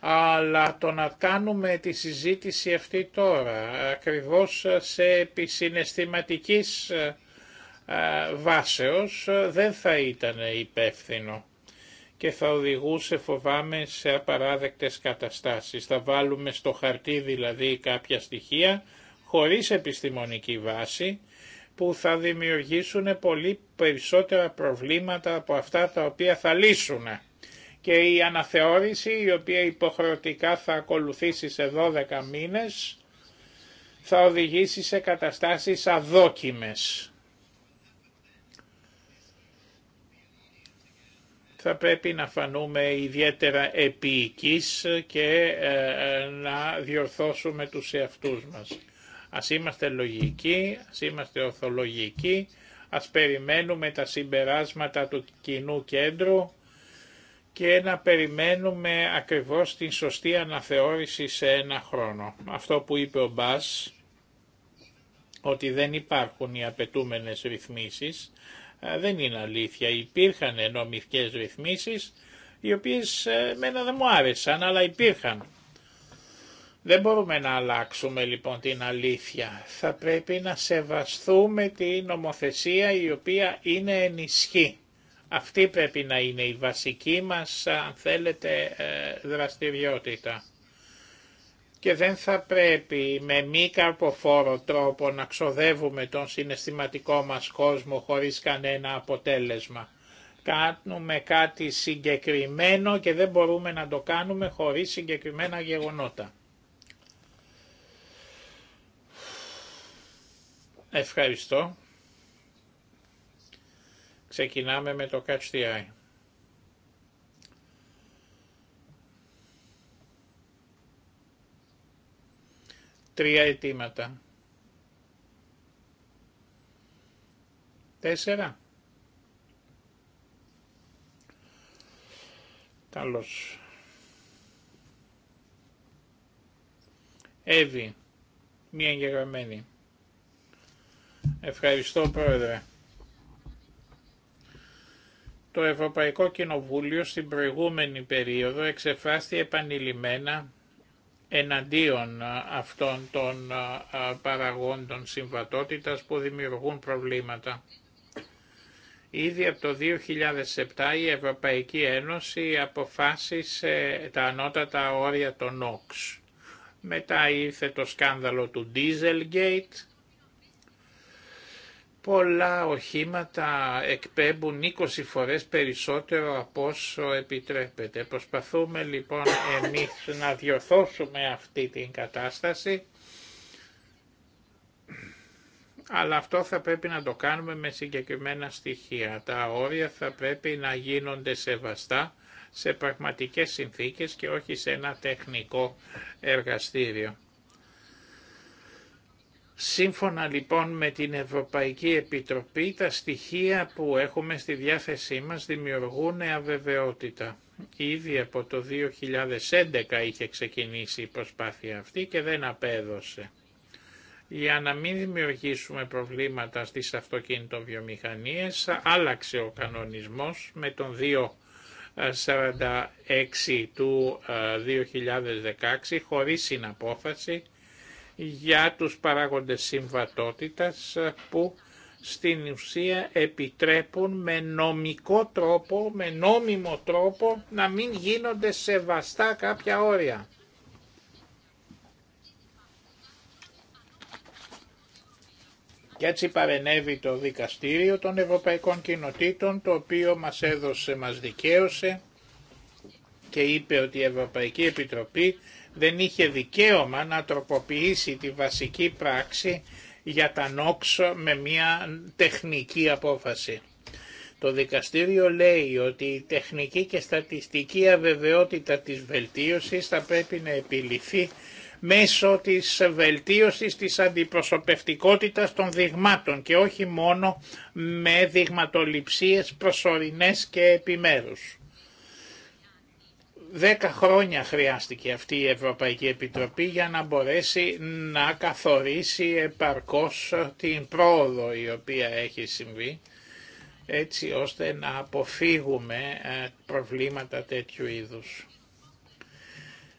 Αλλά το να κάνουμε τη συζήτηση αυτή τώρα, ακριβώς σε επισυναισθηματικής ε, ε, βάσεως ε, δεν θα ήταν υπεύθυνο και θα οδηγούσε φοβάμαι σε απαράδεκτες καταστάσεις. Θα βάλουμε στο χαρτί δηλαδή κάποια στοιχεία χωρίς επιστημονική βάση που θα δημιουργήσουν πολύ περισσότερα προβλήματα από αυτά τα οποία θα λύσουν. Και η αναθεώρηση η οποία υποχρεωτικά θα ακολουθήσει σε 12 μήνες θα οδηγήσει σε καταστάσεις αδόκιμες θα πρέπει να φανούμε ιδιαίτερα επίοικείς και ε, να διορθώσουμε τους εαυτούς μας. Ας είμαστε λογικοί, ας είμαστε ορθολογικοί, ας περιμένουμε τα συμπεράσματα του κοινού κέντρου και να περιμένουμε ακριβώς την σωστή αναθεώρηση σε ένα χρόνο. Αυτό που είπε ο Μπάς, ότι δεν υπάρχουν οι απαιτούμενες ρυθμίσεις, δεν είναι αλήθεια. Υπήρχαν νομικέ ρυθμίσεις οι οποίες ε, εμένα δεν μου άρεσαν αλλά υπήρχαν. Δεν μπορούμε να αλλάξουμε λοιπόν την αλήθεια. Θα πρέπει να σεβαστούμε την νομοθεσία η οποία είναι ενισχύ. Αυτή πρέπει να είναι η βασική μας, αν θέλετε, ε, δραστηριότητα και δεν θα πρέπει με μη καρποφόρο τρόπο να ξοδεύουμε τον συναισθηματικό μας κόσμο χωρίς κανένα αποτέλεσμα. Κάνουμε κάτι συγκεκριμένο και δεν μπορούμε να το κάνουμε χωρίς συγκεκριμένα γεγονότα. Ευχαριστώ. Ξεκινάμε με το Catch Τρία αιτήματα. Τέσσερα. Καλώς. Εύη, μία εγγεγραμμένη. Ευχαριστώ πρόεδρε. Το Ευρωπαϊκό Κοινοβούλιο στην προηγούμενη περίοδο εξεφράστη επανειλημμένα εναντίον αυτών των παραγόντων συμβατότητας που δημιουργούν προβλήματα. Ήδη από το 2007 η Ευρωπαϊκή Ένωση αποφάσισε τα ανώτατα όρια των ΟΚΣ. Μετά ήρθε το σκάνδαλο του Dieselgate πολλά οχήματα εκπέμπουν 20 φορές περισσότερο από όσο επιτρέπεται. Προσπαθούμε λοιπόν εμείς να διορθώσουμε αυτή την κατάσταση, αλλά αυτό θα πρέπει να το κάνουμε με συγκεκριμένα στοιχεία. Τα όρια θα πρέπει να γίνονται σεβαστά σε πραγματικές συνθήκες και όχι σε ένα τεχνικό εργαστήριο. Σύμφωνα λοιπόν με την Ευρωπαϊκή Επιτροπή, τα στοιχεία που έχουμε στη διάθεσή μας δημιουργούν αβεβαιότητα. Ήδη από το 2011 είχε ξεκινήσει η προσπάθεια αυτή και δεν απέδωσε. Για να μην δημιουργήσουμε προβλήματα στις αυτοκινητοβιομηχανίες, άλλαξε ο κανονισμός με τον 246 του 2016 ε, χωρίς συναπόφαση για τους παράγοντες συμβατότητας ε, που στην ουσία επιτρέπουν με νομικό τρόπο, με νόμιμο τρόπο να μην γίνονται σεβαστά κάποια όρια. Και έτσι παρενέβη το Δικαστήριο των Ευρωπαϊκών Κοινοτήτων, το οποίο μας έδωσε, μας δικαίωσε και είπε ότι η Ευρωπαϊκή Επιτροπή δεν είχε δικαίωμα να τροποποιήσει τη βασική πράξη για τα νόξο με μια τεχνική απόφαση. Το δικαστήριο λέει ότι η τεχνική και στατιστική αβεβαιότητα της βελτίωσης θα πρέπει να επιληθεί μέσω της βελτίωσης της αντιπροσωπευτικότητας των δειγμάτων και όχι μόνο με δειγματοληψίες προσωρινές και επιμέρους. Δέκα χρόνια χρειάστηκε αυτή η Ευρωπαϊκή Επιτροπή για να μπορέσει να καθορίσει επαρκώς την πρόοδο η οποία έχει συμβεί έτσι ώστε να αποφύγουμε ε, προβλήματα τέτοιου είδους.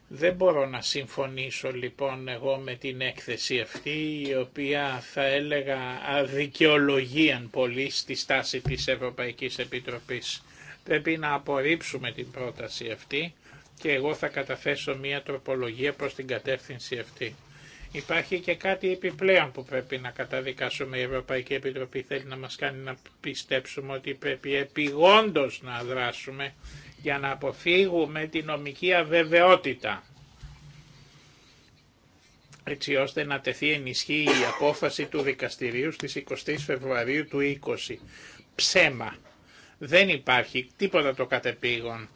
Δεν μπορώ να συμφωνήσω λοιπόν εγώ με την έκθεση αυτή η οποία θα έλεγα αδικαιολογίαν πολύ στη στάση της Ευρωπαϊκής Επιτροπής. Πρέπει να απορρίψουμε την πρόταση αυτή και εγώ θα καταθέσω μία τροπολογία προς την κατεύθυνση αυτή. Υπάρχει και κάτι επιπλέον που πρέπει να καταδικάσουμε. Η Ευρωπαϊκή Επιτροπή θέλει να μας κάνει να πιστέψουμε ότι πρέπει επιγόντως να δράσουμε για να αποφύγουμε την νομική αβεβαιότητα έτσι ώστε να τεθεί ενισχύ η απόφαση του δικαστηρίου στις 23 Φεβρουαρίου του 20. Ψέμα. Δεν υπάρχει τίποτα το κατεπήγον.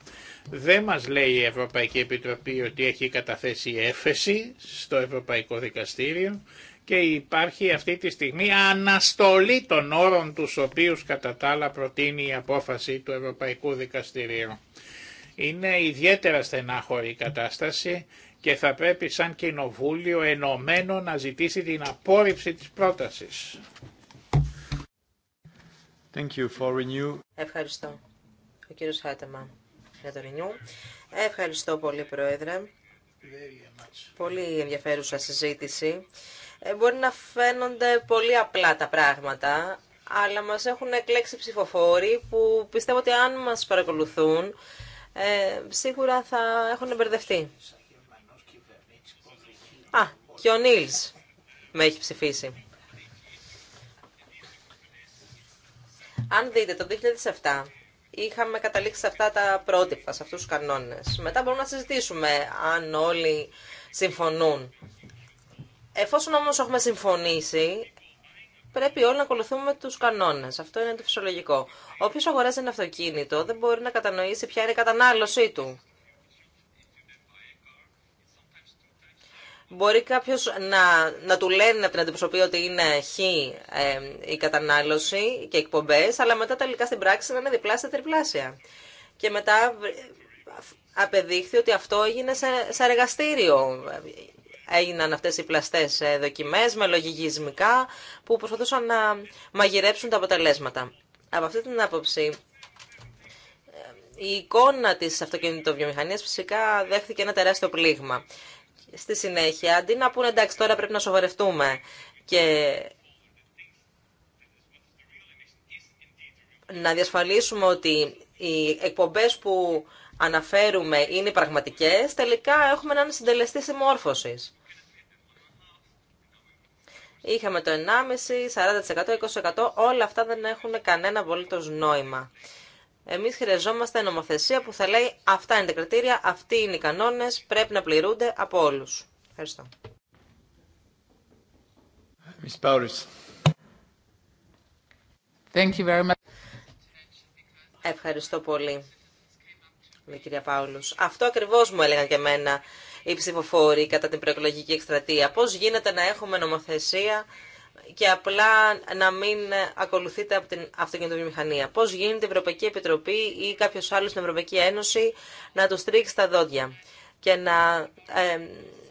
Δεν μας λέει η Ευρωπαϊκή Επιτροπή ότι έχει καταθέσει έφεση στο Ευρωπαϊκό Δικαστήριο και υπάρχει αυτή τη στιγμή αναστολή των όρων τους οποίους κατά τα άλλα προτείνει η απόφαση του Ευρωπαϊκού Δικαστηρίου. Είναι ιδιαίτερα στενάχωρη η κατάσταση και θα πρέπει σαν κοινοβούλιο ενωμένο να ζητήσει την απόρριψη της πρότασης. Thank you Ευχαριστώ. Ο κύριος Χάτεμα. Ευχαριστώ πολύ, Πρόεδρε. Πολύ ενδιαφέρουσα συζήτηση. Ε, μπορεί να φαίνονται πολύ απλά τα πράγματα, αλλά μας έχουν εκλέξει ψηφοφόροι που πιστεύω ότι αν μας παρακολουθούν, ε, σίγουρα θα έχουν μπερδευτεί. Α, και ο Νίλς με έχει ψηφίσει. Αν δείτε το 2007, είχαμε καταλήξει σε αυτά τα πρότυπα, σε αυτούς τους κανόνες. Μετά μπορούμε να συζητήσουμε αν όλοι συμφωνούν. Εφόσον όμως έχουμε συμφωνήσει, πρέπει όλοι να ακολουθούμε τους κανόνες. Αυτό είναι το φυσιολογικό. Όποιος αγοράζει ένα αυτοκίνητο δεν μπορεί να κατανοήσει ποια είναι η κατανάλωσή του. Μπορεί κάποιο να, να του λένε από την αντιπροσωπή ότι είναι χ ε, η κατανάλωση και εκπομπέ, αλλά μετά τελικά στην πράξη να είναι διπλάσια τριπλάσια. Και μετά απεδείχθη ότι αυτό έγινε σε, σε εργαστήριο. Έγιναν αυτές οι πλαστές ε, δοκιμές με λογισμικά που προσπαθούσαν να μαγειρέψουν τα αποτελέσματα. Από αυτή την άποψη, ε, η εικόνα της αυτοκινητοβιομηχανίας φυσικά δέχθηκε ένα τεράστιο πλήγμα στη συνέχεια, αντί να πούνε εντάξει τώρα πρέπει να σοβαρευτούμε και να διασφαλίσουμε ότι οι εκπομπές που αναφέρουμε είναι πραγματικές, τελικά έχουμε έναν συντελεστή συμμόρφωσης. Είχαμε το 1,5, 40%, 20%, όλα αυτά δεν έχουν κανένα απολύτως νόημα. Εμείς χρειαζόμαστε νομοθεσία που θα λέει αυτά είναι τα κριτήρια, αυτοί είναι οι κανόνες, πρέπει να πληρούνται από όλους. Ευχαριστώ. Thank you very much. Ευχαριστώ πολύ, λέει κυρία Πάουλου. Αυτό ακριβώ μου έλεγαν και εμένα οι ψηφοφόροι κατά την προεκλογική εκστρατεία. Πώς γίνεται να έχουμε νομοθεσία και απλά να μην ακολουθείτε από την αυτοκινητοβιομηχανία. Πώς γίνεται η Ευρωπαϊκή Επιτροπή ή κάποιος άλλος στην Ευρωπαϊκή Ένωση να το στρίξει τα δόντια και να ε,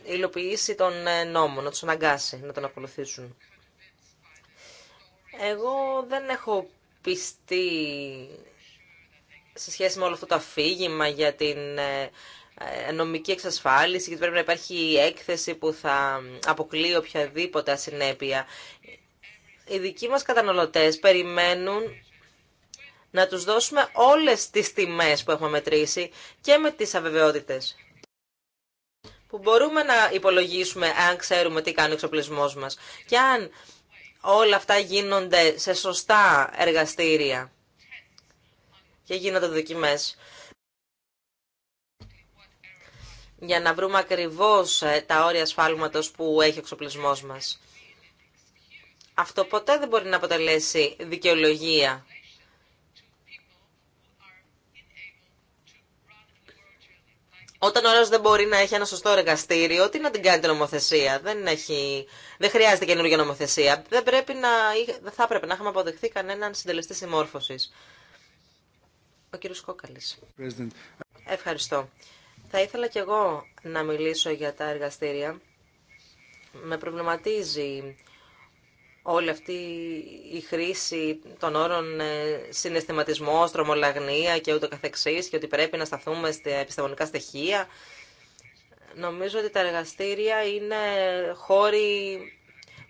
υλοποιήσει τον ε, νόμο, να τους αναγκάσει να τον ακολουθήσουν. Εγώ δεν έχω πιστεί σε σχέση με όλο αυτό το αφήγημα για την ε, ε, νομική εξασφάλιση, γιατί πρέπει να υπάρχει έκθεση που θα αποκλείει οποιαδήποτε ασυνέπεια. Οι δικοί μας καταναλωτές περιμένουν να τους δώσουμε όλες τις τιμές που έχουμε μετρήσει και με τις αβεβαιότητες που μπορούμε να υπολογίσουμε αν ξέρουμε τι κάνει ο εξοπλισμός μας και αν όλα αυτά γίνονται σε σωστά εργαστήρια και γίνονται δοκιμές για να βρούμε ακριβώς ε, τα όρια ασφάλματος που έχει ο εξοπλισμός μας. Αυτό ποτέ δεν μπορεί να αποτελέσει δικαιολογία. Όταν ο δεν μπορεί να έχει ένα σωστό εργαστήριο, τι να την κάνει την νομοθεσία. Δεν, έχει, δεν χρειάζεται καινούργια νομοθεσία. Δεν, πρέπει να, θα έπρεπε να είχαμε αποδεχθεί κανέναν συντελεστή συμμόρφωσης. Ο κύριος Κόκαλης. Ευχαριστώ. Θα ήθελα κι εγώ να μιλήσω για τα εργαστήρια. Με προβληματίζει όλη αυτή η χρήση των όρων ε, συναισθηματισμό, τρομολαγνία και ούτω καθεξής και ότι πρέπει να σταθούμε στα επιστημονικά στοιχεία. Νομίζω ότι τα εργαστήρια είναι χώροι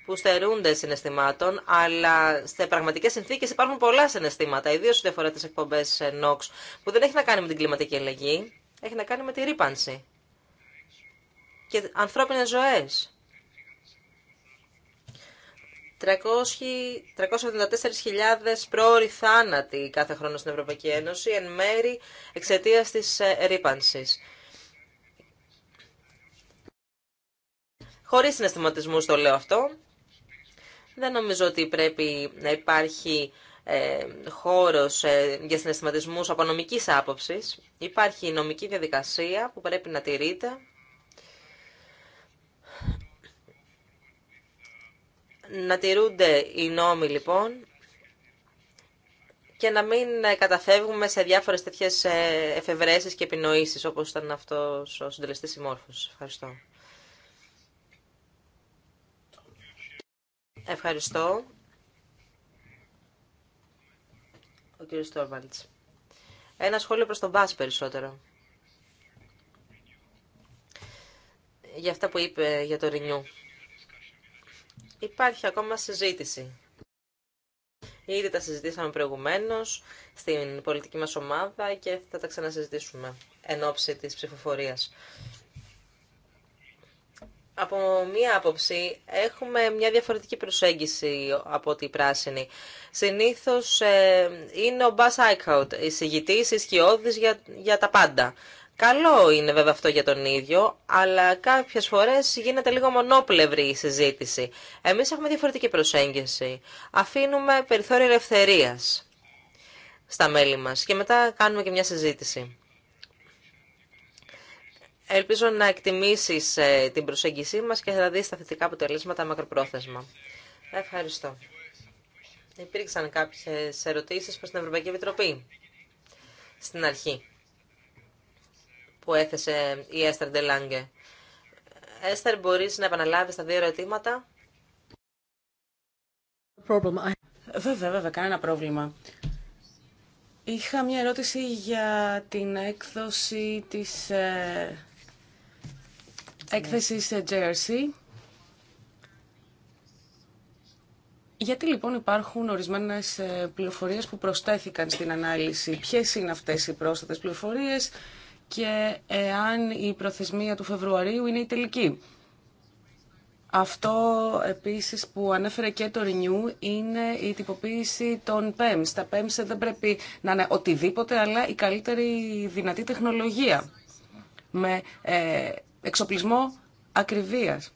που στερούνται συναισθημάτων, αλλά σε πραγματικές συνθήκες υπάρχουν πολλά συναισθήματα, ιδίως ό,τι αφορά τι εκπομπές NOx, που δεν έχει να κάνει με την κλιματική αλλαγή, έχει να κάνει με τη ρήπανση και ανθρώπινες ζωές. 374.000 πρόοροι θάνατοι κάθε χρόνο στην Ευρωπαϊκή Ένωση, εν μέρη εξαιτία τη ε, ρήπανση. Χωρίς συναισθηματισμούς το λέω αυτό. Δεν νομίζω ότι πρέπει να υπάρχει ε, χώρος ε, για συναισθηματισμούς από νομικής άποψης. Υπάρχει νομική διαδικασία που πρέπει να τηρείται. Να τηρούνται οι νόμοι λοιπόν και να μην καταφεύγουμε σε διάφορες τέτοιες ε, εφευρέσεις και επινοήσεις όπως ήταν αυτός ο συντελεστής συμμόρφωσης. Ευχαριστώ. Ευχαριστώ. ο κ. Στόρβαλτς. Ένα σχόλιο προς τον Μπάς περισσότερο. Για αυτά που είπε για το Ρινιού. Υπάρχει ακόμα συζήτηση. Ήδη τα συζητήσαμε προηγουμένως στην πολιτική μας ομάδα και θα τα ξανασυζητήσουμε εν ώψη της ψηφοφορίας από μία άποψη έχουμε μια διαφορετική προσέγγιση από τη πράσινη. Συνήθως ε, είναι ο Μπάς Άικχαουτ, εισηγητής, η για, για τα πάντα. Καλό είναι βέβαια αυτό για τον ίδιο, αλλά κάποιες φορές γίνεται λίγο μονόπλευρη η συζήτηση. Εμείς έχουμε διαφορετική προσέγγιση. Αφήνουμε περιθώριο ελευθερίας στα μέλη μας και μετά κάνουμε και μια συζήτηση. Ελπίζω να εκτιμήσεις ε, την προσέγγισή μας και θα δεις τα θετικά αποτελέσματα μακροπρόθεσμα. Ευχαριστώ. Υπήρξαν κάποιες ερωτήσεις προς την Ευρωπαϊκή Επιτροπή στην αρχή που έθεσε η Έστερ Ντελάνγκε. Έστερ, μπορείς να επαναλάβει τα δύο ερωτήματα. Βέβαια, βέβαια, κανένα πρόβλημα. Είχα μια ερώτηση για την έκδοση της ε, έκθεση σε JRC. Γιατί λοιπόν υπάρχουν ορισμένες ε, πληροφορίες που προσθέθηκαν στην ανάλυση. Ποιες είναι αυτές οι πρόσθετες πληροφορίες και εάν η προθεσμία του Φεβρουαρίου είναι η τελική. Αυτό επίσης που ανέφερε και το Renew είναι η τυποποίηση των PEMS. Τα PEMS δεν πρέπει να είναι οτιδήποτε, αλλά η καλύτερη δυνατή τεχνολογία με ε, εξοπλισμό ακριβίας.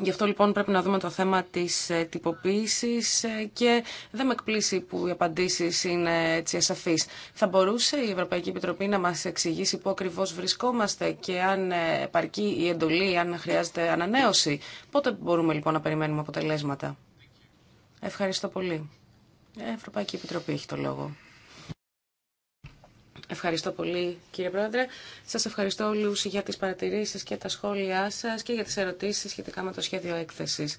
Γι' αυτό λοιπόν πρέπει να δούμε το θέμα της ε, τυποποίησης ε, και δεν με εκπλήσει που οι απαντήσεις είναι έτσι ασαφείς. Θα μπορούσε η Ευρωπαϊκή Επιτροπή να μας εξηγήσει πού ακριβώς βρισκόμαστε και αν ε, επαρκεί η εντολή, αν χρειάζεται ανανέωση. Πότε μπορούμε λοιπόν να περιμένουμε αποτελέσματα. Ευχαριστώ πολύ. Η Ευρωπαϊκή Επιτροπή έχει το λόγο. Ευχαριστώ πολύ κύριε Πρόεδρε. Σας ευχαριστώ όλους για τις παρατηρήσεις και τα σχόλιά σας και για τις ερωτήσεις σχετικά με το σχέδιο έκθεσης.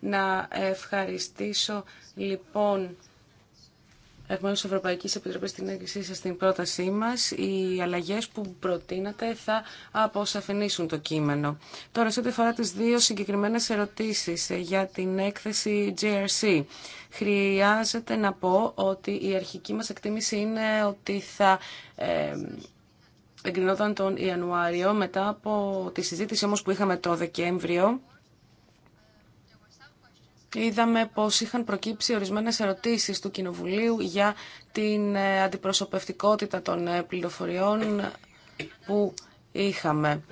Να ευχαριστήσω λοιπόν εκ μέρους της Ευρωπαϊκής Επιτροπής στην έγκρισή σας στην πρότασή μας. Οι αλλαγές που προτείνατε θα αποσαφηνίσουν το κείμενο. Τώρα, σε ό,τι αφορά τις δύο συγκεκριμένες ερωτήσεις ε, για την έκθεση GRC, χρειάζεται να πω ότι η αρχική μας εκτίμηση είναι ότι θα... εγκρινόταν τον Ιανουάριο μετά από τη συζήτηση όμως που είχαμε το Δεκέμβριο είδαμε πως είχαν προκύψει ορισμένες ερωτήσεις του Κοινοβουλίου για την ε, αντιπροσωπευτικότητα των ε, πληροφοριών που είχαμε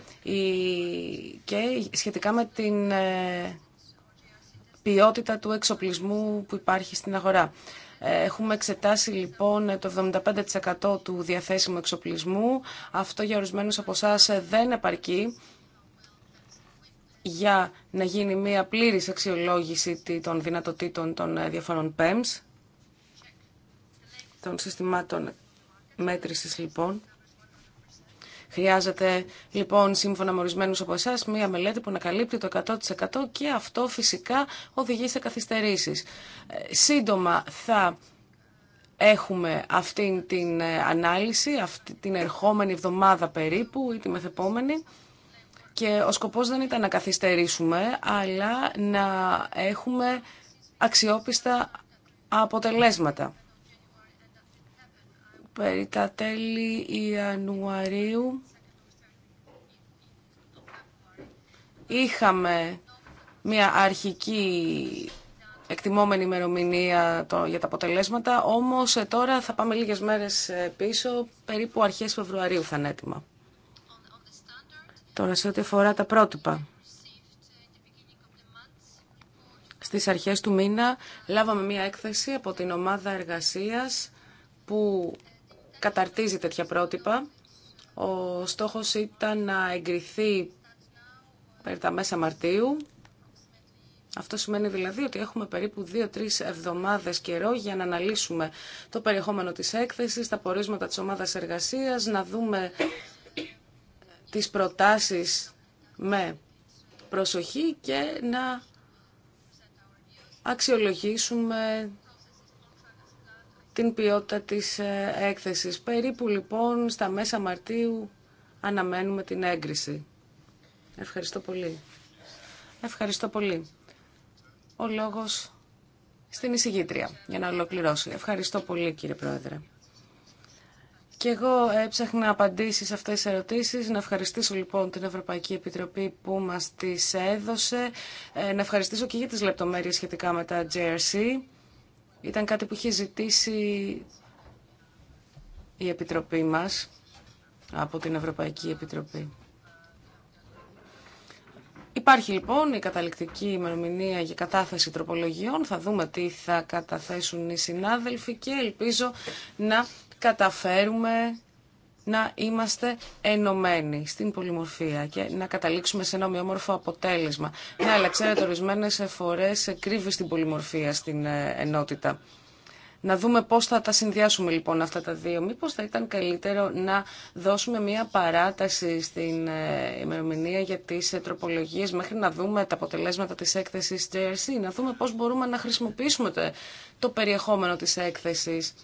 και σχετικά με την ε, ποιότητα του εξοπλισμού που υπάρχει στην αγορά. Έχουμε εξετάσει λοιπόν το 75% του διαθέσιμου εξοπλισμού. Αυτό για ορισμένους από εσά δεν επαρκεί για να γίνει μια πλήρης αξιολόγηση των δυνατοτήτων των ε, διαφορών PEMS, των συστημάτων μέτρησης λοιπόν. Χρειάζεται λοιπόν σύμφωνα με ορισμένους από εσά μία μελέτη που να καλύπτει το 100% και αυτό φυσικά οδηγεί σε καθυστερήσεις. Ε, σύντομα θα έχουμε αυτή την ε, ανάλυση, αυτή την ερχόμενη εβδομάδα περίπου ή τη μεθεπόμενη. Και ο σκοπός δεν ήταν να καθυστερήσουμε, αλλά να έχουμε αξιόπιστα αποτελέσματα. Περί τα τέλη Ιανουαρίου είχαμε μια αρχική εκτιμόμενη ημερομηνία για τα αποτελέσματα, όμως τώρα θα πάμε λίγες μέρες ε, πίσω, περίπου αρχές Φεβρουαρίου θα είναι έτοιμα. Τώρα σε ό,τι αφορά τα πρότυπα. Στις αρχές του μήνα λάβαμε μία έκθεση από την ομάδα εργασίας που καταρτίζει τέτοια πρότυπα. Ο στόχος ήταν να εγκριθεί περί τα μέσα Μαρτίου. Αυτό σημαίνει δηλαδή ότι έχουμε περίπου 2-3 εβδομάδες καιρό για να αναλύσουμε το περιεχόμενο της έκθεσης, τα πορίσματα της ομάδας εργασίας, να δούμε τις προτάσεις με προσοχή και να αξιολογήσουμε την ποιότητα της ε, έκθεσης. Περίπου λοιπόν στα μέσα Μαρτίου αναμένουμε την έγκριση. Ευχαριστώ πολύ. Ευχαριστώ πολύ. Ο λόγος στην εισηγήτρια για να ολοκληρώσει. Ευχαριστώ πολύ κύριε Πρόεδρε. Και εγώ έψαχνα απαντήσεις σε αυτές τις ερωτήσεις. Να ευχαριστήσω λοιπόν την Ευρωπαϊκή Επιτροπή που μας τις έδωσε. Ε, να ευχαριστήσω και για τις λεπτομέρειες σχετικά με τα JRC. Ήταν κάτι που είχε ζητήσει η Επιτροπή μας από την Ευρωπαϊκή Επιτροπή. Υπάρχει λοιπόν η καταληκτική ημερομηνία για κατάθεση τροπολογιών. Θα δούμε τι θα καταθέσουν οι συνάδελφοι και ελπίζω να καταφέρουμε να είμαστε ενωμένοι στην πολυμορφία και να καταλήξουμε σε ένα ομοιόμορφο αποτέλεσμα. Ναι, αλλά ξέρετε, ορισμένε φορέ κρύβει στην πολυμορφία στην ε, ενότητα. Να δούμε πώς θα τα συνδυάσουμε λοιπόν αυτά τα δύο. Μήπως θα ήταν καλύτερο να δώσουμε μια παράταση στην ε, ημερομηνία για τις ε, τροπολογίες μέχρι να δούμε τα αποτελέσματα της έκθεσης JRC, να δούμε πώς μπορούμε να χρησιμοποιήσουμε το περιεχόμενο της έκθεσης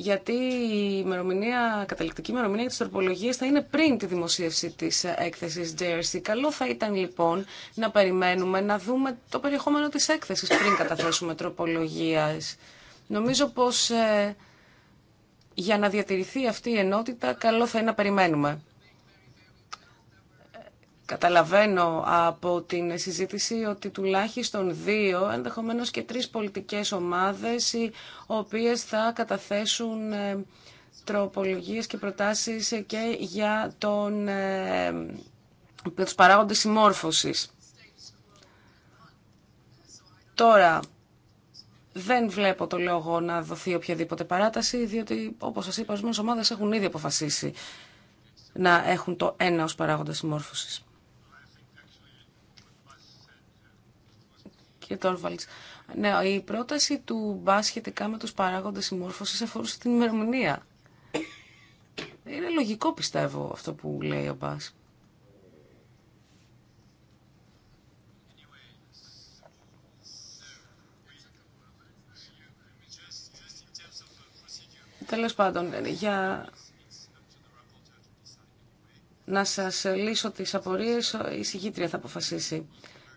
γιατί η ημερομηνία, καταληκτική ημερομηνία για τις θα είναι πριν τη δημοσίευση της έκθεσης JRC. Καλό θα ήταν λοιπόν να περιμένουμε να δούμε το περιεχόμενο της έκθεσης πριν καταθέσουμε τροπολογία. Νομίζω πως ε, για να διατηρηθεί αυτή η ενότητα καλό θα είναι να περιμένουμε. Καταλαβαίνω από την συζήτηση ότι τουλάχιστον δύο, ενδεχομένως και τρεις πολιτικές ομάδες, οι οποίες θα καταθέσουν ε, τροπολογίες και προτάσεις ε, και για, τον, ε, για τους παράγοντες συμμόρφωσης. Τώρα, δεν βλέπω το λόγο να δοθεί οποιαδήποτε παράταση, διότι, όπως σας είπα, οι ομάδες έχουν ήδη αποφασίσει να έχουν το ένα ως παράγοντα συμμόρφωσης. Ναι, η πρόταση του Μπα σχετικά με τους παράγοντες συμμόρφωση αφορούσε την ημερομηνία. Είναι λογικό πιστεύω αυτό που λέει ο Μπάς. Τέλο πάντων, για να σας λύσω τις απορίες, η συγκήτρια θα αποφασίσει.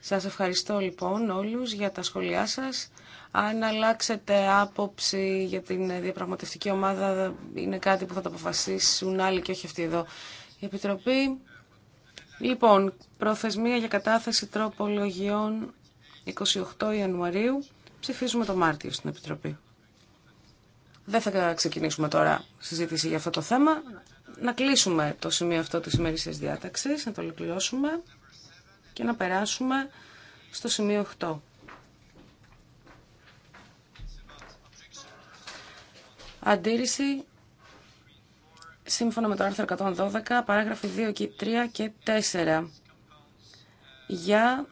Σας ευχαριστώ λοιπόν όλους για τα σχόλιά σας. Αν αλλάξετε άποψη για την διαπραγματευτική ομάδα είναι κάτι που θα το αποφασίσουν άλλοι και όχι αυτή εδώ. Η Επιτροπή. Λοιπόν, προθεσμία για κατάθεση τροπολογιών 28 Ιανουαρίου. Ψηφίζουμε το Μάρτιο στην Επιτροπή. Δεν θα ξεκινήσουμε τώρα συζήτηση για αυτό το θέμα. Να κλείσουμε το σημείο αυτό της ημερήσιας διάταξης, να το ολοκληρώσουμε και να περάσουμε στο σημείο 8. Αντίρρηση σύμφωνα με το άρθρο 112, παράγραφοι 2 και 3 και 4 για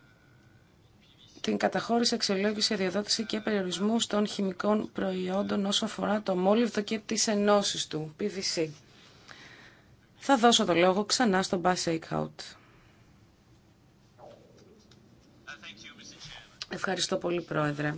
την καταχώρηση, αξιολόγηση, αδειοδότηση και περιορισμού των χημικών προϊόντων όσον αφορά το μόλιβδο και τις ενώσεις του, PVC. Θα δώσω το λόγο ξανά στον Bass out. Ευχαριστώ πολύ, Πρόεδρε.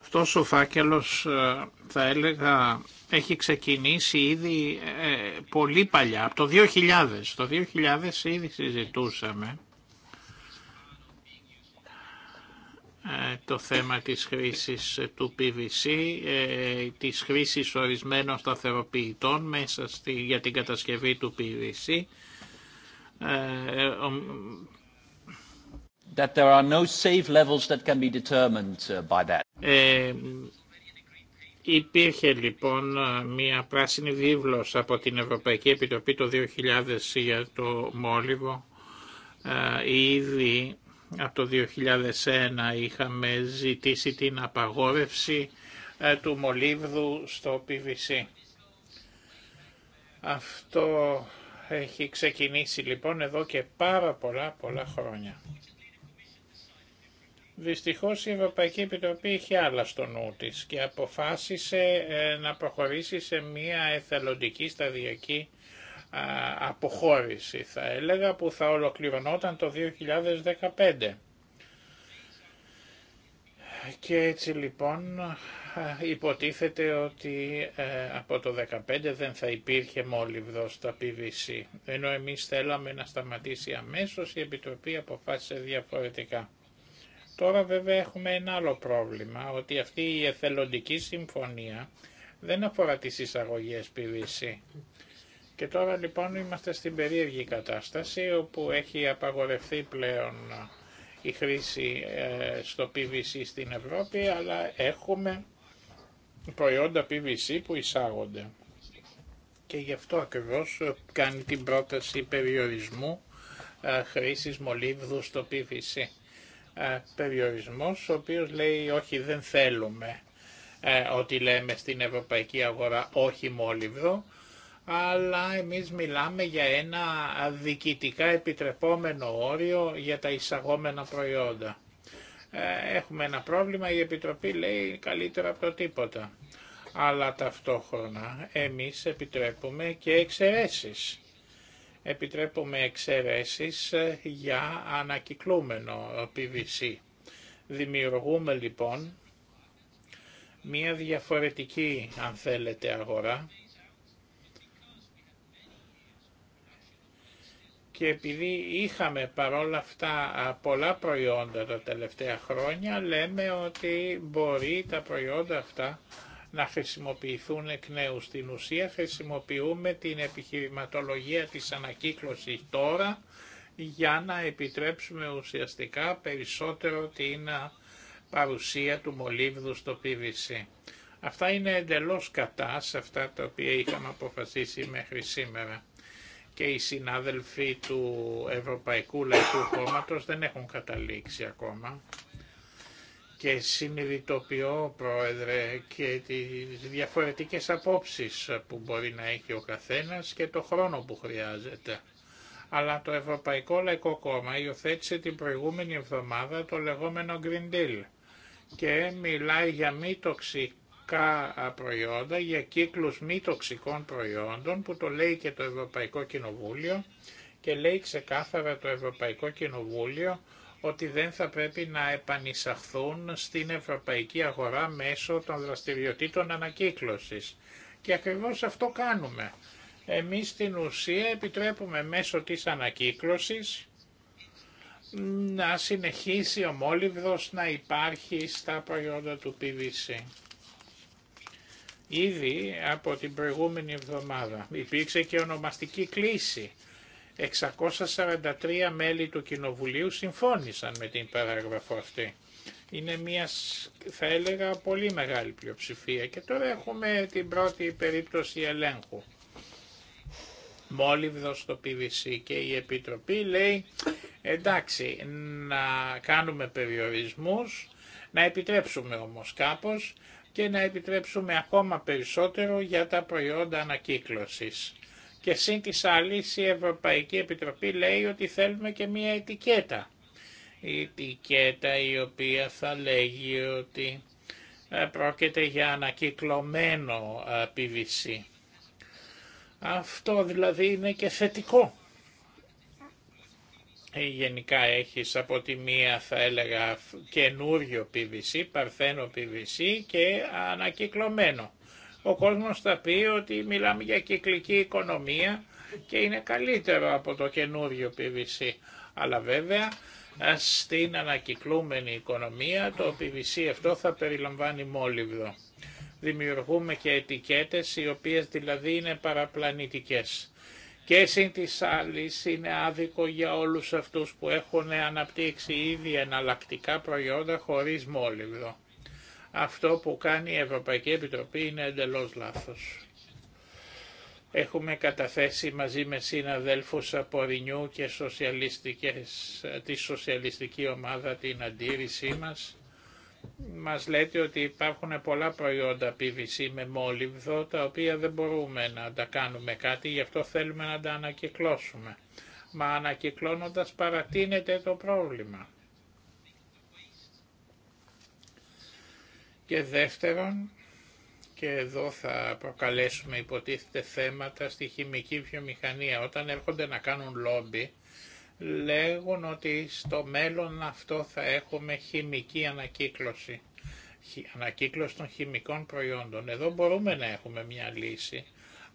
Αυτός ο φάκελος, ε, θα έλεγα, έχει ξεκινήσει ήδη ε, πολύ παλιά, από το 2000. Το 2000 ήδη συζητούσαμε ε, το θέμα της χρήσης του PVC, ε, της χρήσης ορισμένων σταθεροποιητών μέσα στη, για την κατασκευή του PVC ε, ε, that there are no safe levels that can be determined uh, by that. Ε, υπήρχε λοιπόν μια πράσινη βίβλος από την Ευρωπαϊκή Επιτροπή το 2000 για το μόλιβο. ήδη από το 2001 είχαμε ζητήσει την απαγόρευση του μολύβδου στο PVC. Αυτό έχει ξεκινήσει λοιπόν εδώ και πάρα πολλά πολλά χρόνια. Δυστυχώς η Ευρωπαϊκή Επιτροπή είχε άλλα στο νου της και αποφάσισε ε, να προχωρήσει σε μια εθελοντική σταδιακή αποχώρηση θα έλεγα που θα ολοκληρωνόταν το 2015. Και έτσι λοιπόν ε, υποτίθεται ότι ε, από το 2015 δεν θα υπήρχε μόλιβδο στα PVC, ενώ εμείς θέλαμε να σταματήσει αμέσως, η Επιτροπή αποφάσισε διαφορετικά. Τώρα βέβαια έχουμε ένα άλλο πρόβλημα, ότι αυτή η εθελοντική συμφωνία δεν αφορά τις εισαγωγές PVC. Και τώρα λοιπόν είμαστε στην περίεργη κατάσταση όπου έχει απαγορευτεί πλέον η χρήση ε, στο PVC στην Ευρώπη, αλλά έχουμε προϊόντα PVC που εισάγονται. Και γι' αυτό ακριβώς κάνει την πρόταση περιορισμού ε, χρήσης μολύβδου στο PVC. Ε, περιορισμός ο οποίος λέει όχι δεν θέλουμε ότι λέμε στην ευρωπαϊκή αγορά όχι μολύβδο αλλά εμείς μιλάμε για ένα διοικητικά επιτρεπόμενο όριο για τα εισαγόμενα προϊόντα. Ε, έχουμε ένα πρόβλημα, η Επιτροπή λέει καλύτερα από το τίποτα. Αλλά ταυτόχρονα εμείς επιτρέπουμε και εξαιρέσεις. Επιτρέπουμε εξαιρέσεις ε, για ανακυκλούμενο PVC. Δημιουργούμε λοιπόν μία διαφορετική, αν θέλετε, αγορά και επειδή είχαμε παρόλα αυτά πολλά προϊόντα τα τελευταία χρόνια, λέμε ότι μπορεί τα προϊόντα αυτά να χρησιμοποιηθούν εκ νέου. Στην ουσία χρησιμοποιούμε την επιχειρηματολογία της ανακύκλωσης τώρα για να επιτρέψουμε ουσιαστικά περισσότερο την παρουσία του μολύβδου στο PVC. Αυτά είναι εντελώς κατά σε αυτά τα οποία είχαμε αποφασίσει μέχρι σήμερα και οι συνάδελφοί του Ευρωπαϊκού Λαϊκού Κόμματος δεν έχουν καταλήξει ακόμα και συνειδητοποιώ, Πρόεδρε, και τις διαφορετικές απόψεις που μπορεί να έχει ο καθένας και το χρόνο που χρειάζεται. Αλλά το Ευρωπαϊκό Λαϊκό Κόμμα υιοθέτησε την προηγούμενη εβδομάδα το λεγόμενο Green Deal και μιλάει για μη τοξικά προϊόντα, για κύκλους μη τοξικών προϊόντων που το λέει και το Ευρωπαϊκό Κοινοβούλιο και λέει ξεκάθαρα το Ευρωπαϊκό Κοινοβούλιο ότι δεν θα πρέπει να επανεισαχθούν στην ευρωπαϊκή αγορά μέσω των δραστηριοτήτων ανακύκλωσης. Και ακριβώς αυτό κάνουμε. Εμείς στην ουσία επιτρέπουμε μέσω της ανακύκλωσης να συνεχίσει ο μόλιβδος να υπάρχει στα προϊόντα του PVC. Ήδη από την προηγούμενη εβδομάδα υπήρξε και ονομαστική κλίση. 643 μέλη του Κοινοβουλίου συμφώνησαν με την παράγραφο αυτή. Είναι μια, θα έλεγα, πολύ μεγάλη πλειοψηφία και τώρα έχουμε την πρώτη περίπτωση ελέγχου. Μόλιβδο στο PVC και η Επιτροπή λέει εντάξει να κάνουμε περιορισμούς, να επιτρέψουμε όμως κάπως και να επιτρέψουμε ακόμα περισσότερο για τα προϊόντα ανακύκλωσης. Και σύν της άλλης η Ευρωπαϊκή Επιτροπή λέει ότι θέλουμε και μία ετικέτα. Η ετικέτα η οποία θα λέγει ότι ε, πρόκειται για ανακυκλωμένο ε, PVC. Αυτό δηλαδή είναι και θετικό. Ε, γενικά έχεις από τη μία θα έλεγα καινούριο PVC, παρθένο PVC και ανακυκλωμένο. Ο κόσμος θα πει ότι μιλάμε για κυκλική οικονομία και είναι καλύτερο από το καινούριο PVC. Αλλά βέβαια στην ανακυκλούμενη οικονομία το PVC αυτό θα περιλαμβάνει μόλιβδο. Δημιουργούμε και ετικέτες οι οποίες δηλαδή είναι παραπλανητικές. Και συν της άλλης είναι άδικο για όλους αυτούς που έχουν αναπτύξει ήδη εναλλακτικά προϊόντα χωρίς μόλυβδο. Αυτό που κάνει η Ευρωπαϊκή Επιτροπή είναι εντελώς λάθος. Έχουμε καταθέσει μαζί με συναδέλφους από Ρινιού και τη σοσιαλιστική ομάδα την αντίρρησή μας μας λέτε ότι υπάρχουν πολλά προϊόντα PVC με μόλιβδο τα οποία δεν μπορούμε να τα κάνουμε κάτι, γι' αυτό θέλουμε να τα ανακυκλώσουμε. Μα ανακυκλώνοντας παρατείνεται το πρόβλημα. Και δεύτερον, και εδώ θα προκαλέσουμε υποτίθεται θέματα στη χημική βιομηχανία. Όταν έρχονται να κάνουν λόμπι, λέγουν ότι στο μέλλον αυτό θα έχουμε χημική ανακύκλωση, ανακύκλωση των χημικών προϊόντων. Εδώ μπορούμε να έχουμε μια λύση,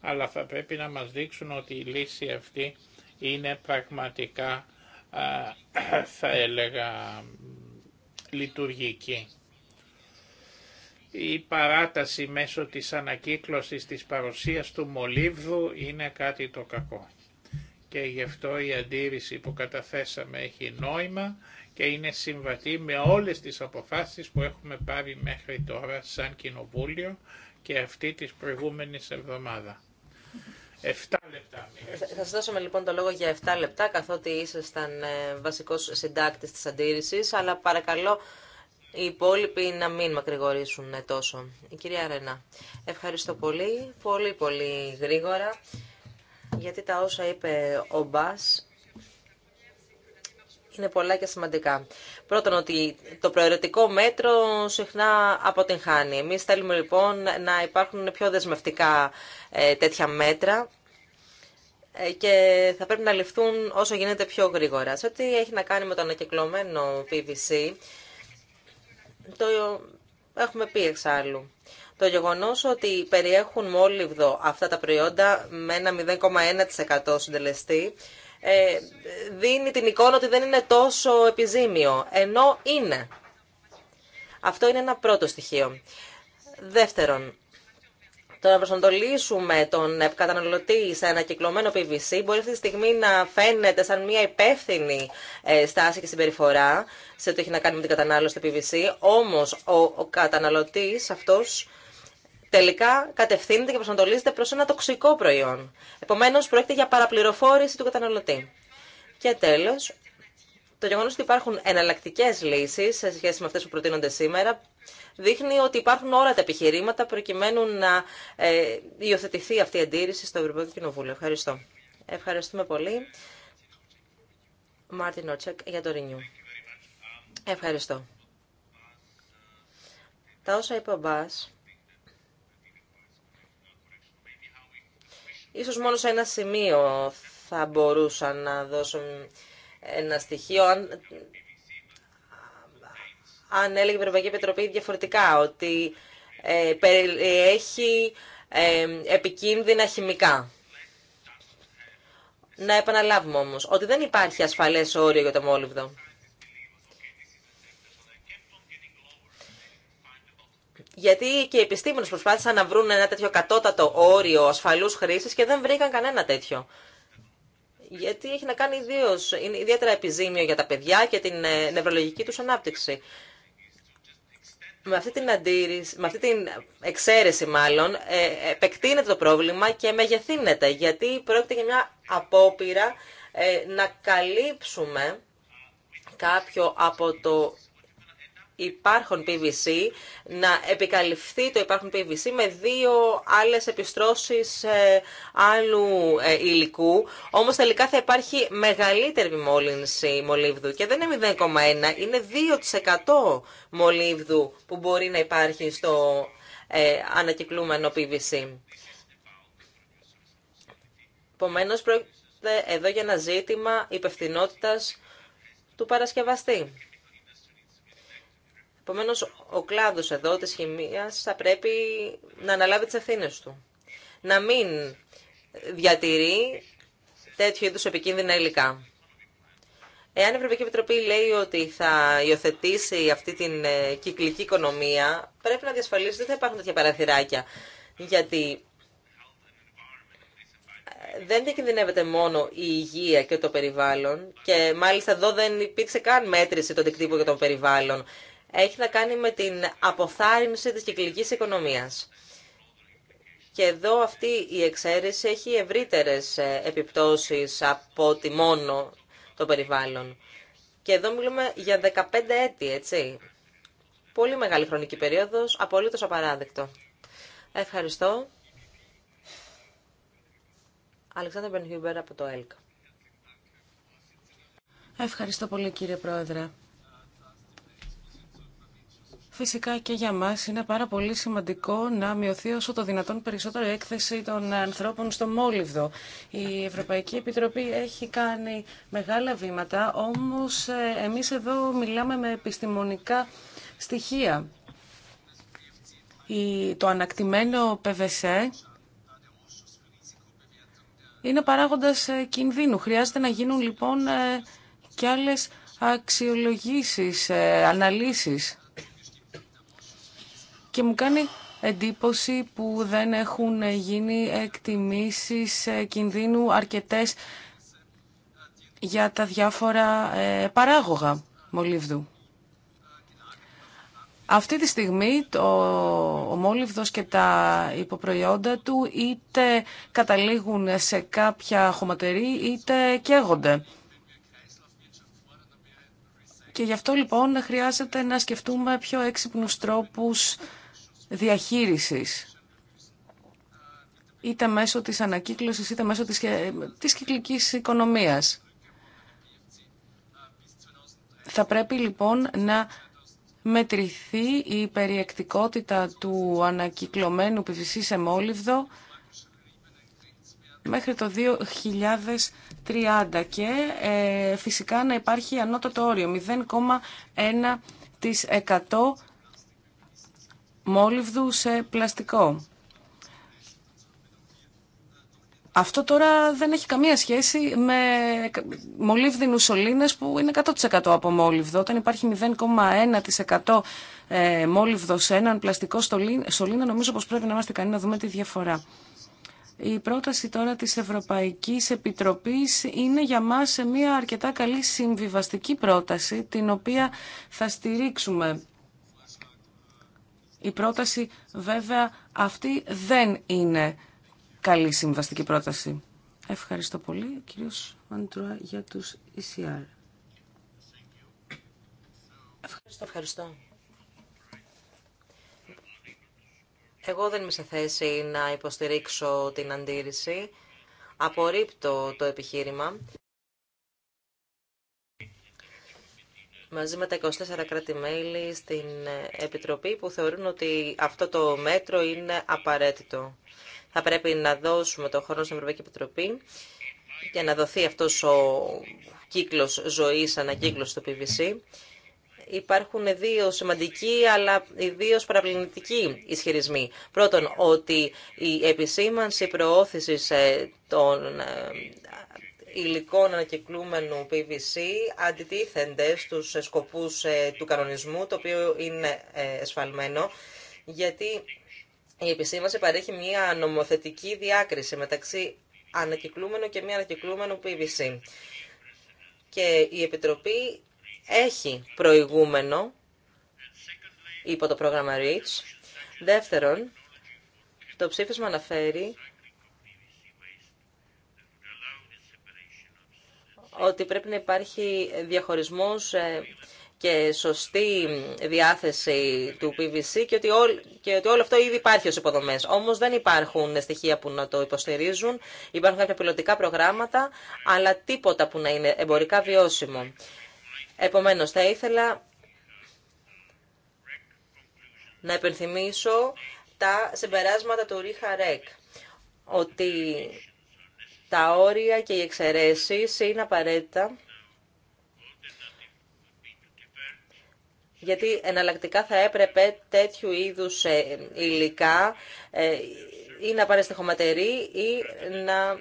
αλλά θα πρέπει να μας δείξουν ότι η λύση αυτή είναι πραγματικά, θα έλεγα, λειτουργική. Η παράταση μέσω της ανακύκλωσης της παρουσίας του μολύβδου είναι κάτι το κακό και γι' αυτό η αντίρρηση που καταθέσαμε έχει νόημα και είναι συμβατή με όλες τις αποφάσεις που έχουμε πάρει μέχρι τώρα σαν Κοινοβούλιο και αυτή της προηγούμενης εβδομάδα. 7 λεπτά. Θα σας δώσουμε λοιπόν το λόγο για 7 λεπτά, καθότι ήσασταν ε, βασικός συντάκτης της αντίρρησης, αλλά παρακαλώ οι υπόλοιποι να μην μακρηγορήσουν τόσο. Η κυρία Ρένα, ευχαριστώ πολύ, πολύ πολύ γρήγορα γιατί τα όσα είπε ο Μπάς είναι πολλά και σημαντικά. Πρώτον, ότι το προαιρετικό μέτρο συχνά αποτυγχάνει. Εμείς θέλουμε λοιπόν να υπάρχουν πιο δεσμευτικά ε, τέτοια μέτρα ε, και θα πρέπει να ληφθούν όσο γίνεται πιο γρήγορα. Σε ό,τι έχει να κάνει με το ανακυκλωμένο PVC, το έχουμε πει εξάλλου. Το γεγονό ότι περιέχουν μόλιβδο αυτά τα προϊόντα με ένα 0,1% συντελεστή ε, δίνει την εικόνα ότι δεν είναι τόσο επιζήμιο, ενώ είναι. Αυτό είναι ένα πρώτο στοιχείο. Δεύτερον, το να προσανατολίσουμε τον ε, καταναλωτή σε ένα κυκλωμένο PVC μπορεί αυτή τη στιγμή να φαίνεται σαν μια υπεύθυνη ε, στάση και συμπεριφορά σε ό,τι έχει να κάνει με την κατανάλωση του PVC. Όμω ο, ο καταναλωτή αυτό τελικά κατευθύνεται και προσανατολίζεται προ ένα τοξικό προϊόν. Επομένω, πρόκειται για παραπληροφόρηση του καταναλωτή. Και τέλο, το γεγονό ότι υπάρχουν εναλλακτικέ λύσει σε σχέση με αυτέ που προτείνονται σήμερα δείχνει ότι υπάρχουν όλα τα επιχειρήματα προκειμένου να ε, υιοθετηθεί αυτή η αντίρρηση στο Ευρωπαϊκό Κοινοβούλιο. Ευχαριστώ. Ευχαριστούμε πολύ. Μάρτιν Ότσεκ για το Renew. Ευχαριστώ. Τα όσα είπε ο Μπάς, ίσως μόνο σε ένα σημείο θα μπορούσα να δώσω ένα στοιχείο. Αν, αν έλεγε η Ευρωπαϊκή Επιτροπή διαφορετικά, ότι ε, περιέχει ε, επικίνδυνα χημικά. Να επαναλάβουμε όμως ότι δεν υπάρχει ασφαλές όριο για το μόλυβδο. Γιατί και οι επιστήμονε προσπάθησαν να βρουν ένα τέτοιο κατώτατο όριο ασφαλού χρήση και δεν βρήκαν κανένα τέτοιο γιατί έχει να κάνει ιδίω, είναι ιδιαίτερα επιζήμιο για τα παιδιά και την ε, νευρολογική τους ανάπτυξη. Με αυτή την, αντίρρηση, με αυτή την εξαίρεση μάλλον, ε, επεκτείνεται το πρόβλημα και μεγεθύνεται, γιατί πρόκειται για μια απόπειρα ε, να καλύψουμε κάποιο από το Υπάρχουν PVC, να επικαλυφθεί το υπάρχον PVC με δύο άλλες επιστρώσεις ε, άλλου ε, υλικού. Όμως τελικά θα υπάρχει μεγαλύτερη μόλυνση μολύβδου και δεν είναι 0,1, είναι 2% μολύβδου που μπορεί να υπάρχει στο ε, ανακυκλούμενο PVC. Επομένω, πρόκειται εδώ για ένα ζήτημα υπευθυνότητας του παρασκευαστή. Επομένω, ο κλάδο εδώ τη χημία θα πρέπει να αναλάβει τι ευθύνε του. Να μην διατηρεί τέτοιου είδου επικίνδυνα υλικά. Εάν η Ευρωπαϊκή Επιτροπή λέει ότι θα υιοθετήσει αυτή την ε, κυκλική οικονομία, πρέπει να διασφαλίσει ότι δεν θα υπάρχουν τέτοια παραθυράκια. Γιατί ε, δεν διακινδυνεύεται μόνο η υγεία και το περιβάλλον και μάλιστα εδώ δεν υπήρξε καν μέτρηση των δικτύπων για το περιβάλλον έχει να κάνει με την αποθάρρυνση της κυκλικής οικονομίας. Και εδώ αυτή η εξαίρεση έχει ευρύτερες ε, επιπτώσεις από τη μόνο το περιβάλλον. Και εδώ μιλούμε για 15 έτη, έτσι. Πολύ μεγάλη χρονική περίοδος, απολύτως απαράδεκτο. Ευχαριστώ. Αλεξάνδρα Μπενχιούμπερ από το ΕΛΚ. Ευχαριστώ πολύ κύριε Πρόεδρε. Φυσικά και για μα είναι πάρα πολύ σημαντικό να μειωθεί όσο το δυνατόν περισσότερο η έκθεση των ανθρώπων στο μόλιβδο. Η Ευρωπαϊκή Επιτροπή έχει κάνει μεγάλα βήματα, όμως ε, εμείς εδώ μιλάμε με επιστημονικά στοιχεία. Το ανακτημένο PVC είναι παράγοντας ε, κινδύνου. Χρειάζεται να γίνουν λοιπόν ε, και άλλες αξιολογήσεις, αναλύσεις και μου κάνει εντύπωση που δεν έχουν γίνει εκτιμήσεις ε, κινδύνου αρκετές για τα διάφορα ε, παράγωγα μολύβδου. Αυτή τη στιγμή το, ο μόλιβδος και τα υποπροϊόντα του είτε καταλήγουν σε κάποια χωματερή είτε καίγονται. Και γι' αυτό λοιπόν χρειάζεται να σκεφτούμε πιο έξυπνους τρόπους διαχείρισης είτε μέσω της ανακύκλωσης είτε μέσω της, της κυκλικής οικονομίας. Θα πρέπει λοιπόν να μετρηθεί η περιεκτικότητα του ανακυκλωμένου PVC σε μόλιβδο μέχρι το 2030 και ε, φυσικά να υπάρχει ανώτατο όριο 0,1% μόλυβδου σε πλαστικό. Αυτό τώρα δεν έχει καμία σχέση με μολύβδινους σωλήνες που είναι 100% από μόλυβδο. Όταν υπάρχει 0,1% ε, μόλιβδο σε έναν πλαστικό σωλήνα, νομίζω πως πρέπει να είμαστε κανεί να δούμε τη διαφορά. Η πρόταση τώρα της Ευρωπαϊκής Επιτροπής είναι για μας μια αρκετά καλή συμβιβαστική πρόταση, την οποία θα στηρίξουμε. Η πρόταση βέβαια αυτή δεν είναι καλή συμβαστική πρόταση. Ευχαριστώ πολύ, κύριος Μαντρουά, για τους ECR. Ευχαριστώ, ευχαριστώ. Εγώ δεν είμαι σε θέση να υποστηρίξω την αντίρρηση. Απορρίπτω το επιχείρημα. μαζί με τα 24 κράτη-μέλη στην Επιτροπή που θεωρούν ότι αυτό το μέτρο είναι απαραίτητο. Θα πρέπει να δώσουμε το χρόνο στην Ευρωπαϊκή Επιτροπή για να δοθεί αυτός ο κύκλος ζωής, ανακύκλωση του PVC. Υπάρχουν δύο σημαντικοί αλλά ιδίω παραπληκτικοί ισχυρισμοί. Πρώτον, ότι η επισήμανση προώθησης ε, των ε, υλικών ανακυκλούμενου PVC αντιτίθενται στους σκοπούς ε, του κανονισμού, το οποίο είναι ε, εσφαλμένο, γιατί η επισήμαση παρέχει μια νομοθετική διάκριση μεταξύ ανακυκλούμενου και μη ανακυκλούμενου PVC. Και η Επιτροπή έχει προηγούμενο υπό το πρόγραμμα REACH. Δεύτερον, το ψήφισμα αναφέρει ότι πρέπει να υπάρχει διαχωρισμός ε, και σωστή διάθεση του PVC και ότι, και όλο αυτό ήδη υπάρχει ως υποδομές. Όμως δεν υπάρχουν στοιχεία που να το υποστηρίζουν, υπάρχουν κάποια πιλωτικά προγράμματα, αλλά τίποτα που να είναι εμπορικά βιώσιμο. Επομένως, θα ήθελα να υπενθυμίσω τα συμπεράσματα του Ρίχα Ρέκ, ότι τα όρια και οι εξαιρέσει είναι απαραίτητα γιατί εναλλακτικά θα έπρεπε τέτοιου είδους ε, υλικά ε, ή να πάνε στη χωματερή ή να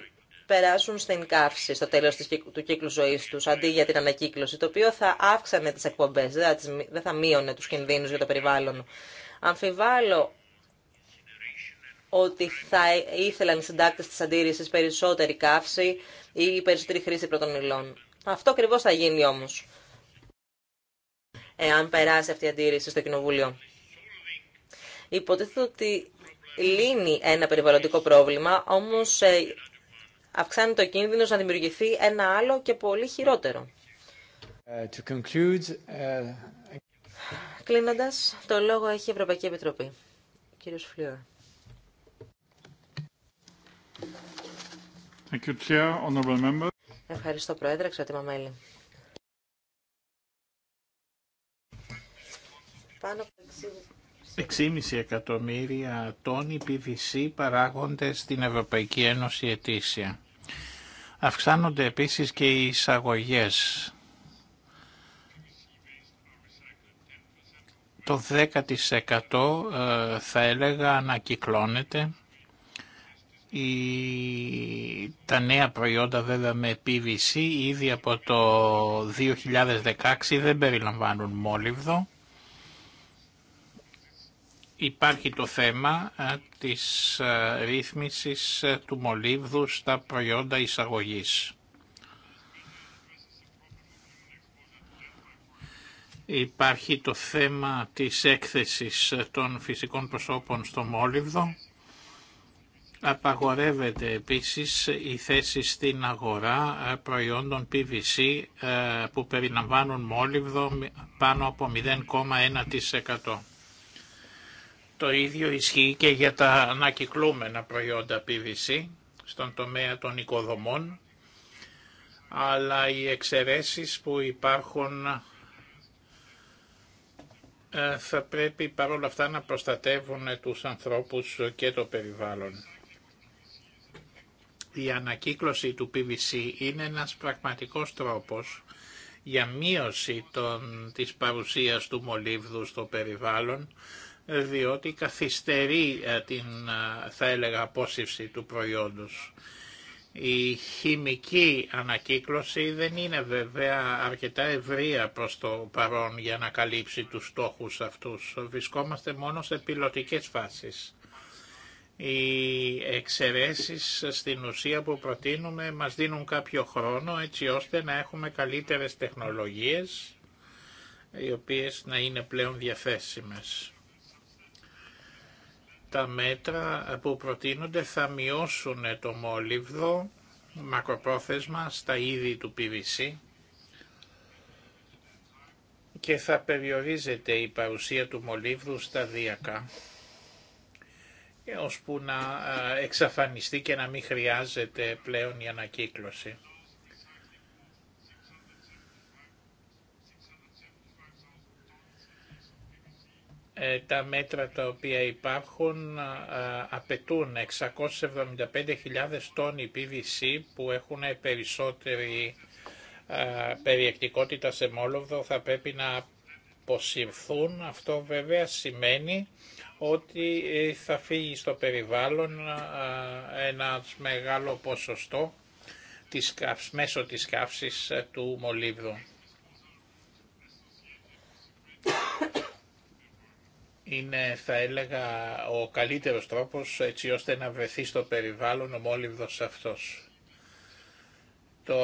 περάσουν στην καύση στο τέλος του κύκλου ζωής τους, αντί για την ανακύκλωση, το οποίο θα αύξανε τις εκπομπές, δεν θα μείωνε τους κινδύνους για το περιβάλλον. Αμφιβάλλω ότι θα ήθελαν οι συντάκτε τη αντίρρηση περισσότερη καύση ή περισσότερη χρήση πρώτων υλών. Αυτό ακριβώ θα γίνει όμως, εάν περάσει αυτή η περισσοτερη χρηση πρωτων αυτο ακριβω θα γινει ομως εαν περασει αυτη η αντιρρηση στο Κοινοβούλιο. Υποτίθεται ότι λύνει ένα περιβαλλοντικό πρόβλημα, όμως ε, αυξάνει το κίνδυνο να δημιουργηθεί ένα άλλο και πολύ χειρότερο. Ε, ε, Κλείνοντα το λόγο έχει η Ευρωπαϊκή Επιτροπή. Κύριος Φλιόρ. Ευχαριστώ, Πρόεδρε, εξωτήμα μέλη. Πάνω από 6,5 εκατομμύρια τόνοι PVC παράγονται στην Ευρωπαϊκή Ένωση ετήσια. Αυξάνονται επίσης και οι εισαγωγέ. Το 10% ε, θα έλεγα ανακυκλώνεται η... Τα νέα προϊόντα βέβαια με PVC ήδη από το 2016 δεν περιλαμβάνουν μόλιβδο. Υπάρχει το θέμα της ρύθμισης του μολύβδου στα προϊόντα εισαγωγής. Υπάρχει το θέμα της έκθεσης των φυσικών προσώπων στο μόλιβδο. Απαγορεύεται επίσης η θέση στην αγορά ε, προϊόντων PVC ε, που περιλαμβάνουν μόλιβδο πάνω από 0,1%. Το ίδιο ισχύει και για τα ανακυκλούμενα προϊόντα PVC στον τομέα των οικοδομών, αλλά οι εξαιρέσεις που υπάρχουν ε, θα πρέπει παρόλα αυτά να προστατεύουν τους ανθρώπους και το περιβάλλον η ανακύκλωση του PVC είναι ένας πραγματικός τρόπος για μείωση των, της παρουσίας του μολύβδου στο περιβάλλον, διότι καθυστερεί ε, την, ε, θα έλεγα, απόσυψη του προϊόντος. Η χημική ανακύκλωση δεν είναι βέβαια αρκετά ευρεία προς το παρόν για να καλύψει τους στόχους αυτούς. Βρισκόμαστε μόνο σε πιλωτικές φάσεις. Οι εξαιρέσεις στην ουσία που προτείνουμε μας δίνουν κάποιο χρόνο έτσι ώστε να έχουμε καλύτερες τεχνολογίες οι οποίες να είναι πλέον διαθέσιμες. Τα μέτρα που προτείνονται θα μειώσουν το μολύβδο μακροπρόθεσμα στα είδη του PVC και θα περιορίζεται η παρουσία του μολύβδου σταδιακά ώσπου να εξαφανιστεί και να μην χρειάζεται πλέον η ανακύκλωση. Ε, τα μέτρα τα οποία υπάρχουν απαιτούν 675.000 τόνοι PVC που έχουν περισσότερη περιεκτικότητα σε μόλοβδο θα πρέπει να αποσυρθούν. Αυτό βέβαια σημαίνει ότι ε, θα φύγει στο περιβάλλον ένα μεγάλο ποσοστό της μέσω της καύσης ε, του μολύβδου. Είναι, θα έλεγα, ο καλύτερος τρόπος έτσι ώστε να βρεθεί στο περιβάλλον ο μόλυβδος αυτός. Το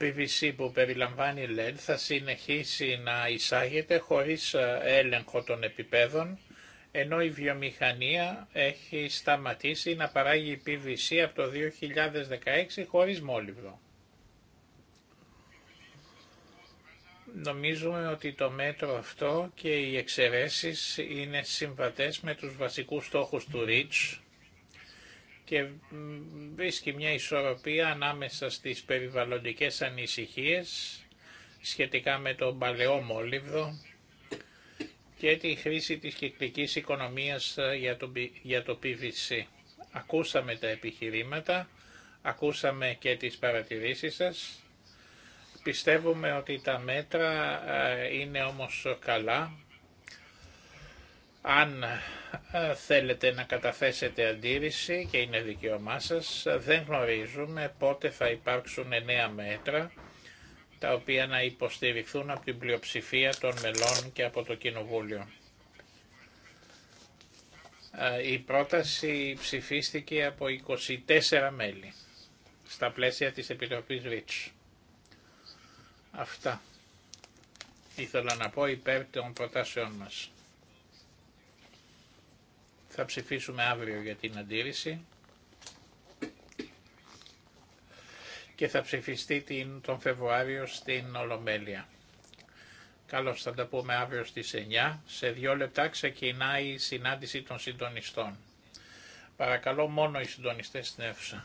PVC που περιλαμβάνει LED θα συνεχίσει να εισάγεται χωρίς ε, έλεγχο των επιπέδων ενώ η βιομηχανία έχει σταματήσει να παράγει PVC από το 2016 χωρίς μόλυβδο. Νομίζουμε ότι το μέτρο αυτό και οι εξαιρέσει είναι συμβατές με τους βασικούς στόχους του REACH και βρίσκει μια ισορροπία ανάμεσα στις περιβαλλοντικές ανησυχίες σχετικά με τον παλαιό μόλυβδο και τη χρήση της κυκλικής οικονομίας ε, για το, για PVC. Ακούσαμε τα επιχειρήματα, ακούσαμε και τις παρατηρήσεις σας. Πιστεύουμε ότι τα μέτρα ε, είναι όμως καλά. Αν ε, θέλετε να καταθέσετε αντίρρηση και είναι δικαιωμά σας, δεν γνωρίζουμε πότε θα υπάρξουν νέα μέτρα τα οποία να υποστηριχθούν από την πλειοψηφία των μελών και από το Κοινοβούλιο. Η πρόταση ψηφίστηκε από 24 μέλη στα πλαίσια της Επιτροπής ΡΙΤΣ. Αυτά ήθελα να πω υπέρ των προτάσεών μας. Θα ψηφίσουμε αύριο για την αντίρρηση. και θα ψηφιστεί την, τον Φεβρουάριο στην Ολομέλεια. Καλώς θα τα πούμε αύριο στις 9. Σε δύο λεπτά ξεκινάει η συνάντηση των συντονιστών. Παρακαλώ μόνο οι συντονιστές στην αίθουσα.